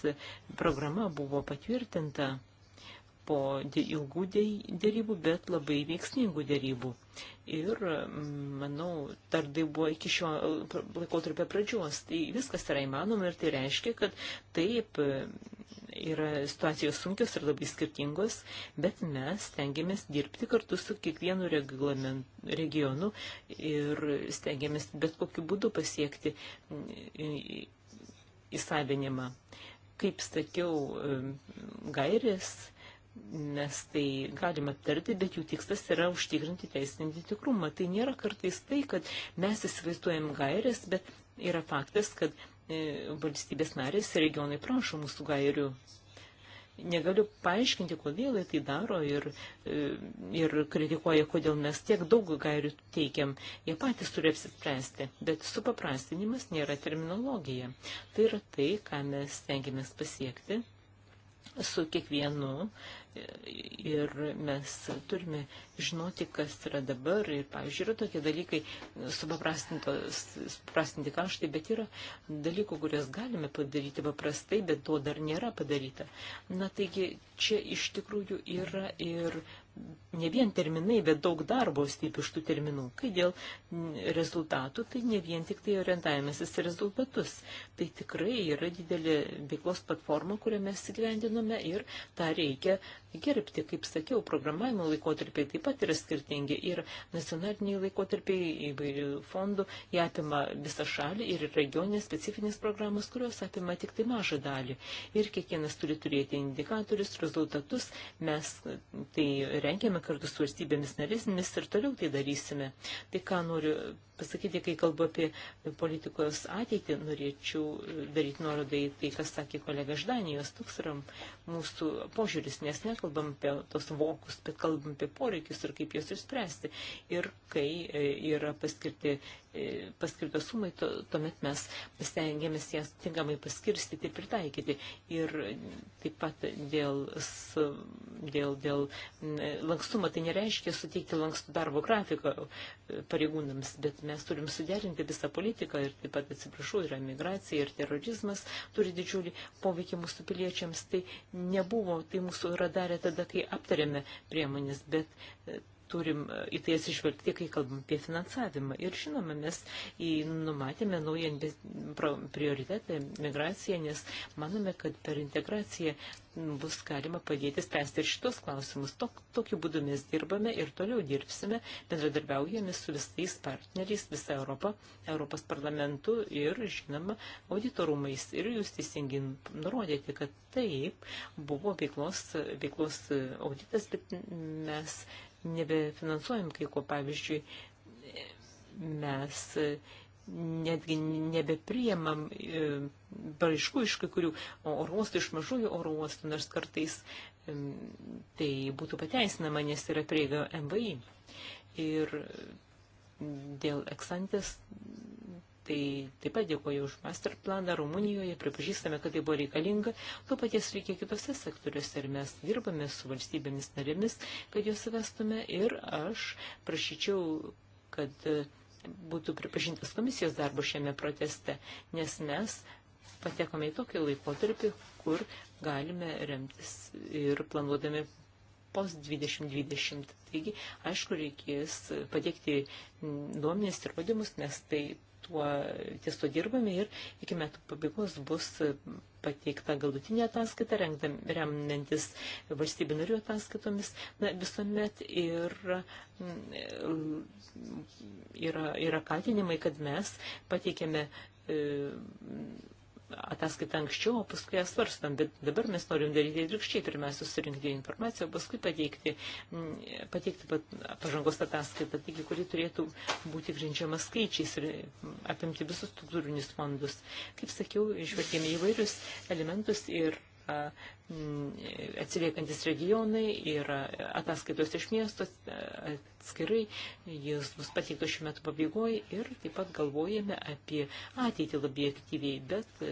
programa buvo patvirtinta po ilgų dėrybų, bet labai veiksmingų dėrybų. Ir, mm, manau, tardai buvo iki šio laikotarpio pradžios. Tai viskas yra įmanoma ir tai reiškia, kad taip yra situacijos sunkios ir labai skirtingos, bet mes stengiamės dirbti kartu su kiekvienu regionu ir stengiamės bet kokiu būdu pasiekti įsavinimą. Kaip sakiau, e, gairės mes tai galime aptarti, bet jų tikslas yra užtikrinti teisinį tikrumą. Tai nėra kartais tai, kad mes įsivaizduojam gairės, bet yra faktas, kad E, valstybės narės regionai prašo mūsų gairių. Negaliu paaiškinti, kodėl jie tai daro ir, e, ir kritikuoja, kodėl mes tiek daug gairių teikiam. Jie patys turi apsispręsti, bet supaprastinimas nėra terminologija. Tai yra tai, ką mes stengiamės pasiekti su kiekvienu ir mes turime žinoti, kas yra dabar ir, pavyzdžiui, yra tokie dalykai supaprastinti kaštai, bet yra dalykų, kurias galime padaryti paprastai, bet to dar nėra padaryta. Na, taigi čia iš tikrųjų yra ir ne vien terminai, bet daug darbo slypi iš tų terminų. Kai dėl rezultatų, tai ne vien tik tai orientavimasis į rezultatus. Tai tikrai yra didelė veiklos platforma, kurią mes įgyvendinome ir tą reikia gerbti. Kaip sakiau, programavimo laikotarpiai taip pat yra skirtingi ir nacionaliniai laikotarpiai įvairių fondų, jie apima visą šalį ir regioninės specifinės programos, kurios apima tik tai mažą dalį. Ir kiekvienas turi turėti indikatorius, rezultatus, mes tai rengėme kartu su valstybėmis narėsmis ir toliau tai darysime. Tai ką noriu pasakyti, kai kalbu apie politikos ateitį, norėčiau daryti nuorodą į tai, kas sakė kolega Ždanijos. Toks yra mūsų požiūris, nes nekalbam apie tos vokus, bet kalbam apie poreikius ir kaip juos išspręsti. Ir kai e, yra paskirti, e, paskirtos sumai, to, tuomet mes stengiamės jas tinkamai paskirstyti ir pritaikyti. Ir taip pat dėl, dėl, dėl lankstumo, tai nereiškia suteikti lankstų darbo grafiką e, pareigūnams, bet mes mes turim suderinti visą politiką ir taip pat atsiprašau, yra migracija ir terorizmas, turi didžiulį poveikį mūsų piliečiams. Tai nebuvo, tai mūsų radarė tada, kai aptarėme priemonės, bet turim į tai atsižvelgti, kai kalbam apie finansavimą. Ir žinoma, mes numatėme naują prioritetą migraciją, nes manome, kad per integraciją bus galima padėti spręsti ir šitos klausimus. Tok, tokiu būdu mes dirbame ir toliau dirbsime, bendradarbiaujame su visais partneriais, visą Europą, Europos parlamentu ir, žinoma, auditorumais. Ir jūs teisingai nurodėte, kad taip, buvo veiklos, veiklos auditas, bet mes nebefinansuojam kai ko, pavyzdžiui, mes netgi nebepriemam e, paraiškų iš kai kurių oro uostų, iš mažųjų oro uostų, nors kartais tai būtų pateisinama, nes yra prieiga MVI. Ir dėl eksantės Tai taip pat dėkoju už master planą Rumunijoje, pripažįstame, kad tai buvo reikalinga, to paties reikia kitose sektoriuose ir mes dirbame su valstybėmis narėmis, kad juos vestume ir aš prašyčiau, kad būtų pripažintas komisijos darbo šiame proteste, nes mes patekome į tokį laikotarpį, kur galime remtis ir planuodami post 2020. Taigi, aišku, reikės padėkti duomenės ir vadimus, nes tai tuo, ties tuo dirbame ir iki metų pabaigos bus pateikta galutinė ataskaita, remiantis valstybių narių ataskaitomis. Na, visuomet ir mm, yra, yra kaltinimai, kad mes pateikėme e, ataskaitą anksčiau, o paskui ją svarstam. Bet dabar mes norim daryti atvirkščiai. Pirmiausia, susirinkti informaciją, paskui pateikti, pateikti pažangos ataskaitą, taigi, kuri turėtų būti grindžiama skaičiais ir apimti visus struktūrinius fondus. Kaip sakiau, išvertėme įvairius elementus ir Mm, atsiliekantis regionai ir ataskaitos iš miesto atskirai, jis bus pateiktas šiuo metu pabaigoje ir taip pat galvojame apie ateitį labai aktyviai, bet e,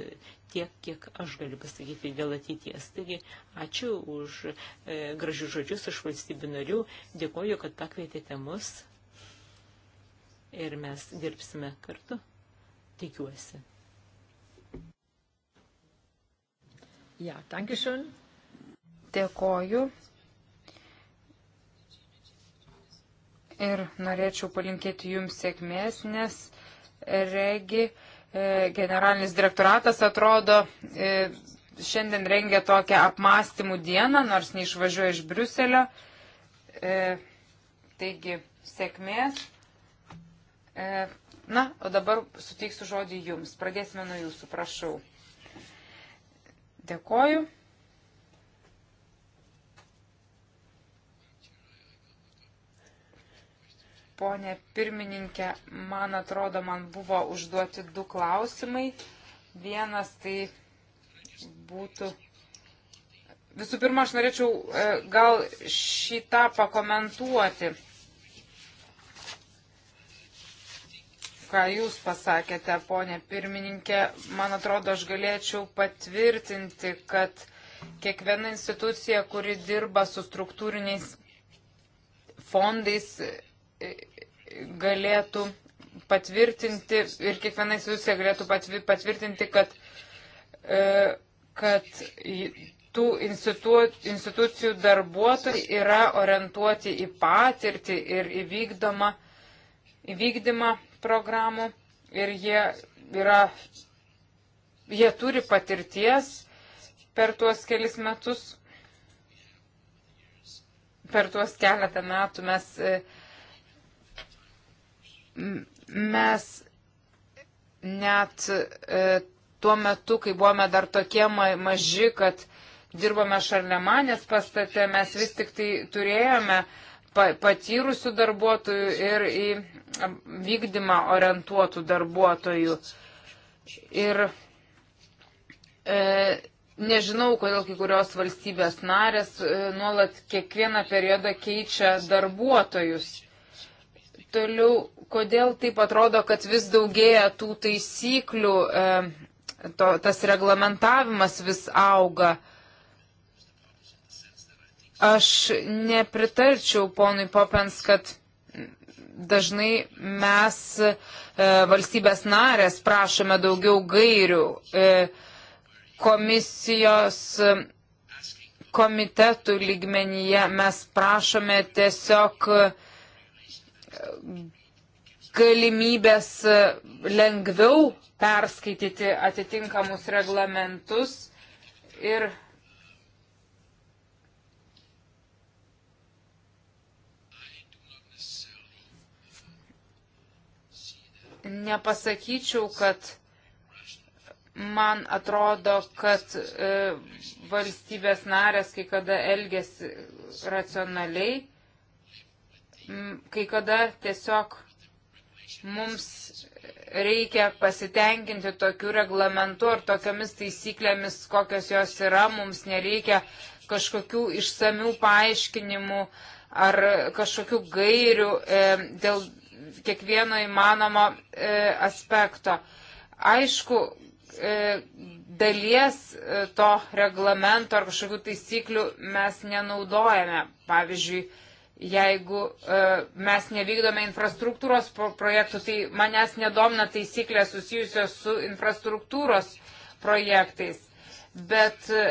tiek, kiek aš galiu pasakyti dėl ateities. Taigi, ačiū už e, gražius žodžius iš valstybių narių, dėkoju, kad pakvietėte mus ir mes dirbsime kartu, tikiuosi. Ja, danke schön. Dėkoju. Ir norėčiau palinkėti jums sėkmės, nes e, regi e, generalinis direktoratas atrodo e, šiandien rengia tokią apmąstymų dieną, nors neišvažiuoja iš Briuselio. E, taigi, sėkmės. E, na, o dabar suteiksiu žodį jums. Pradėsime nuo jūsų, prašau. Dėkoju. Pone pirmininkė, man atrodo, man buvo užduoti du klausimai. Vienas tai būtų. Visų pirma, aš norėčiau e, gal šitą pakomentuoti. ką Jūs pasakėte, ponė pirmininkė. Man atrodo, aš galėčiau patvirtinti, kad kiekviena institucija, kuri dirba su struktūriniais fondais, galėtų patvirtinti ir kiekviena institucija galėtų patvirtinti, kad, e, kad tų institu, institucijų darbuotojai yra orientuoti į patirtį ir įvykdomą, įvykdymą programų ir jie, yra, jie turi patirties per tuos kelis metus. Per tuos keletą metų mes, e, mes net e, tuo metu, kai buvome dar tokie maži, kad dirbome Šarlemanės pastate, mes vis tik tai turėjome uh, patyrusių darbuotojų ir į vykdymą orientuotų darbuotojų. Ir e, nežinau, kodėl kai kurios valstybės narės e, nuolat kiekvieną periodą keičia darbuotojus. Toliau, kodėl taip atrodo, kad vis daugėja tų taisyklių, e, to, tas reglamentavimas vis auga. E, Aš nepritarčiau ponui Popens, kad dažnai mes e, valstybės narės prašome daugiau gairių e, komisijos e, komitetų lygmenyje. Mes prašome tiesiog e, galimybės e, lengviau perskaityti atitinkamus reglamentus ir nepasakyčiau, kad man atrodo, kad e, valstybės narės kai kada elgesi racionaliai, kai kada tiesiog mums reikia pasitenkinti tokiu reglamentu ar tokiamis taisyklėmis, kokios jos yra, mums nereikia kažkokių išsamių paaiškinimų ar kažkokių gairių e, dėl kiekvieno įmanomo e, aspekto. Aišku, e, dalies e, to reglamento ar kažkokių taisyklių mes nenaudojame. Pavyzdžiui, jeigu e, mes nevykdome infrastruktūros projektų, tai manęs nedomna taisyklės susijusios su infrastruktūros projektais. Bet e,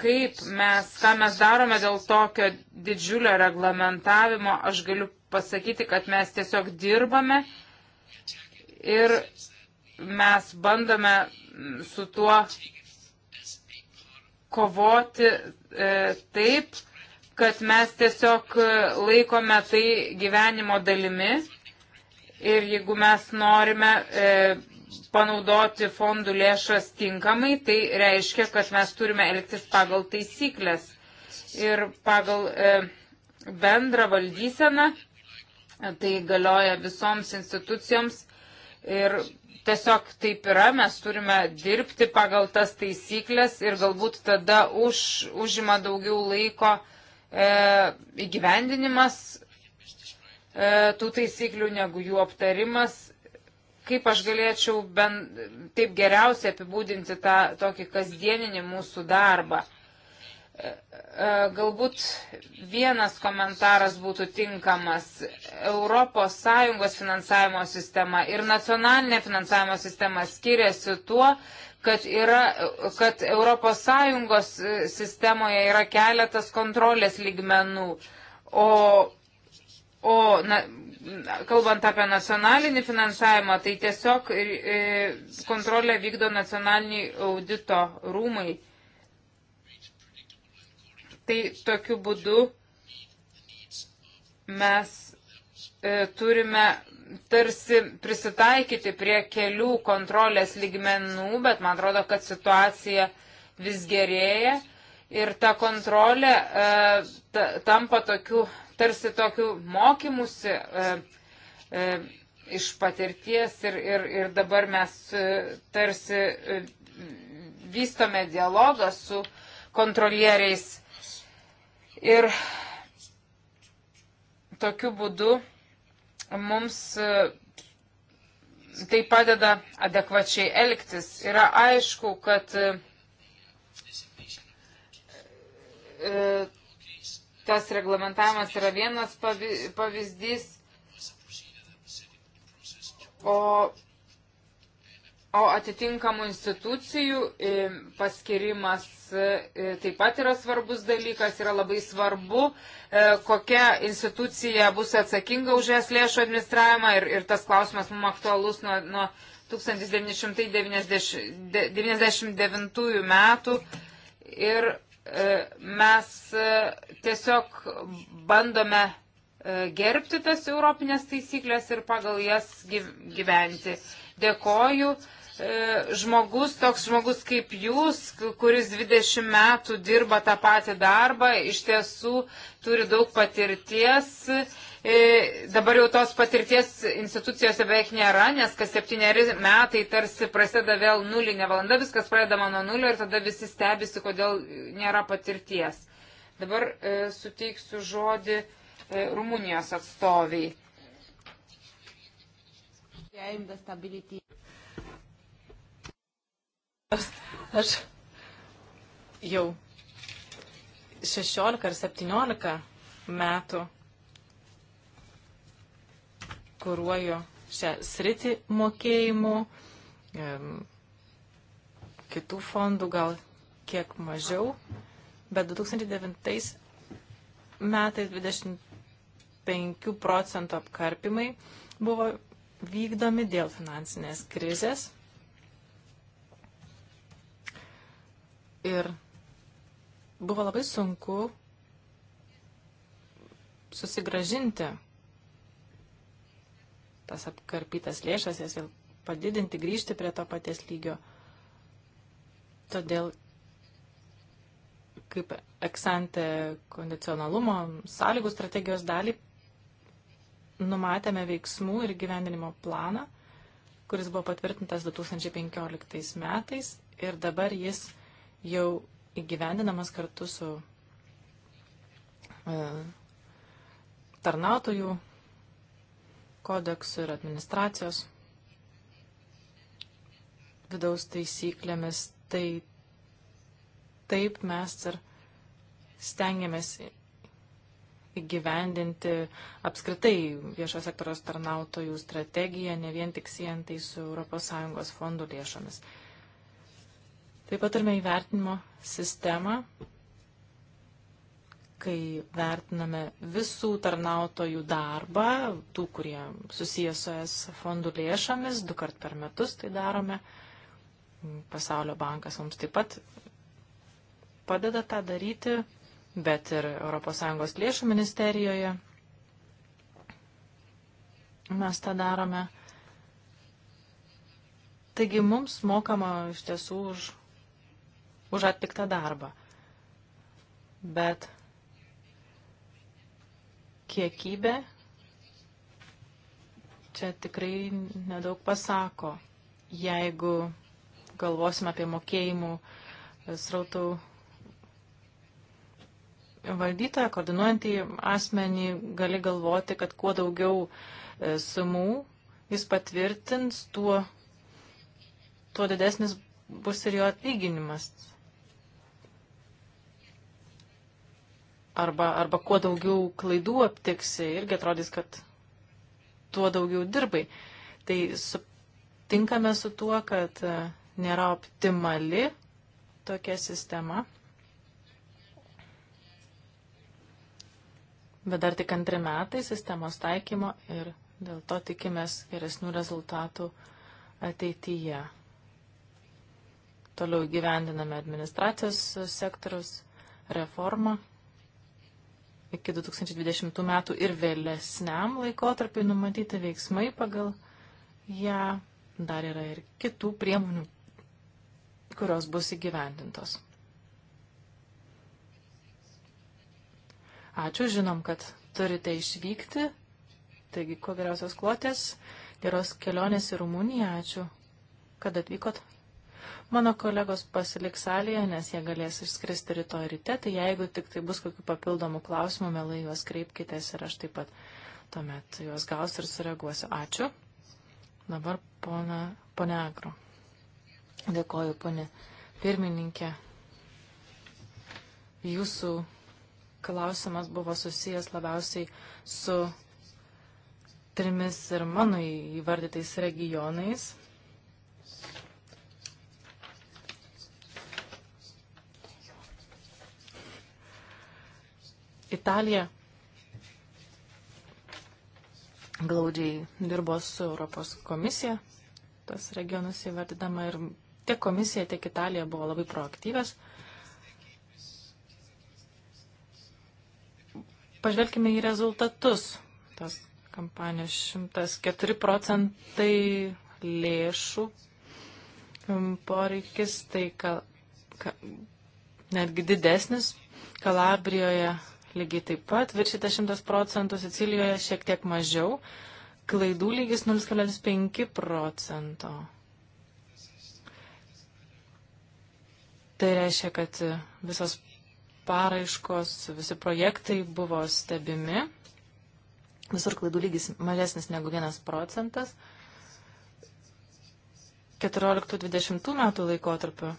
kaip mes, ką mes darome dėl tokio didžiulio reglamentavimo, aš galiu pasakyti, kad mes tiesiog dirbame ir mes bandome su tuo kovoti e, taip, kad mes tiesiog laikome tai gyvenimo dalimi ir jeigu mes norime e, panaudoti fondų lėšas tinkamai, tai reiškia, kad mes turime elgtis pagal taisyklės ir pagal e, bendrą valdyseną Tai galioja visoms institucijoms ir tiesiog taip yra, mes turime dirbti pagal tas taisyklės ir galbūt tada už, užima daugiau laiko e, įgyvendinimas e, tų taisyklių negu jų aptarimas. Kaip aš galėčiau ben, taip geriausiai apibūdinti tą tokį kasdieninį mūsų darbą. E, galbūt vienas komentaras būtų tinkamas. ES finansavimo sistema ir nacionalinė finansavimo sistema skiriasi tuo, kad, yra, kad ES e, sistemoje yra keletas kontrolės lygmenų. O, o na, kalbant apie nacionalinį finansavimą, tai tiesiog e, kontrolę vykdo nacionaliniai audito rūmai. Tai tokiu būdu mes e, turime tarsi prisitaikyti prie kelių kontrolės lygmenų, bet man atrodo, kad situacija vis gerėja ir ta kontrolė e, ta, tampa tokiu, tarsi tokiu mokymusi e, e, iš patirties ir, ir, ir dabar mes e, tarsi e, vystome dialogą su kontrolieriais Ir tokiu būdu mums e, tai padeda adekvačiai elgtis. Yra aišku, kad e, e, tas reglamentavimas yra vienas pavyzdys, o, o atitinkamų institucijų paskirimas E, taip pat yra svarbus dalykas, yra labai svarbu, e, kokia institucija bus atsakinga už es lėšų administravimą ir, ir tas klausimas mums aktualus nuo, nuo 1999 metų. Ir e, mes tiesiog bandome gerbti tas europinės taisyklės ir pagal jas gyventi. Dėkoju E, žmogus, toks žmogus kaip jūs, kuris 20 metų dirba tą patį darbą, iš tiesų turi daug patirties. E, dabar jau tos patirties institucijose beveik nėra, nes kas septyneri metai tarsi prasideda vėl nulinė valanda, viskas pradedama nuo nulio ir tada visi stebisi, kodėl nėra patirties. Dabar e, suteiksiu žodį e, Rumunijos atstoviai. Aš jau 16 ar 17 metų kuruoju šią sritį mokėjimų, kitų fondų gal kiek mažiau, bet 2009 metais 25 procentų apkarpimai buvo vykdomi dėl finansinės krizės. Ir buvo labai sunku susigražinti tas apkarpytas lėšas, jas vėl padidinti, grįžti prie to paties lygio. Todėl kaip eksante kondicionalumo sąlygų strategijos dalį numatėme veiksmų ir gyvendinimo planą, kuris buvo patvirtintas 2015 metais ir dabar jis jau įgyvendinamas kartu su e, tarnautojų kodeksu ir administracijos vidaus taisyklėmis. Tai taip mes ir stengiamės įgyvendinti apskritai viešo sektoriaus tarnautojų strategiją, ne vien tik sientai su ES fondų lėšomis. Taip pat turime įvertinimo sistemą, kai vertiname visų tarnautojų darbą, tų, kurie susijęs su ES fondų lėšomis, du kart per metus tai darome. Pasaulio bankas mums taip pat padeda tą daryti, bet ir ES lėšų ministerijoje mes tą darome. Taigi mums mokama iš tiesų už už atliktą darbą. Bet kiekybė čia tikrai nedaug pasako. Jeigu galvosim apie mokėjimų e, srautų valdytoją, koordinuojantį asmenį, gali galvoti, kad kuo daugiau e, sumų jis patvirtins, tuo, tuo didesnis bus ir jo atlyginimas. arba, arba kuo daugiau klaidų aptiksi, irgi atrodys, kad tuo daugiau dirbai. Tai sutinkame su tuo, kad e, nėra optimali tokia sistema. Bet dar tik antri metai sistemos taikymo ir dėl to tikimės geresnių rezultatų ateityje. Toliau gyvendiname administracijos sektoriaus reformą iki 2020 metų ir vėlesniam laikotarpiu numatyti veiksmai pagal ją. Dar yra ir kitų priemonių, kurios bus įgyvendintos. Ačiū, žinom, kad turite išvykti. Taigi, kuo geriausios klotės, geros kelionės į Rumuniją. Ačiū, kad atvykot. Mano kolegos pasiliks salėje, nes jie galės išskristi rytoj ryte, tai jeigu tik tai bus kokių papildomų klausimų, melai juos kreipkitės ir aš taip pat tuomet juos gausiu ir sureaguosiu. Ačiū. Dabar pona, pone Agro. Dėkoju, pone pirmininkė. Jūsų klausimas buvo susijęs labiausiai su trimis ir mano įvardytais regionais Italija glaudžiai dirbo su Europos komisija, tos regionus įvardydama ir tiek komisija, tiek Italija buvo labai proaktyvės. Pažvelkime į rezultatus tos kampanijos 104 procentai lėšų poreikis, tai ka, ka, netgi didesnis Kalabrijoje lygiai taip pat viršyta 100 procentų, Sicilijoje šiek tiek mažiau, klaidų lygis 0,5 procento. Tai reiškia, kad visos paraiškos, visi projektai buvo stebimi. Visur klaidų lygis mažesnis negu 1 procentas. 14-20 metų laikotarpiu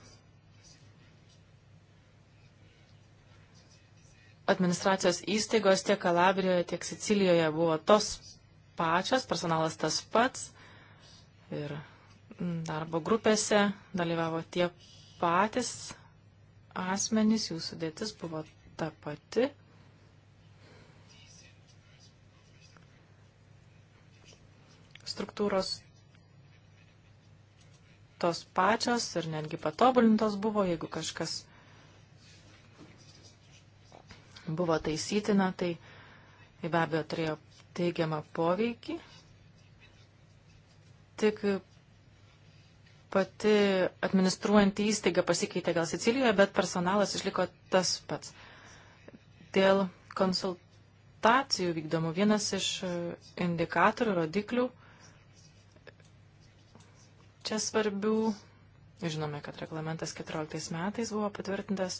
administracijos įstaigos tiek Kalabrijoje, tiek Sicilijoje buvo tos pačios, personalas tas pats ir darbo grupėse dalyvavo tie patys asmenys, jų sudėtis buvo ta pati. Struktūros tos pačios ir netgi patobulintos buvo, jeigu kažkas buvo taisytina, tai, tai be abejo turėjo teigiamą poveikį. Tik pati administruojanti įstaiga pasikeitė gal Sicilijoje, bet personalas išliko tas pats. Dėl konsultacijų vykdomų vienas iš indikatorių, rodiklių čia svarbių. Žinome, kad reglamentas 14 metais buvo patvirtintas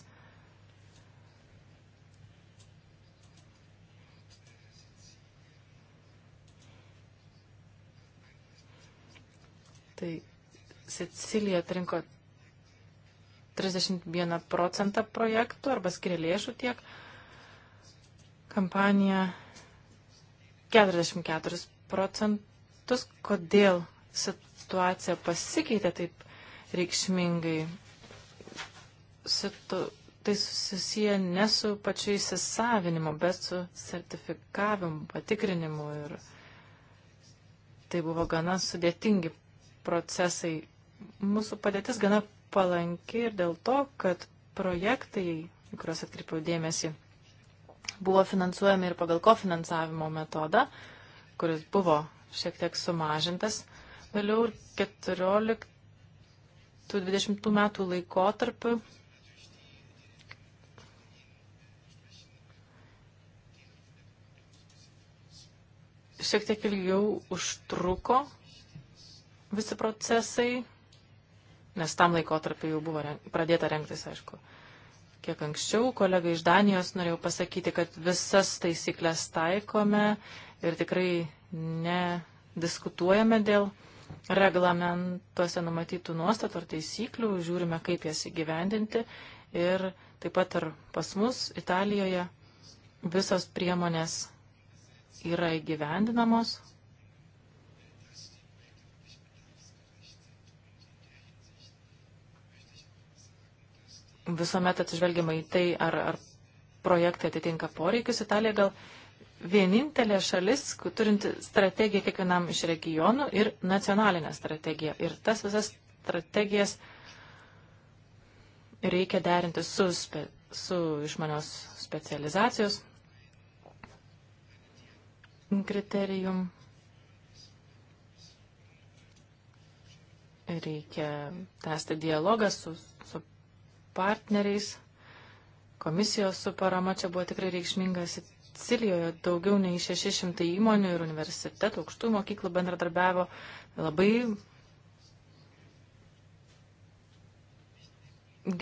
Tai Sicilija atrinko 31 procentą projektų arba skiria lėšų tiek. Kampanija 44 procentus. Kodėl situacija pasikeitė taip reikšmingai? Situ, tai susiję ne su pačiu įsisavinimu, bet su sertifikavimu, patikrinimu. Ir tai buvo gana sudėtingi procesai. Mūsų padėtis gana palanki ir dėl to, kad projektai, kuriuos atkreipiau dėmesį, buvo finansuojami ir pagal kofinansavimo metodą, kuris buvo šiek tiek sumažintas. Vėliau 14-20 metų laikotarpiu šiek tiek ilgiau užtruko visi procesai, nes tam laikotarpiu jau buvo renk, pradėta rengtis, aišku. Kiek anksčiau kolega iš Danijos norėjau pasakyti, kad visas taisyklės taikome ir tikrai nediskutuojame dėl reglamentuose numatytų nuostatų ar taisyklių, žiūrime, kaip jas įgyvendinti ir taip pat ir pas mus Italijoje visos priemonės yra įgyvendinamos, visuomet atsižvelgiama į tai, ar, ar projektai atitinka poreikius. Italija gal vienintelė šalis, turinti strategiją kiekvienam iš regionų ir nacionalinę strategiją. Ir tas visas strategijas reikia derinti su, spe, su išmanios specializacijos kriterijum. Reikia tęsti dialogą su partneriais, komisijos su parama čia buvo tikrai reikšminga. Sicilijoje daugiau nei 600 įmonių ir universitetų, aukštų mokyklų bendradarbiavo labai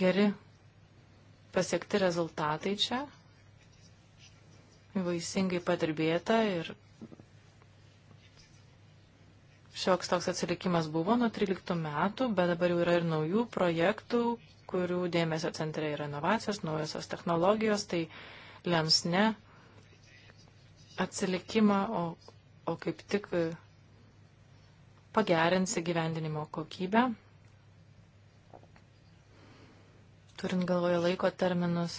geri pasiekti rezultatai čia, vaisingai padirbėta ir šioks toks atsilikimas buvo nuo 13 metų, bet dabar jau yra ir naujų projektų, kurių dėmesio centre yra inovacijos, naujosios technologijos, tai lems ne atsilikimą, o, o kaip tik e, pagerins įgyvendinimo kokybę, turint galvoje laiko terminus.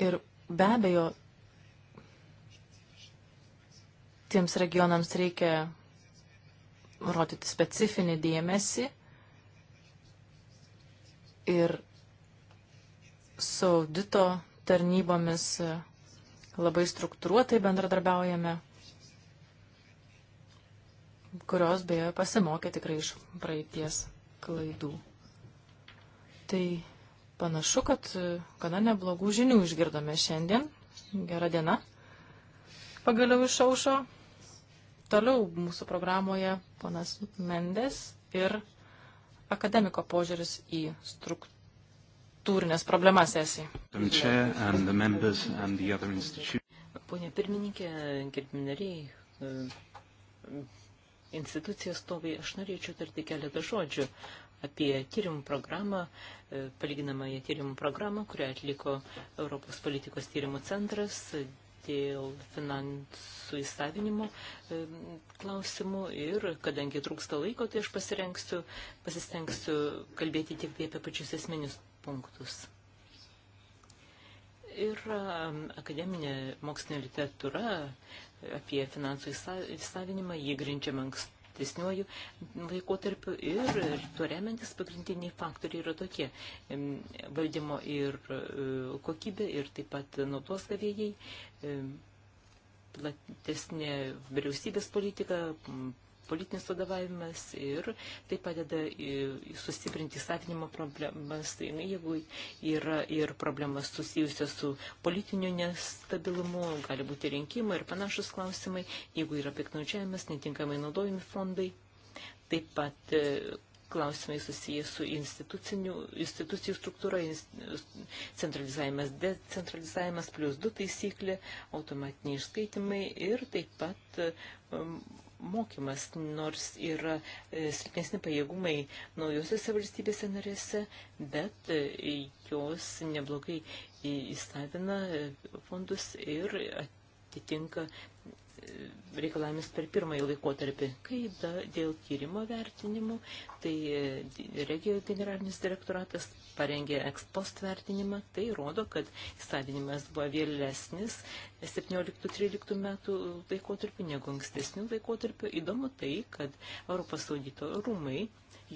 Ir be abejo, tiems regionams reikia rodyti specifinį dėmesį ir su audito tarnybomis labai struktūruotai bendradarbiaujame, kurios beje pasimokė tikrai iš praeities klaidų. Tai panašu, kad gana neblogų žinių išgirdome šiandien. Gerą dieną. Pagaliau išaušo. Toliau mūsų programoje ponas Mendes ir akademiko požiūris į struktūrinės problemas esį. Pone pirmininkė, gerbimnariai, e, institucijos stovai, aš norėčiau tarti keletą žodžių apie tyrimų programą, e, palyginamąją tyrimų programą, kurią atliko Europos politikos tyrimų centras dėl finansų įsavinimo klausimų ir kadangi trūksta laiko, tai aš pasirengsiu, pasistengsiu kalbėti tik tai apie pačius esminius punktus. Ir akademinė mokslinė literatūra apie finansų įsavinimą jį grindžiama anksti ankstesniuoju laikotarpiu ir tuo remiantis pagrindiniai faktoriai yra tokie - valdymo ir e, kokybė ir taip pat naudos gavėjai, platesnė vyriausybės politika, politinis vadovavimas ir tai padeda sustiprinti įstatymo problemas. Tai, na, jeigu yra ir problemas susijusios su politiniu nestabilumu, gali būti rinkimai ir panašus klausimai, jeigu yra piknaudžiavimas, netinkamai naudojami fondai. Taip pat e, klausimai susijęs su institucijų struktūra, centralizavimas, decentralizavimas, plus du taisyklė, automatiniai išskaitimai ir taip pat um, mokymas, nors yra e, silpnesni pajėgumai naujosiuose valstybėse narėse, bet e, jos neblogai įsavina e, fondus ir atitinka reikalavimus per pirmąjį laikotarpį. Kai da, dėl tyrimo vertinimų, tai e, regio generalinis direktoratas parengė ekspost vertinimą, tai rodo, kad įsadinimas buvo vėlesnis 17-13 metų laikotarpį negu ankstesnių laikotarpių. Įdomu tai, kad Europos audito rūmai,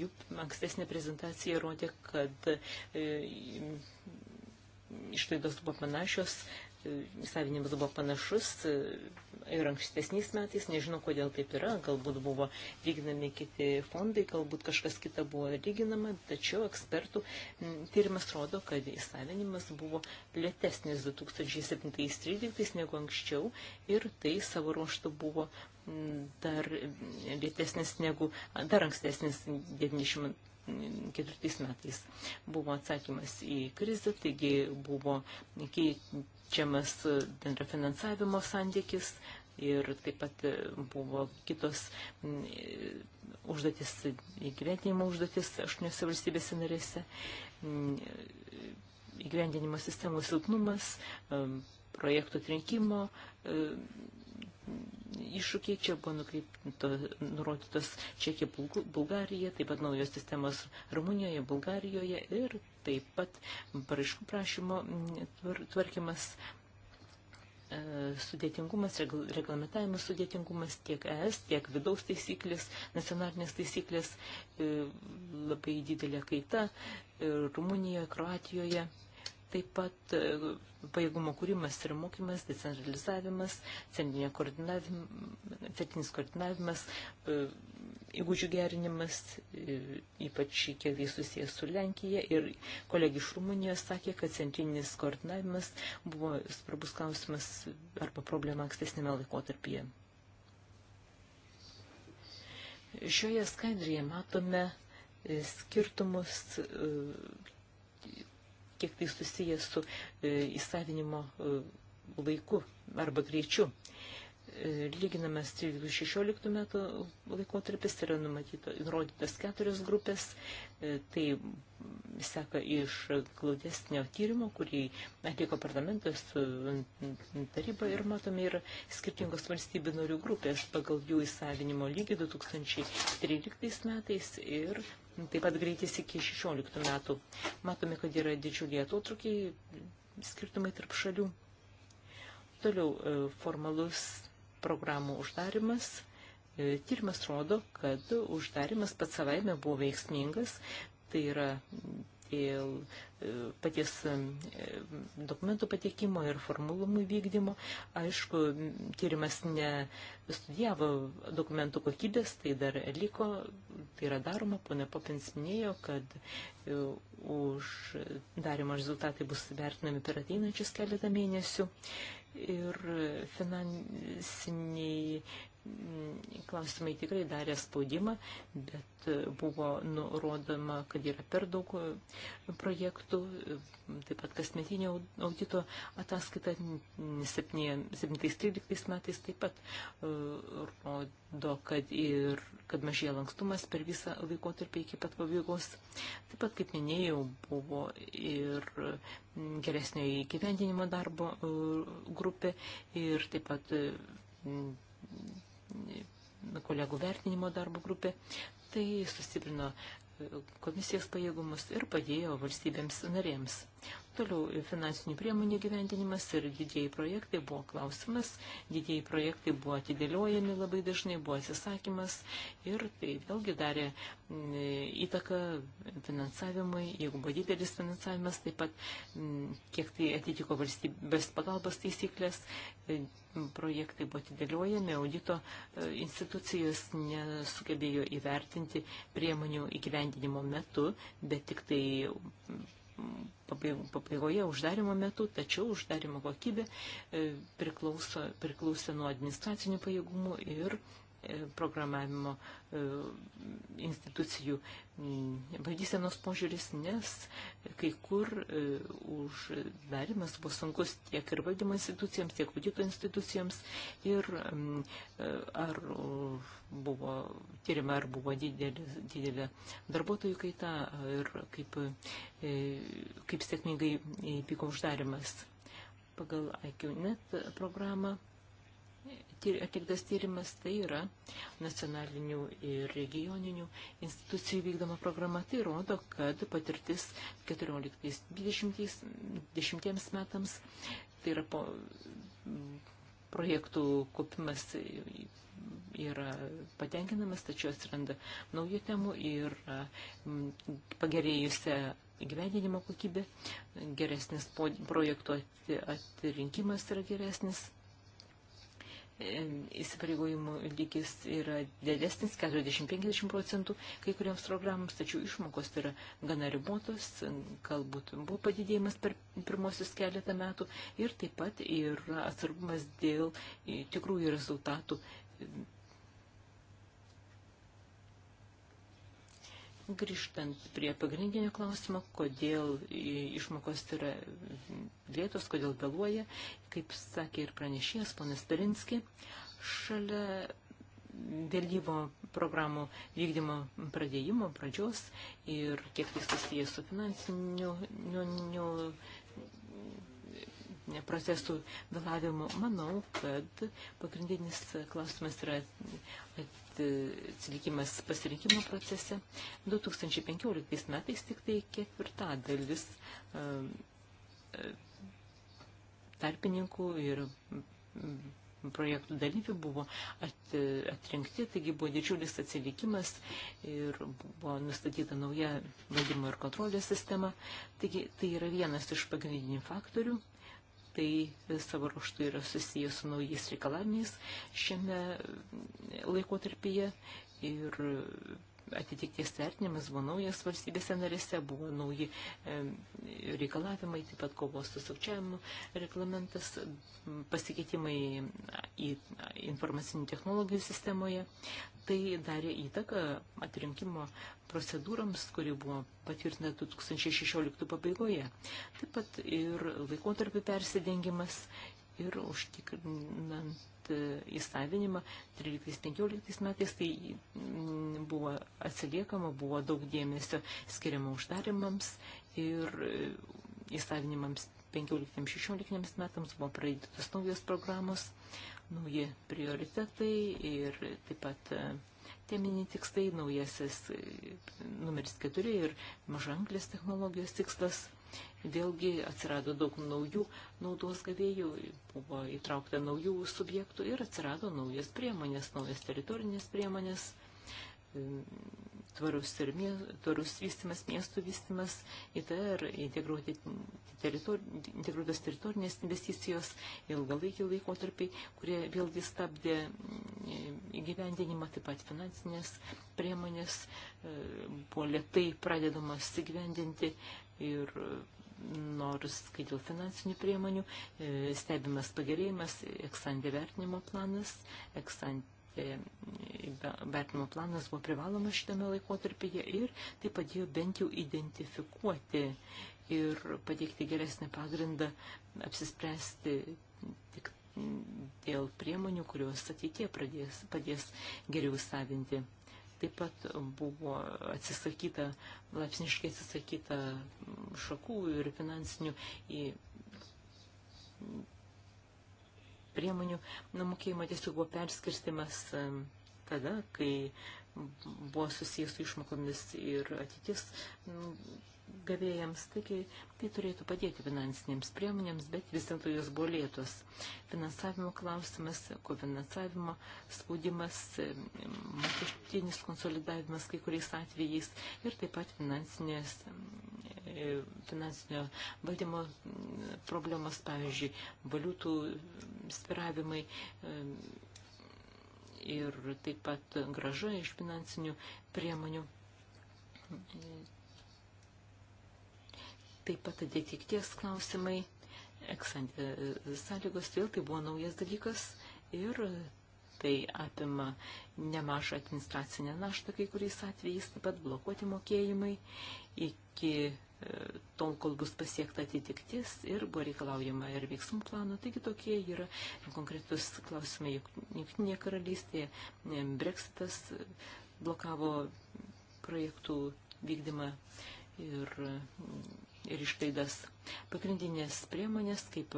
jų ankstesnė prezentacija rodė, kad e, išlaidos buvo panašios savinimas buvo panašus ir ankstesniais metais, nežinau kodėl taip yra, galbūt buvo lyginami kiti fondai, galbūt kažkas kita buvo lyginama, tačiau ekspertų tyrimas rodo, kad savinimas buvo lėtesnis 2017-2013 negu anksčiau ir tai savo ruoštų buvo dar lėtesnis negu, dar ankstesnis 90 ketvirtais metais buvo atsakymas į krizę, taigi buvo plečiamas bendro finansavimo santykis ir taip pat e, buvo kitos e, užduotis, įgyvendinimo užduotis aštuoniuose valstybėse narėse, e, įgyvendinimo sistemų silpnumas, projektų atrinkimo iššūkiai čia buvo nukreipto, nurodytos Čekija, Bulgarija, taip pat naujos sistemos Rumunijoje, Bulgarijoje ir taip pat paraiškų prašymo mm, tvarkymas e, sudėtingumas, reglamentavimo sudėtingumas tiek ES, tiek vidaus taisyklės, nacionalinės taisyklės, e, labai didelė kaita e, Rumunijoje, Kroatijoje taip pat e, pajėgumo kūrimas ir mokymas, decentralizavimas, centrinė koordinavimas, centrinis koordinavimas, e, įgūdžių gerinimas, e, ypač kiek tai susijęs su Lenkija. Ir kolegi iš Rumunijos sakė, kad centrinis koordinavimas buvo svarbus klausimas arba problema ankstesnėme laikotarpyje. Šioje skaidrėje matome skirtumus kiek tai susijęs su e, įsavinimo e, laiku arba greičiu lyginamas 13-16 metų laikotarpis, tai yra numatyto, nurodytos keturios grupės, e, tai seka iš glaudesnio tyrimo, kurį atliko parlamentas, taryba ir matome yra skirtingos valstybių norių grupės pagal jų įsavinimo lygį 2013 metais ir taip pat greitis iki 16 metų. Matome, kad yra didžiuliai atotrukiai, skirtumai tarp šalių. Toliau e, formalus programų uždarimas. E, tyrimas rodo, kad uždarimas pats savaime buvo veiksmingas, tai yra dėl e, paties e, dokumentų pateikimo ir formulumų vykdymo. Aišku, tyrimas nestudijavo dokumentų kokybės, tai dar liko, tai yra daroma. Pone Popins minėjo, kad uždarimo rezultatai bus vertinami per ateinančius keletą mėnesių ir finansiniai klausimai tikrai darė spaudimą, bet buvo nurodoma, kad yra per daug projektų, taip pat kasmetinio audito ataskaita 7-13 metais taip pat e, rodo, kad, ir, kad mažėja lankstumas per visą laikotarpį iki pat pabaigos. Taip pat, kaip minėjau, buvo ir geresnio įgyvendinimo darbo e, grupė ir taip pat kolegų vertinimo darbo grupė. Tai sustiprino komisijos pajėgumus ir padėjo valstybėms narėms. Toliau e, finansinių priemonių gyventinimas ir didieji projektai buvo klausimas, didieji projektai buvo atidėliojami labai dažnai, buvo atsisakymas ir tai vėlgi darė e, įtaką finansavimui, jeigu buvo didelis finansavimas, taip pat kiek tai atitiko valstybės pagalbos taisyklės, e, projektai buvo atidėliojami, audito institucijos nesugebėjo įvertinti priemonių įgyvendinimo metu, bet tik tai pabaigoje uždarimo metu, tačiau uždarimo kokybė e, priklauso, priklauso nuo administracinių pajėgumų ir programavimo e, institucijų valdysenos požiūris, nes kai kur e, uždarimas buvo sunkus tiek ir valdymo institucijams, tiek audito institucijams ir e, ar buvo tyrima, ar buvo didelė, didelė darbuotojų kaita ir kaip, kaip sėkmingai įvyko uždarimas pagal IQNet programą atliktas tyrimas, tai yra nacionalinių ir regioninių institucijų vykdoma programa. Tai rodo, kad patirtis 14-20 metams, tai yra po, projektų kopimas yra patenkinamas, tačiau atsiranda naujų temų ir pagerėjusią gyvendinimo kokybė, geresnis projektų atrinkimas yra geresnis įsipareigojimų lygis yra didesnis, 40-50 procentų kai kuriems programams, tačiau išmokos yra gana ribotos, galbūt buvo padidėjimas per pirmosius keletą metų ir taip pat yra atsargumas dėl tikrųjų rezultatų Grįžtant prie pagrindinio klausimo, kodėl išmokos yra lėtos, kodėl vėluoja, kaip sakė ir pranešėjas ponas Pirinski, šalia vėlyvo programų vykdymo pradėjimo, pradžios ir kiek tai susijęs su finansiniu nu, nu, procesų vėlavimo. Manau, kad pagrindinis klausimas yra atsilikimas pasirinkimo procese. 2015 metais tik tai ketvirtadalis um, tarpininkų ir mm, projektų dalyvių buvo atrinkti, taigi buvo didžiulis atsilikimas ir buvo nustatyta nauja valdymo ir kontrolės sistema. Taigi tai yra vienas iš pagrindinių faktorių tai savo ruoštų yra susijęs su naujais reikalavimais šiame laikotarpyje ir atitikties vertinimas buvo naujas valstybėse narėse, buvo nauji reikalavimai, taip pat kovos su sukčiavimu reglamentas, pasikeitimai į informacinių technologijų sistemoje. Tai darė įtaką atrinkimo procedūrams, kuri buvo patvirtinta 2016 pabaigoje. Taip pat ir laikotarpių persidengimas ir užtikrinant e, įsavinimą 13-15 metais, tai mm, buvo atsiliekama, buvo daug dėmesio skiriama uždarimams ir e, įsavinimams 15-16 metams buvo pradėtos naujos programos, nauji prioritetai ir taip pat e, teminiai tikslai, naujasis numeris 4 ir mažanglės technologijos tikslas Vėlgi atsirado daug naujų naudos gavėjų, buvo įtraukta naujų subjektų ir atsirado naujas priemonės, naujas teritorinės priemonės, tvarus, ir, mė, tvarus vystimas, miestų vystimas, ITR, teritor, integruotas teritorinės investicijos, ilgalaikiai laikotarpiai, kurie vėlgi stabdė įgyvendinimą, taip pat finansinės priemonės, e, buvo lietai pradedamas įgyvendinti ir nors, kai dėl finansinių priemonių, e, stebimas pagerėjimas, eksantė vertinimo planas, eksantė e, vertinimo planas buvo privaloma šitame laikotarpyje ir tai padėjo bent jau identifikuoti ir pateikti geresnį pagrindą apsispręsti tik dėl priemonių, kurios ateitie pradės, padės geriau savinti Taip pat buvo atsisakyta, lapsniškai atsisakyta šakų ir finansinių į priemonių namokėjimo tiesiog buvo perskirstimas tada, kai buvo susijęs su išmokomis ir ateities gavėjams. Taigi tai turėtų padėti finansinėms priemonėms, bet vis dėlto jos buvo lėtos. Finansavimo klausimas, kofinansavimo spaudimas, mokestinis konsolidavimas kai kuriais atvejais ir taip pat finansinės finansinio valdymo problemas, pavyzdžiui, valiutų spiravimai ir taip pat graža iš finansinių priemonių Taip pat atitikties klausimai, eksantė e, sąlygos, vėl tai buvo naujas dalykas ir tai apima nemažą administracinę naštą kai kuriais atvejais, taip pat blokuoti mokėjimai iki e, tol, kol bus pasiekta atitiktis ir buvo reikalaujama ir veiksmų plano. Taigi tokie yra konkretus klausimai Junktinėje karalystėje. E, Brexitas blokavo projektų vykdymą ir ir išlaidas. Pagrindinės priemonės, kaip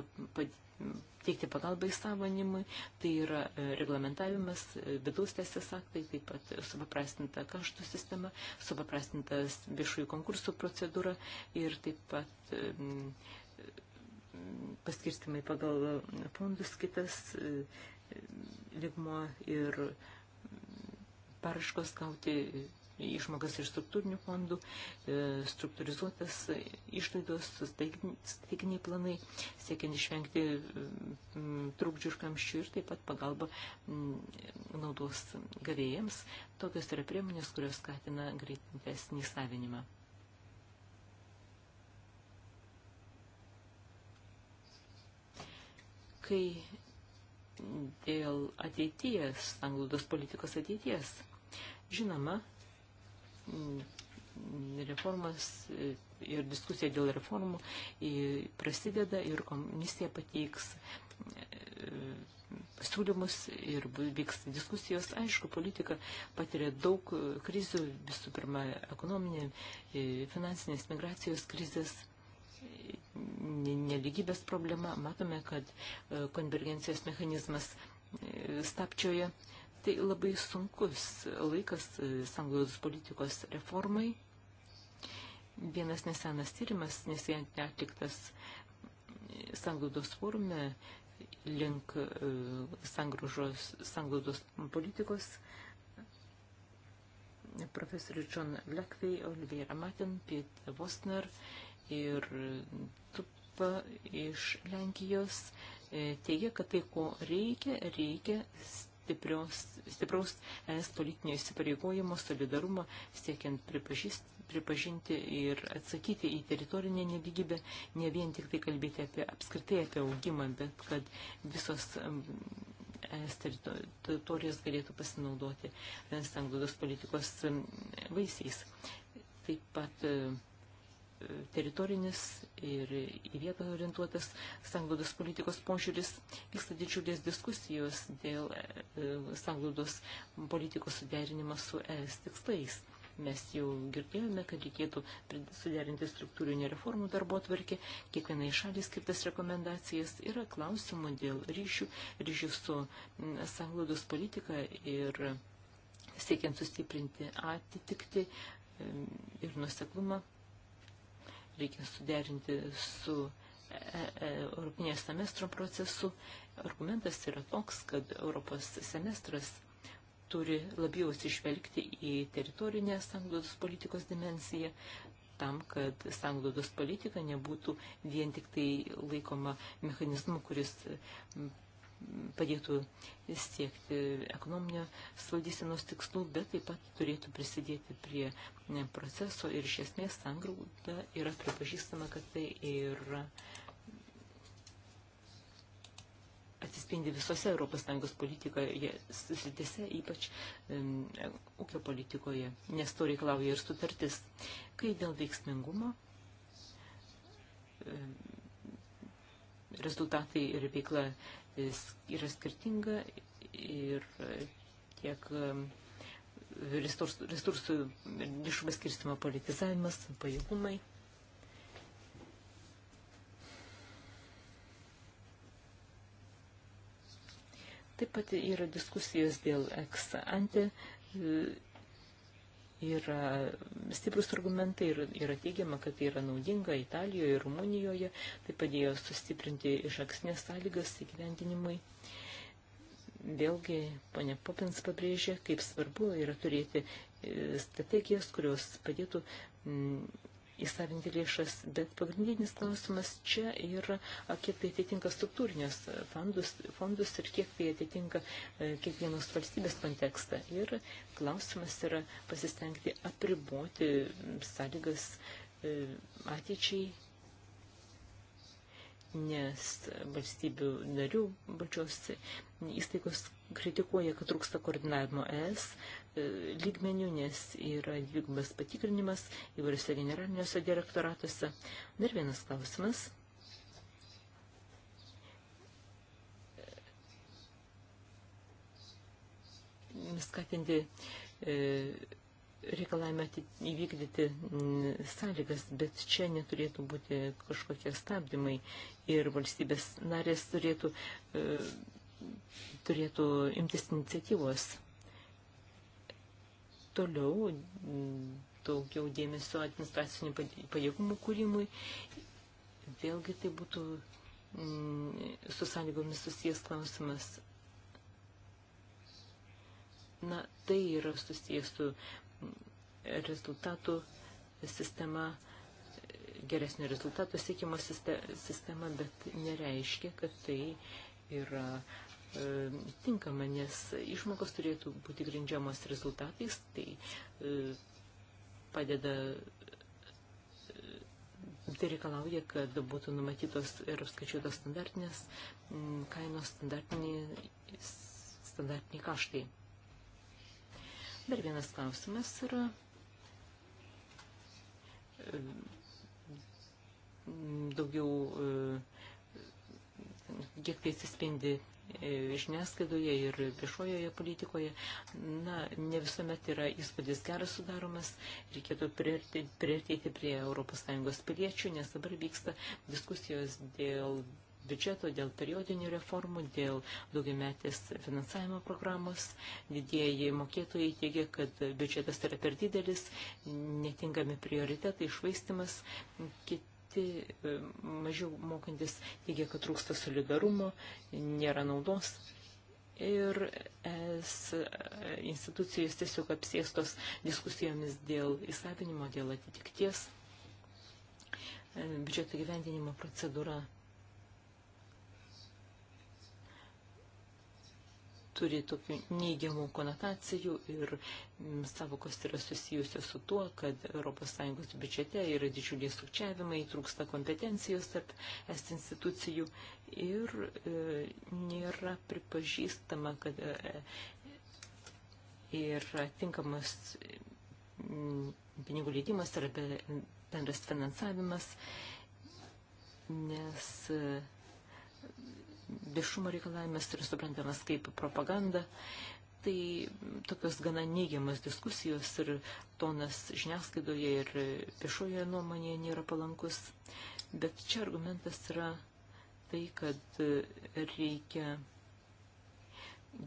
teikti pagalbą įsavonimui, tai yra e, reglamentavimas, e, vidaus teisės aktai, taip pat supaprastinta kaštų sistema, supaprastintas viešųjų konkursų procedūra ir taip pat e, paskirstimai pagal fondus kitas lygmo ir paraškos gauti išmokas iš struktūrinių fondų, e, struktūrizuotas išlaidos, steiginiai planai, siekiant išvengti trukdžių ir kamščių ir taip pat pagalba naudos gavėjams. Tokios yra priemonės, kurios skatina greitesnį savinimą. Kai dėl ateities, anglodos politikos ateities, žinoma, Mm, reformas e, ir diskusija dėl reformų e, prasideda ir komisija pateiks pasiūlymus e, ir vyks diskusijos. Aišku, politika patiria daug krizių, visų pirma, ekonominė, finansinės migracijos krizės, neligybės problema. Matome, kad konvergencijos mechanizmas stapčioje Tai labai sunkus laikas sanglaudos politikos reformai. Vienas nesenas tyrimas, nesien atliktas sanglaudos forume link e, sanglaudos politikos profesorius John Blackway, Oliviera Matin, Pete Vosner ir Tupa iš Lenkijos e, teigia, kad tai, ko reikia, reikia stiprios, stipraus es politinio įsipareigojimo, solidarumo, siekiant pripažįst, pripažinti ir atsakyti į teritorinę neligybę, ne vien tik tai kalbėti apie apskritai apie augimą, bet kad visos es teritorijos galėtų pasinaudoti e, sanglaudos politikos vaisiais. Taip pat e, teritorinis ir į vietą orientuotas sanglaudos politikos požiūris. Vyksta didžiulės diskusijos dėl e, sanglaudos politikos suderinimo su ES tikslais. Mes jau girdėjome, kad reikėtų suderinti struktūrinį reformų darbo atvarkį, kiekvienai šaliai skirtas rekomendacijas yra klausimų dėl ryšių, ryšių su sanglaudos politika ir siekiant sustiprinti atitikti ir nuseklumą reikia suderinti su e, e, Europinės semestro procesu. Argumentas yra toks, kad Europos semestras turi labiau atsižvelgti į teritorinę sanglaudos politikos dimensiją, tam, kad sanglaudos politika nebūtų vien tik tai laikoma mechanizmu, kuris padėtų siekti ekonominio svaldysenos tikslų, bet taip pat turėtų prisidėti prie proceso ir iš esmės sangrauda yra pripažįstama, kad tai yra atsispindi visose ES politikoje, sritise, ypač um, ūkio politikoje, nes to reikalauja ir sutartis. Kai dėl veiksmingumo um, rezultatai ir veikla yra skirtinga ir tiek um, resursų, resursų lėšų paskirstimo politizavimas, pajėgumai. Taip pat yra diskusijos dėl ex ante yra stiprus argumentai ir yra teigiama, kad tai yra naudinga Italijoje ir Rumunijoje, tai padėjo sustiprinti iš aksnės sąlygas įgyvendinimui. Vėlgi, ponia Popins pabrėžė, kaip svarbu yra turėti e, strategijas, kurios padėtų įsavinti lėšas, bet pagrindinis klausimas čia yra, kiek tai atitinka struktūrinės fondus, fondus ir kiek tai atitinka e, kiekvienos valstybės kontekstą. Ir klausimas yra pasistengti apriboti sąlygas e, ateičiai, nes valstybių narių valdžios įstaigos kritikuoja, kad trūksta koordinavimo ES, lygmenių, nes yra dvigubas patikrinimas įvairiose generaliniuose direktoratuose. Dar vienas klausimas. Skatinti e, reikalavime įvykdyti sąlygas, bet čia neturėtų būti kažkokie stabdymai ir valstybės narės turėtų, e, turėtų imtis iniciatyvos toliau mm, daugiau dėmesio administracinių pajėgumų kūrimui. Vėlgi tai būtų mm, su sąlygomis susijęs klausimas. Na, tai yra susijęs su mm, rezultatų sistema, geresnio rezultato siekimo sistema, bet nereiškia, kad tai yra uh, E, tinkama, nes išmokos turėtų būti grindžiamos rezultatais, tai e, padeda, e, tai reikalauja, kad būtų numatytos ir apskaičiuotos standartinės kainos, standartiniai, standartiniai kaštai. Dar vienas klausimas yra daugiau kiek tai atsispindi e, žiniasklaidoje ir viešojoje politikoje, na, ne visuomet yra įspūdis geras sudaromas, reikėtų priartėti prie ES piliečių, nes dabar vyksta diskusijos dėl biudžeto, dėl periodinių reformų, dėl daugiametės finansavimo programos. Didieji mokėtojai teigia, kad biudžetas yra per didelis, netinkami prioritetai, išvaistimas. Kit mokyti, e, mažiau mokantis teigia, kad trūksta solidarumo, nėra naudos. Ir es e, institucijos tiesiog apsėstos diskusijomis dėl įstatymo, dėl atitikties. E, biudžeto gyvendinimo procedūra turi tokių neigiamų konotacijų ir mm, savokos yra susijusios su tuo, kad ES biudžete yra didžiuliai sukčiavimai, trūksta kompetencijos tarp es institucijų ir e, nėra pripažįstama, kad e, ir e, tinkamas mm, pinigų leidimas arba bendras finansavimas, nes e, viešumo reikalavimas yra suprantamas kaip propaganda. Tai tokios gana neigiamas diskusijos ir tonas žiniasklaidoje ir viešoje nuomonėje nėra palankus. Bet čia argumentas yra tai, kad reikia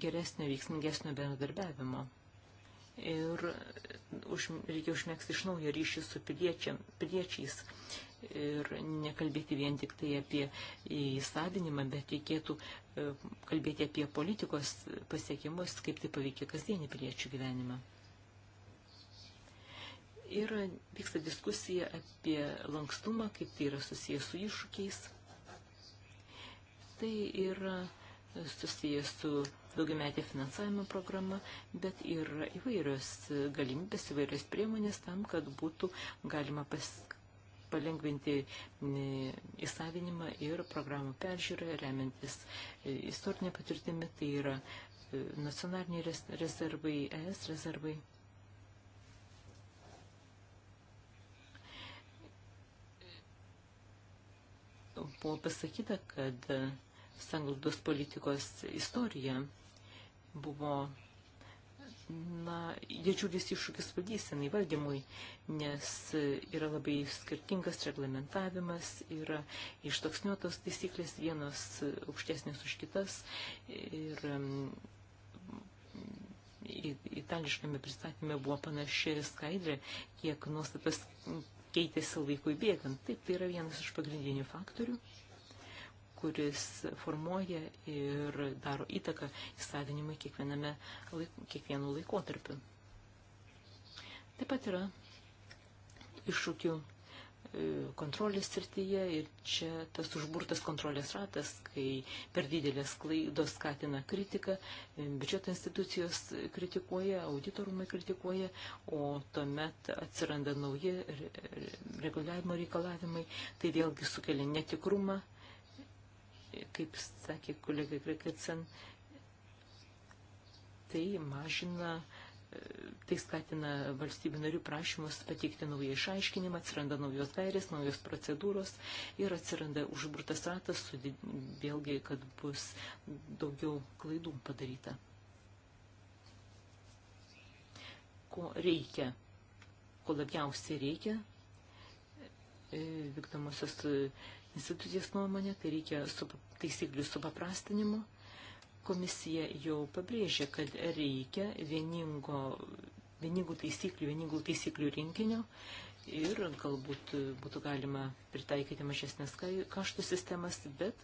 geresnio, veiksmingesnio bendradarbiavimo ir už, reikia užmėgsti iš naujo ryšį su piliečiam, piliečiais ir nekalbėti vien tik tai apie įsavinimą, bet reikėtų e, kalbėti apie politikos pasiekimus, kaip tai paveikia kasdienį piliečių gyvenimą. Ir vyksta diskusija apie lankstumą, kaip tai yra susijęs su iššūkiais. Tai yra susijęs su daugiametė finansavimo programa, bet ir įvairios galimybės, įvairios priemonės tam, kad būtų galima pas, palengvinti įsavinimą ir programų peržiūrą, remiantis e, istorinė patirtimi, tai yra e, nacionaliniai rezervai, ES rezervai. Buvo pasakyta, kad e, sanglaudos politikos istorija buvo na, didžiulis iššūkis valdysenai valdymui, nes yra labai skirtingas reglamentavimas, yra ištoksniuotos taisyklės vienos aukštesnės už kitas ir mm, itališkame pristatymė buvo panaši skaidrė, kiek nuostatas keitėsi laikui bėgant. Taip, tai yra vienas iš pagrindinių faktorių kuris formuoja ir daro įtaką įsavinimui kiekviename, kiekvienu laikotarpiu. Taip pat yra iššūkių e, kontrolės srityje ir čia tas užburtas kontrolės ratas, kai per didelės klaidos skatina kritiką, e, biudžeto institucijos kritikuoja, auditorumai kritikuoja, o tuomet atsiranda nauji reguliavimo reikalavimai, tai vėlgi sukelia netikrumą kaip sakė kolega Krikacen, tai mažina, tai skatina valstybių narių prašymus pateikti naują išaiškinimą, atsiranda naujos gairės, naujos procedūros ir atsiranda užburtas ratas, vėlgi, kad bus daugiau klaidų padaryta. Ko reikia, ko labiausiai reikia, e, vykdomosios institucijos nuomonė, tai reikia su, taisyklių supaprastinimo. Komisija jau pabrėžė, kad reikia vieningo, vieningų taisyklių, vieningų taisyklių rinkinio ir galbūt būtų galima pritaikyti mažesnės kaštų sistemas, bet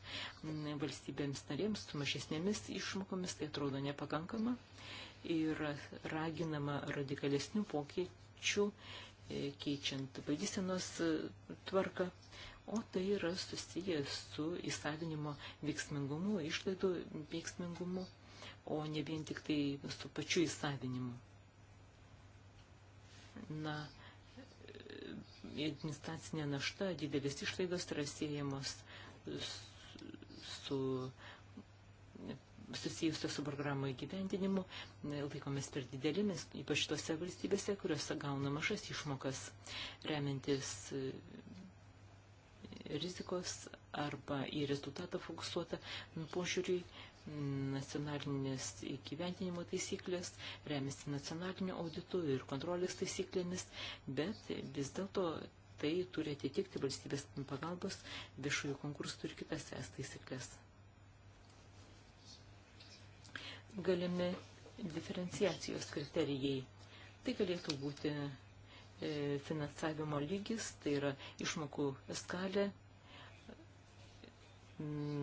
valstybėms narėms su mažesnėmis išmokomis tai atrodo nepakankama ir raginama radikalesnių pokyčių e, keičiant valdysenos e, tvarką o tai yra susijęs su įsavinimo veiksmingumu, išlaidų veiksmingumu, o ne vien tik tai su pačiu įsavinimu. Na, administracinė našta, didelis išlaidos yra siejamos su susijusios su programų įgyvendinimu, laikomės per didelėmis, ypač tose valstybėse, kuriuose gauna mažas išmokas, remiantis rizikos arba į rezultatą fokusuotą požiūrį nacionalinės įgyventinimo taisyklės, remiasi nacionaliniu auditu ir kontrolės taisyklėmis, bet vis dėlto tai turi atitikti valstybės pagalbos viešųjų konkursų ir kitas es taisyklės. Galimi diferenciacijos kriterijai. Tai galėtų būti E, finansavimo lygis, tai yra išmokų skalė,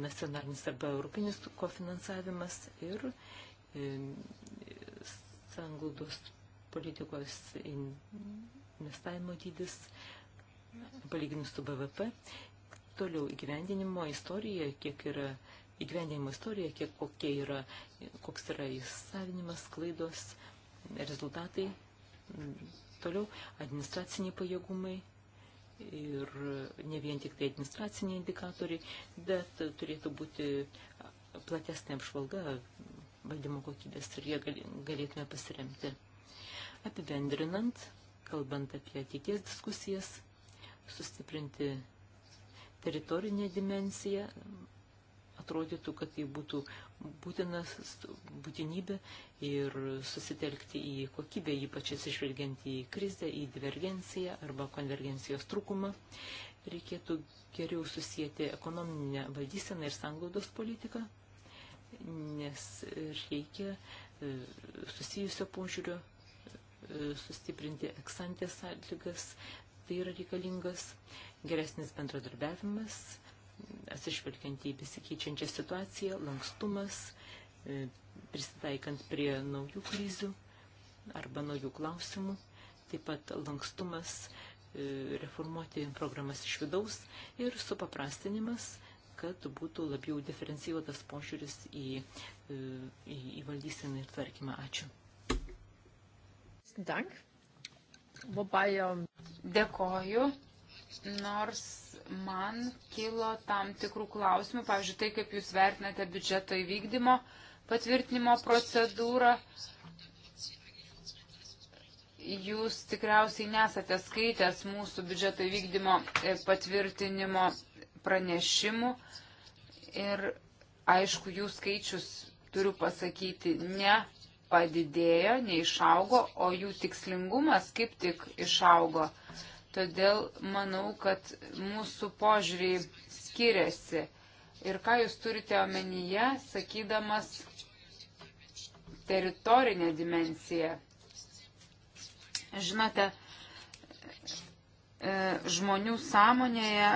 nacionalinis arba europinis kofinansavimas ir e, sanglaudos politikos investavimo dydis palyginus su BVP. Toliau įgyvendinimo istorija, kiek yra įgyvendinimo istorija, kiek kokie yra, koks yra įsavinimas, klaidos, rezultatai Toliau administraciniai pajėgumai ir ne vien tik tai administraciniai indikatoriai, bet turėtų būti platesnė apžvalga valdymo kokybės ir jie galėtume pasiremti. Apibendrinant, kalbant apie ateities diskusijas, sustiprinti teritorinę dimensiją, atrodytų, kad tai būtų būtinas, būtinybė ir susitelkti į kokybę, ypač atsižvelgiant į krizę, į divergenciją arba konvergencijos trūkumą. Reikėtų geriau susijęti ekonominę valdyseną ir sanglaudos politiką, nes reikia e, susijusio požiūrio e, sustiprinti eksantės atlygas, tai yra reikalingas geresnis bendradarbiavimas, atsižvelgiant į besikeičiančią situaciją, lankstumas, e, prisitaikant prie naujų krizių arba naujų klausimų, taip pat lankstumas e, reformuoti programas iš vidaus ir supaprastinimas, kad būtų labiau diferencijuotas požiūris į, e, į, į valdyseną ir tvarkymą. Ačiū. Dank. Ähm, Dėkoju nors man kilo tam tikrų klausimų, pavyzdžiui, tai kaip jūs vertinate biudžeto įvykdymo patvirtinimo procedūrą. Jūs tikriausiai nesate skaitęs mūsų biudžeto įvykdymo e, patvirtinimo pranešimų ir aišku, jų skaičius, turiu pasakyti, ne padidėjo, neišaugo, o jų tikslingumas kaip tik išaugo. Todėl manau, kad mūsų požiūriai skiriasi. Ir ką jūs turite omenyje, sakydamas teritorinę dimensiją? Žinote, e, žmonių sąmonėje,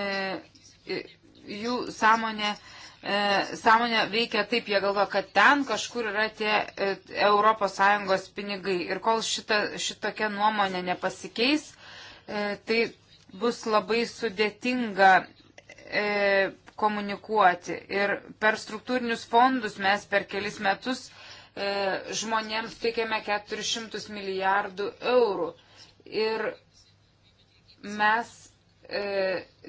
e, jų sąmonė E, sąmonė veikia taip, jie galvo, kad ten kažkur yra tie ES pinigai. Ir kol šita, šitokia nuomonė nepasikeis, e, tai bus labai sudėtinga e, komunikuoti. Ir per struktūrinius fondus mes per kelis metus žmonėms teikėme 400 milijardų eurų. Ir mes E,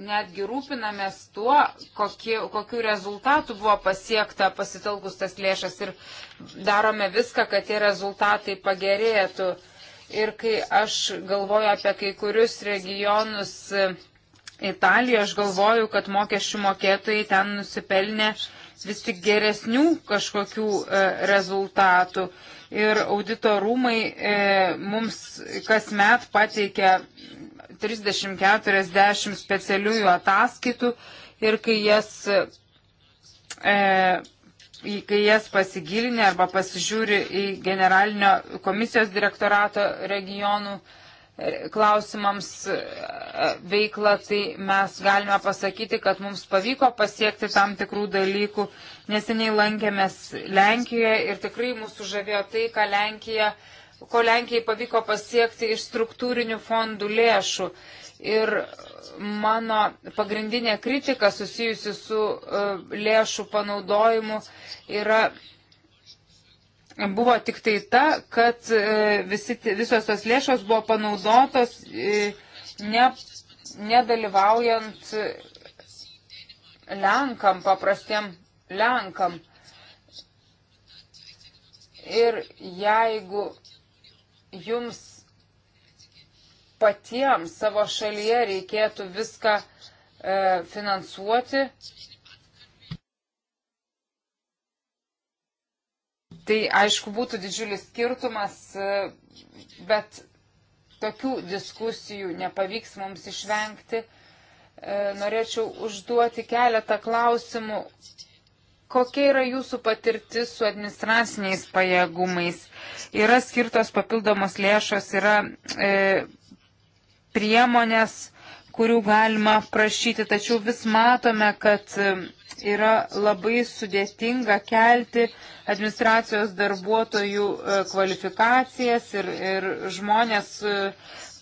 netgi rūpinamės tuo, kokie, kokiu rezultatu buvo pasiekta pasitelkus tas lėšas ir darome viską, kad tie rezultatai pagerėtų. Ir kai aš galvoju apie kai kurius regionus e, Italijoje, aš galvoju, kad mokesčių mokėtojai ten nusipelnė vis tik geresnių kažkokių e, rezultatų ir audito rūmai e, mums kasmet pateikia 30-40 specialiųjų ataskaitų ir kai jas, e, kai jas pasigilinė arba pasižiūri į generalinio komisijos direktorato regionų e, klausimams e, veiklą, tai mes galime pasakyti, kad mums pavyko pasiekti tam tikrų dalykų. Neseniai lankėmės Lenkijoje ir tikrai mūsų žavėjo tai, ką Lenkija, ko Lenkijai pavyko pasiekti iš struktūrinių fondų lėšų. Ir mano pagrindinė kritika susijusi su e, lėšų panaudojimu yra buvo tik tai ta, kad e, visi, visos tos lėšos buvo panaudotos e, ne, nedalyvaujant e, Lenkam, paprastiem Lenkam. Ir jeigu jums patiems savo šalyje reikėtų viską e, finansuoti, Tai aišku būtų didžiulis skirtumas, bet tokių diskusijų nepavyks mums išvengti. E, norėčiau užduoti keletą klausimų. Kokia yra jūsų patirtis su administraciniais pajėgumais? Yra skirtos papildomos lėšos, yra e, priemonės, kurių galima prašyti, tačiau vis matome, kad yra labai sudėtinga kelti administracijos darbuotojų e, kvalifikacijas ir, ir žmonės e,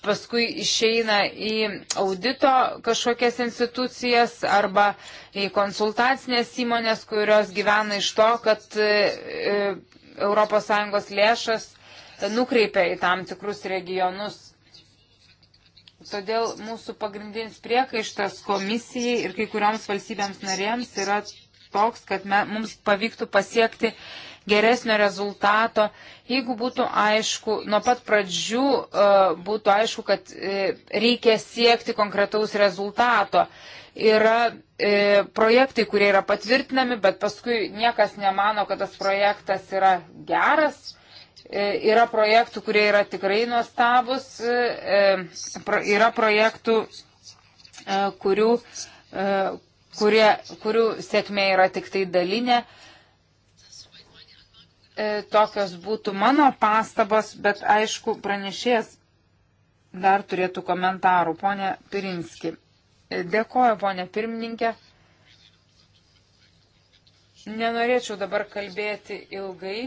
paskui išeina į audito kažkokias institucijas arba į konsultacinės įmonės, kurios gyvena iš to, kad ES e, lėšas nukreipia į tam tikrus regionus. Todėl mūsų pagrindinis priekaištas komisijai ir kai kurioms valstybėms narėms yra toks, kad me, mums pavyktų pasiekti geresnio rezultato, jeigu būtų aišku, nuo pat pradžių e, būtų aišku, kad e, reikia siekti konkretaus rezultato. Yra e, projektai, kurie yra patvirtinami, bet paskui niekas nemano, kad tas projektas yra geras, E, yra projektų, kurie yra tikrai nuostabus, e, e, yra projektų, kurių, kurie, kurių sėkmė yra tik tai dalinė. Tokios būtų mano pastabos, bet aišku, pranešėjas dar turėtų komentarų. Pone Pirinski. Dėkoju, ponė pirmininkė. Nenorėčiau dabar kalbėti ilgai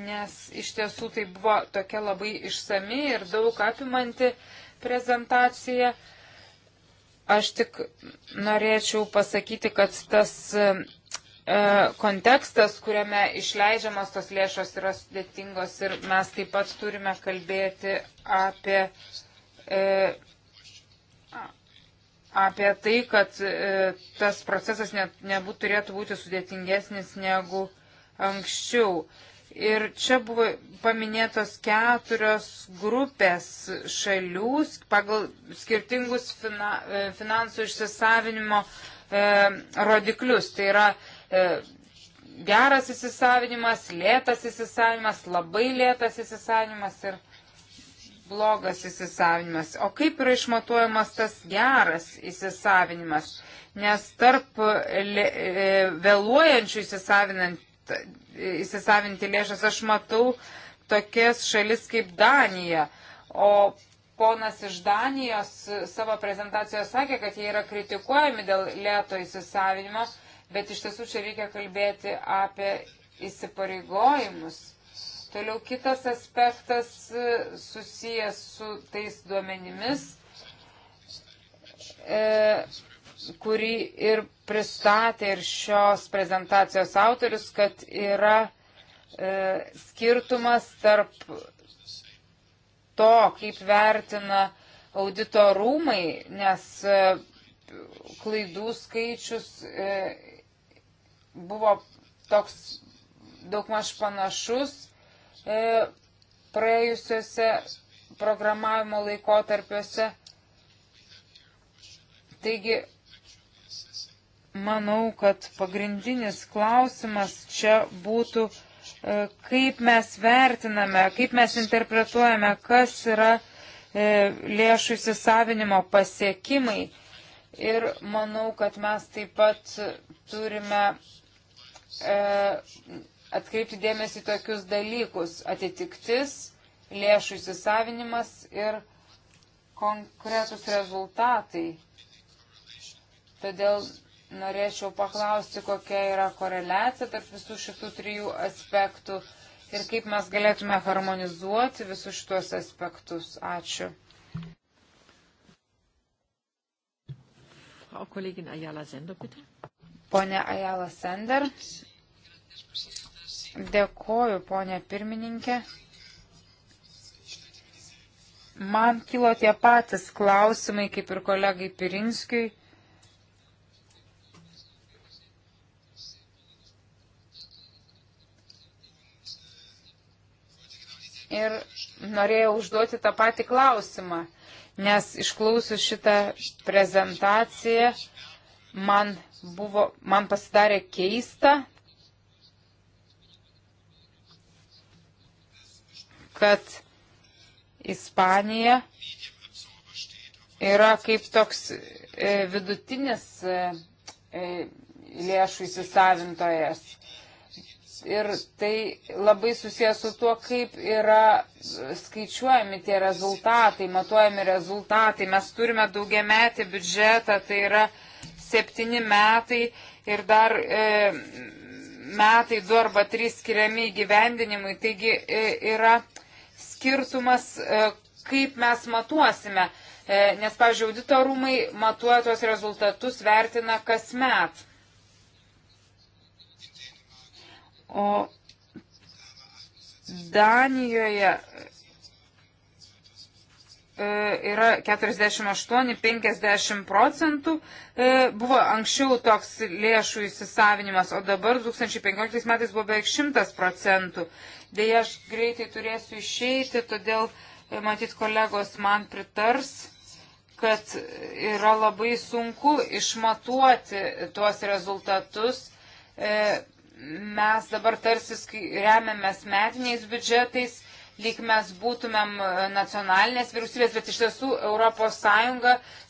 nes iš tiesų tai buvo tokia labai išsami ir daug apimanti prezentacija. Aš tik norėčiau pasakyti, kad tas e, e, kontekstas, kuriame išleidžiamas tos lėšos yra sudėtingos ir mes taip pat turime kalbėti apie, e, apie tai, kad e, tas procesas net, nebūt, turėtų būti sudėtingesnis negu anksčiau. E, Ir čia buvo paminėtos keturios grupės šalių pagal skirtingus fina, e, finansų išsisavinimo e, rodiklius. Tai yra e, geras įsisavinimas, lėtas įsisavinimas, labai lėtas įsisavinimas ir blogas įsisavinimas. O kaip yra išmatuojamas tas geras įsisavinimas? Nes tarp e, vėluojančių įsisavinant įsisavinti lėšas. Aš matau tokias šalis kaip Danija. O ponas iš Danijos savo prezentacijoje sakė, kad jie yra kritikuojami dėl lėto įsisavinimo, bet iš tiesų čia reikia kalbėti apie įsipareigojimus. Toliau kitas aspektas e, susijęs su tais duomenimis. E, kurį ir pristatė ir šios prezentacijos autorius, kad yra e, skirtumas tarp to, kaip vertina audito rūmai, nes e, klaidų skaičius e, buvo toks daugmaž panašus e, praėjusiuose programavimo laikotarpiuose. Taigi manau, kad pagrindinis klausimas čia būtų, e, kaip mes vertiname, kaip mes interpretuojame, kas yra e, lėšų įsisavinimo pasiekimai. Ir manau, kad mes taip pat turime e, atkreipti dėmesį tokius dalykus - atitiktis, lėšų įsisavinimas ir konkretus rezultatai. Todėl norėčiau paklausti, kokia yra koreliacija tarp visų šitų trijų aspektų ir kaip mes galėtume harmonizuoti visus šitos aspektus. Ačiū. Pone Ajala Sender, dėkoju, ponė pirmininkė. Man kilo tie patys klausimai, kaip ir kolegai Pirinskijui. ir norėjau užduoti tą patį klausimą, nes išklausius šitą prezentaciją man, buvo, man pasidarė keista, kad Ispanija yra kaip toks e, vidutinis e, e, lėšų įsisavintojas ir tai labai susijęs su tuo, kaip yra skaičiuojami tie rezultatai, matuojami rezultatai. Mes turime daugiametį biudžetą, tai yra septyni metai ir dar e, metai du arba trys skiriami įgyvendinimui. Taigi e, yra skirtumas, e, kaip mes matuosime. E, nes, pavyzdžiui, auditorumai matuoja tuos rezultatus, vertina kasmet. O Danijoje e, yra 48-50 procentų. E, buvo anksčiau toks lėšų įsisavinimas, o dabar 2015 metais buvo beveik 100 procentų. Deja, aš greitai turėsiu išeiti, todėl e, matyt kolegos man pritars kad yra labai sunku išmatuoti tuos rezultatus, mes dabar tarsi remiamės metiniais biudžetais, lyg mes būtumėm e, nacionalinės vyriausybės, bet iš tiesų ES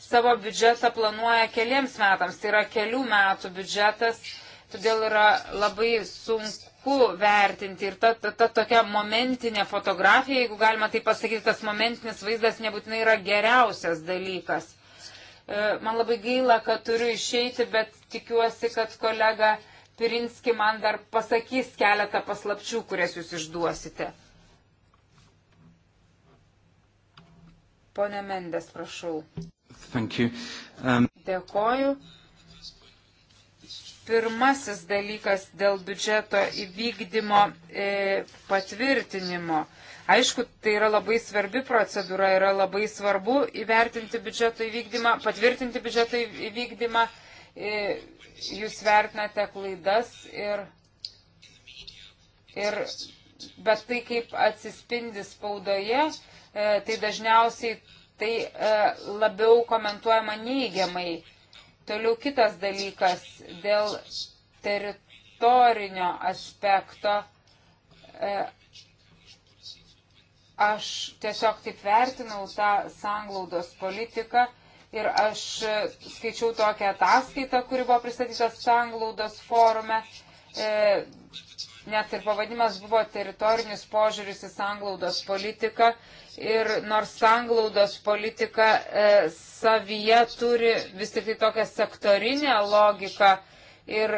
savo biudžetą planuoja keliems metams, tai yra kelių metų biudžetas, todėl yra labai sunku vertinti ir ta, ta, ta tokia momentinė fotografija, jeigu galima tai pasakyti, tas momentinis vaizdas nebūtinai yra geriausias dalykas. E, man labai gaila, kad turiu išeiti, bet tikiuosi, kad kolega Pirinski man dar pasakys keletą paslapčių, kurias jūs išduosite. Pone Mendes, prašau. Um... Dėkoju. Pirmasis dalykas dėl biudžeto įvykdymo e, patvirtinimo. Aišku, tai yra labai svarbi procedūra, yra labai svarbu įvertinti biudžeto įvykdymą, patvirtinti biudžeto įvykdymą. E, E, jūs vertinate klaidas ir, ir bet tai kaip atsispindi spaudoje, e, tai dažniausiai tai e, labiau komentuojama neigiamai. Toliau kitas dalykas dėl teritorinio aspekto. Aš tiesiog taip vertinau tą sanglaudos politiką ir aš skaičiau tokią ataskaitą, kuri buvo pristatyta Sanglaudos forume. E, net ir pavadimas buvo teritorinis požiūris į Sanglaudos politiką. Ir nors sanglaudos politika e, savyje turi vis tik tai tokią sektorinę logiką ir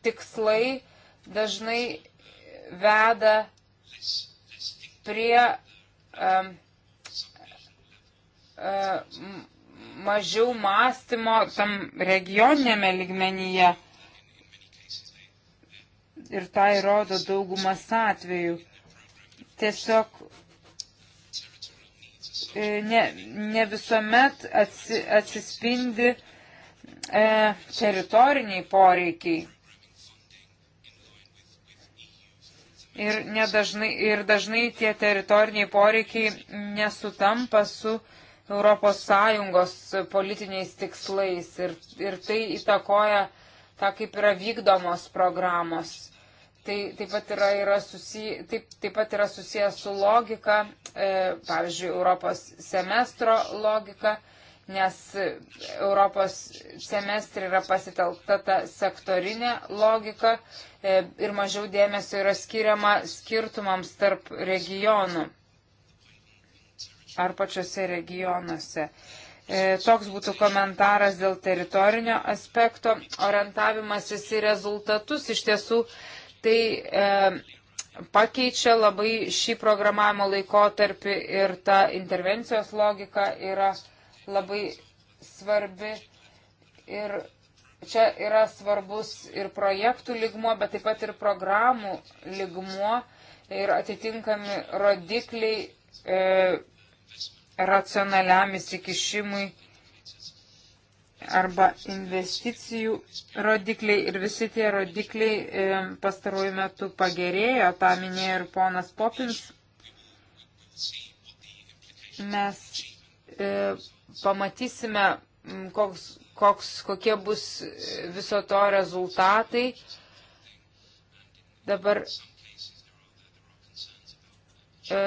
tikslai dažnai veda prie um, um, mažiau mąstymo tam regioninėme ligmenyje. Ir tai rodo daugumas atvejų. Tiesiog e, ne, ne visuomet atsi, atsispindi e, teritoriniai poreikiai. Ir, dažnai, ir dažnai tie teritoriniai poreikiai nesutampa su e, ES politiniais tikslais ir, ir tai įtakoja tą, kaip yra vykdomos programos. Tai taip pat yra, yra, susiję, taip, taip pat yra susijęs su logika, e, pavyzdžiui, Europos semestro logika, nes Europos semestri yra pasitelkta ta sektorinė logika e, ir mažiau dėmesio yra skiriama skirtumams tarp regionų ar pačiose regionuose. E, toks būtų komentaras dėl teritorinio aspekto. Orientavimasis į rezultatus iš tiesų tai e, pakeičia labai šį programavimo laikotarpį ir ta intervencijos logika yra labai svarbi. Ir čia yra svarbus ir projektų ligmuo, bet taip pat ir programų ligmuo ir atitinkami rodikliai. E, racionaliam įsikišimui arba investicijų rodikliai ir visi tie rodikliai e, pastaruoju metu pagerėjo, tą minėjo ir ponas Popins. Mes e, pamatysime, koks, koks, kokie bus viso to rezultatai. Dabar e,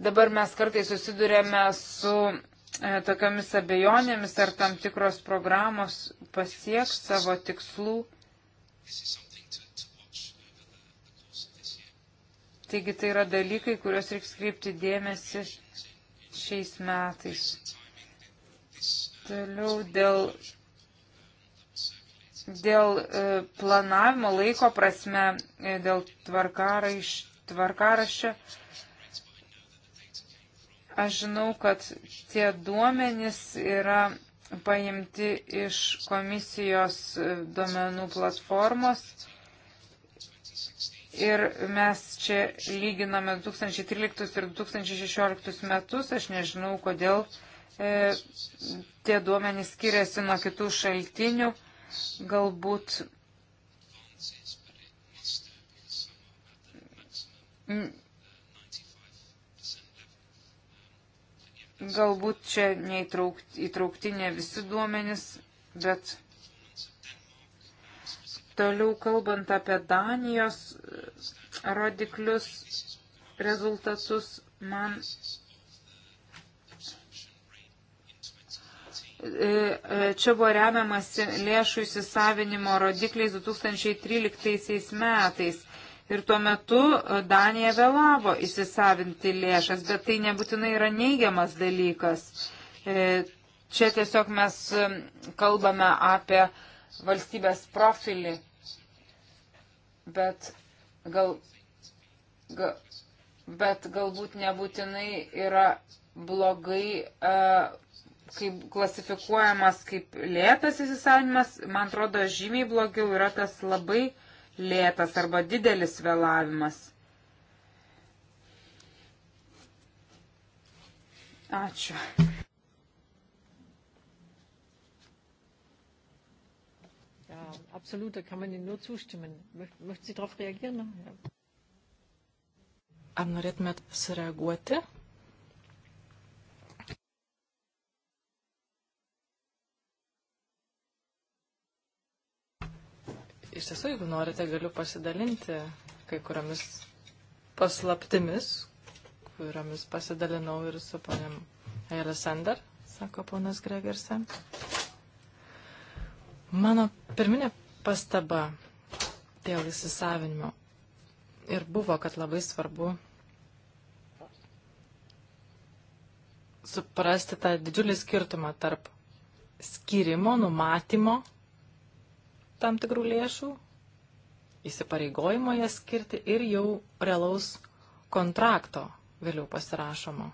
Dabar mes kartai susidurėme su e, tokiamis abejonėmis, ar tam tikros programos pasieks savo tikslų. Taigi tai yra dalykai, kuriuos reiks kreipti dėmesį šiais metais. Toliau dėl, dėl e, planavimo laiko prasme, e, dėl tvarkaraščio. Aš žinau, kad tie duomenys yra paimti iš komisijos e, duomenų platformos. Ir mes čia lyginame 2013 ir 2016 metus. Aš nežinau, kodėl e, tie duomenys skiriasi nuo kitų šaltinių. Galbūt Galbūt čia neįtraukti įtraukti ne visi duomenys, bet toliau kalbant apie Danijos e, rodiklius, rezultatus, man e, e, čia buvo remiamasi lėšų įsisavinimo rodikliais 2013 metais. Ir tuo metu e, Danija vėlavo įsisavinti lėšas, bet tai nebūtinai yra neigiamas dalykas. E, čia tiesiog mes e, kalbame apie valstybės profilį, bet, gal, ga, bet galbūt nebūtinai yra blogai, kaip klasifikuojamas kaip lėtas įsisavinimas. Man atrodo, žymiai blogiau yra tas labai uh, lėtas arba didelis vėlavimas. Ačiū. Ja, absolut, da kann man Ihnen nur zustimmen. Möchten Sie darauf reagieren? Ja. Ar norėtumėt sureaguoti? iš tiesų, jeigu norite, galiu pasidalinti kai kuriomis paslaptimis, kuriomis pasidalinau ir su poniam Alessander, sako ponas Gregersen. Mano pirminė pastaba dėl įsisavinimo ir buvo, kad labai svarbu suprasti tą didžiulį skirtumą tarp skirimo, numatymo tam tikrų lėšų, įsipareigojimo jas skirti ir jau realaus kontrakto vėliau pasirašomo.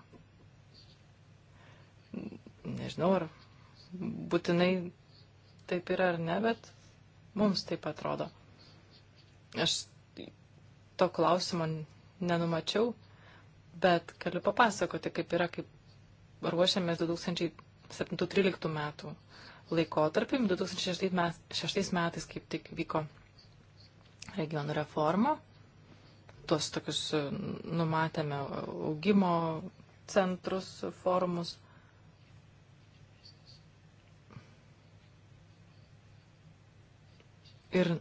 Nežinau, ar būtinai taip yra ar ne, bet mums taip atrodo. Aš to klausimo nenumačiau, bet galiu papasakoti, kaip yra, kaip ruošiamės 2007-2013 metų laikotarpį. 2006 metais kaip tik vyko regionų reforma. Tuos tokius e, numatėme augimo centrus, forumus. Ir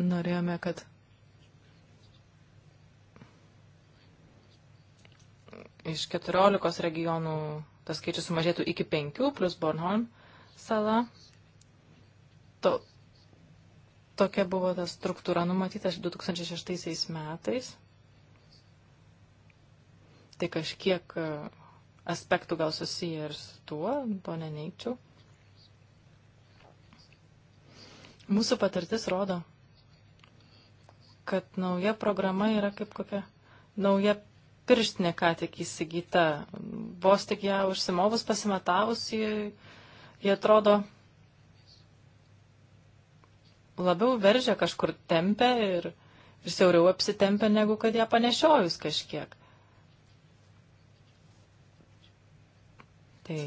norėjome, kad iš 14 regionų tas skaičius sumažėtų iki 5 plus Bornholm sala. To, tokia buvo ta struktūra numatyta 2006 metais. Tai kažkiek e, aspektų gal susiję ir su tuo, to neneikčiau. Mūsų patirtis rodo, kad nauja programa yra kaip kokia nauja pirštinė ką tik įsigyta. Vos tik ją užsimovus pasimatavus, ji Jie atrodo labiau veržia kažkur tempę ir, ir siauriau apsitempia, negu kad ją panešiojus kažkiek. Tai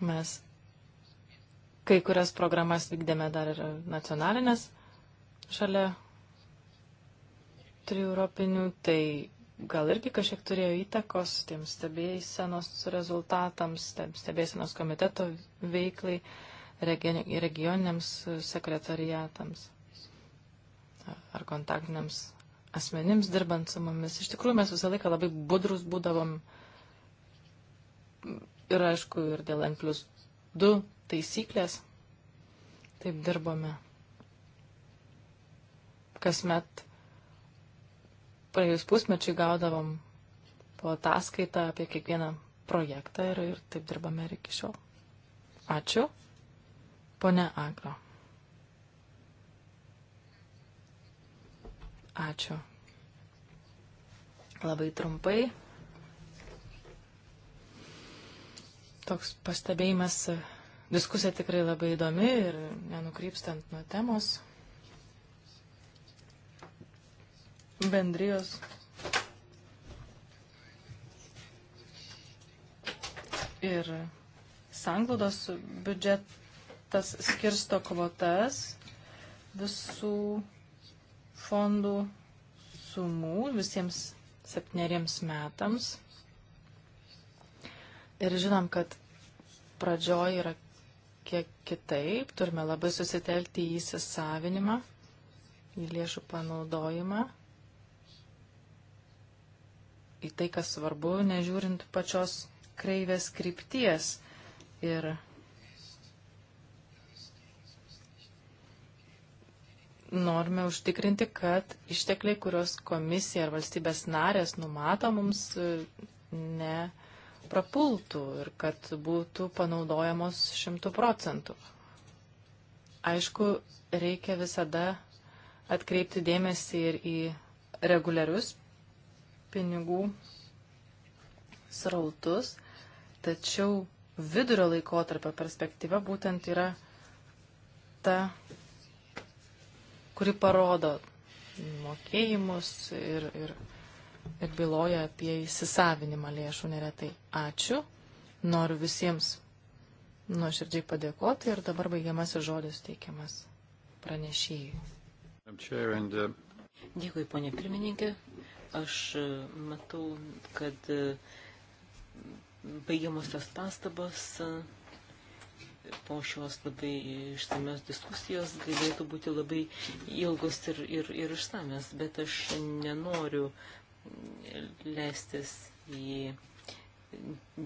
mes kai kurias programas vykdėme dar ir nacionalinės šalia trijų europinių, tai gal irgi kažkiek turėjo įtakos tiems stebėsenos rezultatams, stebėsenos komiteto veiklai, regioniniams sekretariatams ar kontaktiniams asmenims dirbant su mumis. Iš tikrųjų, mes visą laiką labai budrus būdavom ir aišku, ir dėl N plus 2 taisyklės taip dirbome. Kasmet praėjus pusmečiui gaudavom po ataskaitą apie kiekvieną projektą ir, ir taip dirbame ir iki šiol. Ačiū. Pone Agro. Ačiū. Labai trumpai. Toks pastebėjimas. E, diskusija tikrai labai įdomi ir nenukrypstant nuo temos. bendrijos ir sanglaudos biudžetas skirsto kvotas visų fondų sumų visiems septyneriems metams. Ir žinom, kad pradžioj yra kiek kitaip, turime labai susitelkti į įsisavinimą, į lėšų panaudojimą į tai, kas svarbu, nežiūrint pačios kreivės krypties. Ir norime užtikrinti, kad ištekliai, kurios komisija ar valstybės narės numato mums, e, ne prapultų ir kad būtų panaudojamos šimtų procentų. Aišku, reikia visada atkreipti dėmesį ir į reguliarius pinigų srautus, tačiau vidurio laikotarpio perspektyva būtent yra ta, kuri parodo mokėjimus ir, ir, ir byloja apie įsisavinimą lėšų neretai. Ačiū, noriu visiems nuoširdžiai padėkoti ir dabar baigiamasis žodis teikiamas pranešėjui. Uh, Dėkui, ponė pirmininkė. Aš e, matau, kad e, baigiamusios pastabos e, po šios labai išsamios diskusijos galėtų būti labai ilgos ir, ir, ir išsamios, bet aš nenoriu leistis į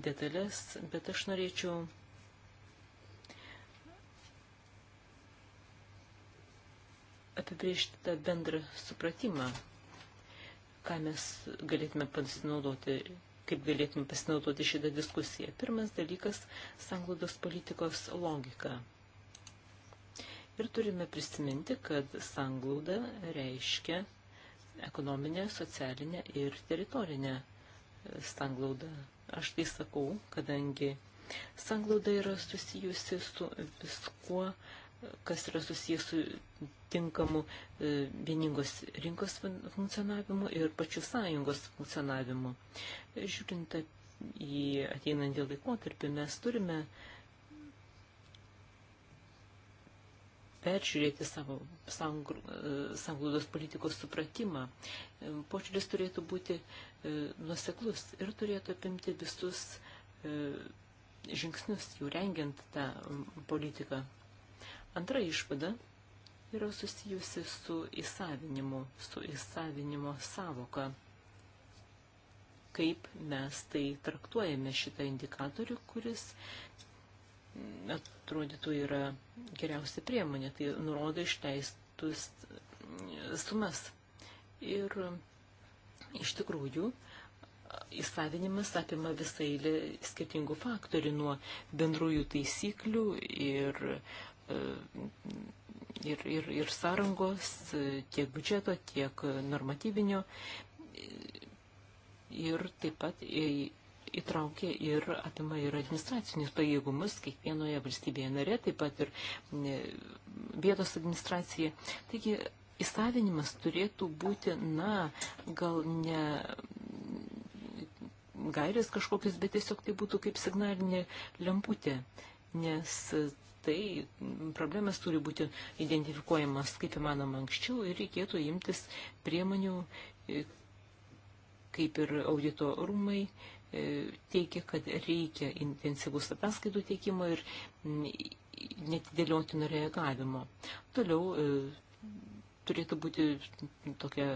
detalės, bet aš norėčiau apibriežti tą bendrą supratimą ką mes galėtume pasinaudoti, kaip galėtume pasinaudoti šitą diskusiją. Pirmas dalykas – sanglaudos politikos logika. Ir turime prisiminti, kad sanglauda reiškia ekonominę, socialinę ir teritorinę sanglaudą. Aš tai sakau, kadangi sanglauda yra susijusi su viskuo, kas yra susijęs su tinkamu e, vieningos rinkos funkcionavimu ir pačių sąjungos funkcionavimu. Žiūrint į ateinantį laikotarpį, mes turime peržiūrėti savo sanglaudos e, politikos supratimą. E, Počiūris turėtų būti nuoseklus ir turėtų apimti visus žingsnius, jų rengiant tą politiką. Antra išvada yra susijusi su įsavinimu, su įsavinimo savoka. Kaip mes tai traktuojame šitą indikatorių, kuris mm, atrodytų yra geriausia priemonė, tai nurodo išleistus mm, sumas. Ir mm, iš tikrųjų įsavinimas apima visą eilę skirtingų faktorių nuo bendrųjų taisyklių ir ir, ir, ir sąrangos, tiek biudžeto, tiek normatyvinio. Ir taip pat įtraukia ir apima ir administracinius pajėgumus kiekvienoje valstybėje narė, taip pat ir e, vietos administracija. Taigi įsavinimas turėtų būti, na, gal ne gairės kažkokius, bet tiesiog tai būtų kaip signalinė lemputė, nes tai problemas turi būti identifikuojamas kaip įmanoma anksčiau ir reikėtų imtis priemonių, e, kaip ir audito rūmai e, teikia, kad reikia intensyvus ataskaitų teikimo ir netidėliotino reagavimo. Toliau e, turėtų būti tokia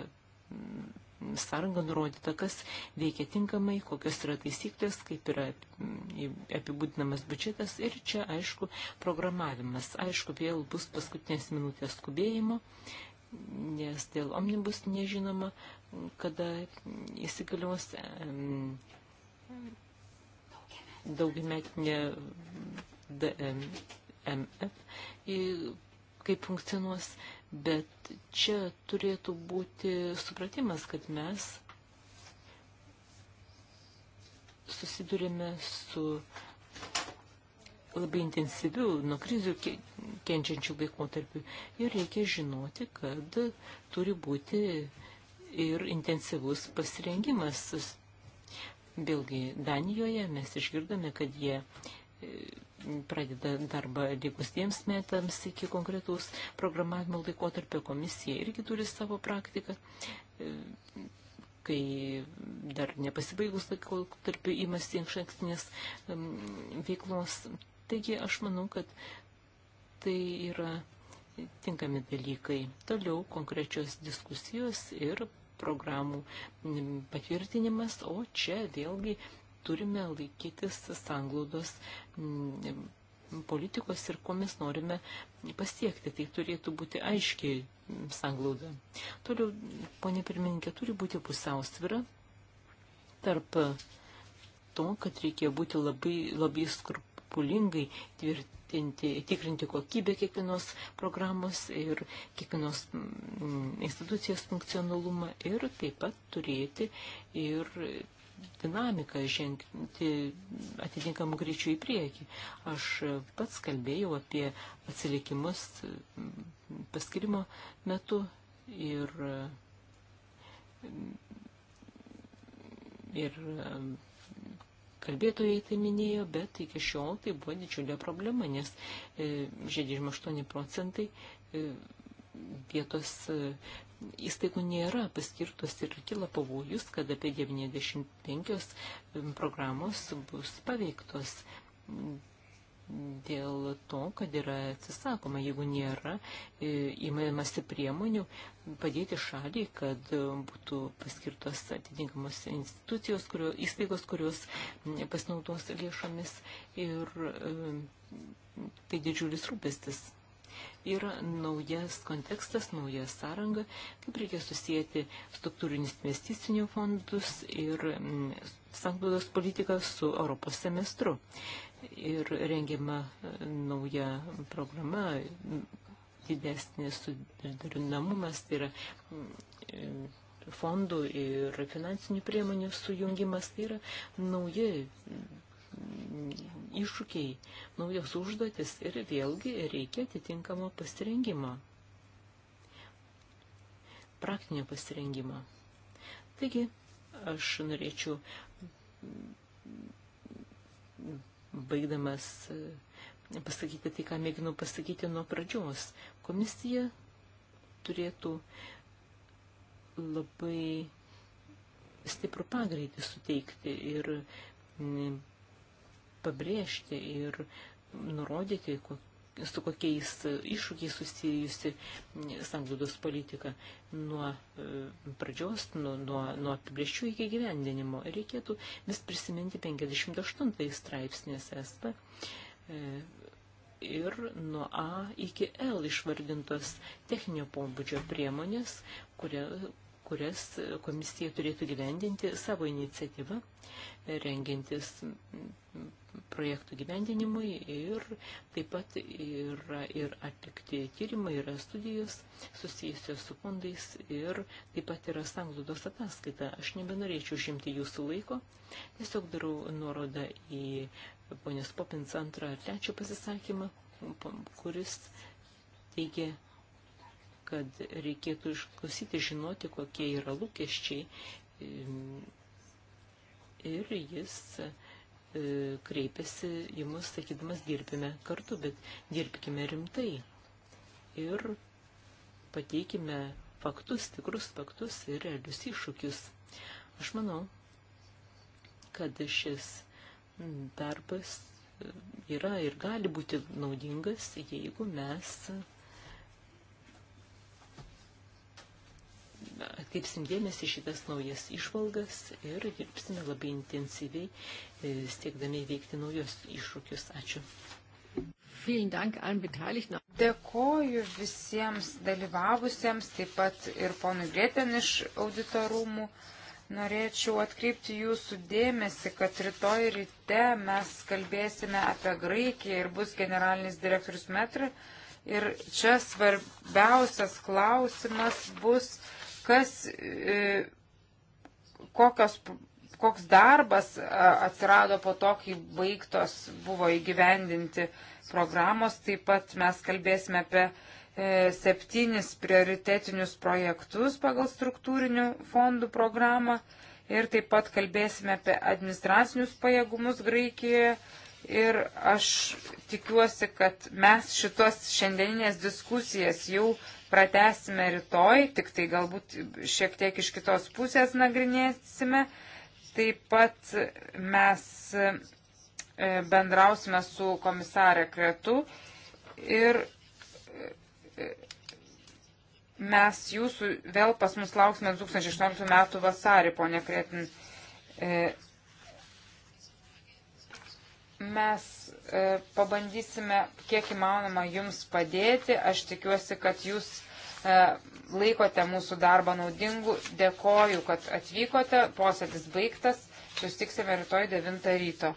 sąrangą nurodyta, kas veikia tinkamai, kokios yra taisyklės, kaip yra mm, apibūdinamas biudžetas ir čia, aišku, programavimas. Aišku, vėl bus paskutinės minutės skubėjimo, nes dėl omnibus nežinoma, kada įsigalios daugiametinė DMF, kaip funkcionuos, Bet čia turėtų būti supratimas, kad mes susidurime su labai intensyvių, nuo krizių kenčiančių laikotarpių. Ir reikia žinoti, kad turi būti ir intensyvus pasirengimas. Vėlgi, Danijoje mes išgirdome, kad jie pradeda darbą likus dviems metams iki konkretaus programavimo laikotarpio komisija irgi turi savo praktiką e, kai dar nepasibaigus laikotarpiu įmasi išankstinės veiklos. Taigi aš manau, kad tai yra tinkami dalykai. Toliau konkrečios diskusijos ir programų patvirtinimas, o čia vėlgi turime laikytis sanglaudos politikos ir ko mes norime pasiekti. Tai turėtų būti aiškiai sanglauda. Toliau, ponė pirmininkė, turi būti pusiausvyra tarp to, kad reikia būti labai, labai skrupulingai tvirtinti, tikrinti kokybę kiekvienos programos ir kiekvienos institucijos funkcionalumą ir taip pat turėti ir dinamiką žengti atitinkamų greičių į priekį. Aš pats kalbėjau apie atsilikimus paskirimo metu ir, ir kalbėtojai tai minėjo, bet iki šiol tai buvo didžiulė problema, nes 68 e, procentai e, vietos įstaigų nėra paskirtos ir kila pavojus, kad apie 95 programos bus paveiktos dėl to, kad yra atsisakoma, jeigu nėra įmamasi e, priemonių padėti šaliai, kad būtų paskirtos atitinkamos institucijos, kurio, įstaigos, kurios pasinaudos lėšomis ir e, tai didžiulis rūpestis yra naujas kontekstas, nauja sąranga, kaip reikia susijęti struktūrinis investicinių fondus ir mm, sanglaudos politiką su Europos semestru. Ir rengiama e, nauja programa, didesnis sudarinamumas, tai yra mm, e, fondų ir finansinių priemonių sujungimas, tai yra nauji iššūkiai, naujos užduotis ir vėlgi reikia atitinkamo pasirengimo. Praktinio pasirengimo. Taigi, aš norėčiau, baigdamas pasakyti tai, ką mėginau pasakyti nuo pradžios. Komisija turėtų labai stiprų pagreitį suteikti ir pabrėžti ir nurodyti, su kokiais iššūkiais susijusi sanglaudos politika nuo e, pradžios, nuo, nuo, nuo apibrėžčių iki gyvendinimo. Reikėtų vis prisiminti 58 straipsnės ESP ir nuo A iki L išvardintos techninio pobūdžio priemonės, kurie, kurias komisija turėtų gyvendinti savo iniciatyvą, rengintis projektų gyvendinimui ir taip pat yra ir atlikti tyrimai, yra studijos susijusios su fondais ir taip pat yra sanglūdos ataskaita. Aš nebenorėčiau žimti jūsų laiko, tiesiog darau nuorodą į ponios Popins antrą ar trečią pasisakymą, kuris teigia kad reikėtų išklausyti, žinoti, kokie yra lūkesčiai. Ir jis e, kreipiasi į mus, sakydamas, dirbime kartu, bet dirbkime rimtai. Ir pateikime faktus, tikrus faktus ir realius iššūkius. Aš manau, kad šis darbas e, yra ir gali būti naudingas, jeigu mes atkreipsim dėmesį šitas naujas išvalgas ir dirbsime labai intensyviai, e, siekdami veikti naujus iššūkius. Ačiū. Dėkoju visiems dalyvavusiems, taip pat ir ponui Grėten iš auditorumų. Norėčiau atkreipti jūsų dėmesį, kad rytoj ryte mes kalbėsime apie Graikiją ir bus generalinis direktorius Metri. Ir čia svarbiausias klausimas bus kas, e, kokios, koks darbas atsirado po to, kai baigtos buvo įgyvendinti programos. Taip pat mes kalbėsime apie e, septynis prioritetinius projektus pagal struktūrinių fondų programą ir taip pat kalbėsime apie administracinius pajėgumus Graikijoje. Ir aš tikiuosi, kad mes šitos šiandieninės diskusijas jau pratesime rytoj, tik tai galbūt šiek tiek iš kitos pusės nagrinėsime. Taip pat mes e, bendrausime su komisarė Kretu ir e, mes jūsų vėl pas mus lauksime 2018 metų vasarį, ponė Kretin. E, mes E, pabandysime kiek įmanoma jums padėti. Aš tikiuosi, kad jūs e, laikote mūsų darbą naudingu. Dėkoju, kad atvykote. Posėdis baigtas. Susitiksime rytoj 9 ryto.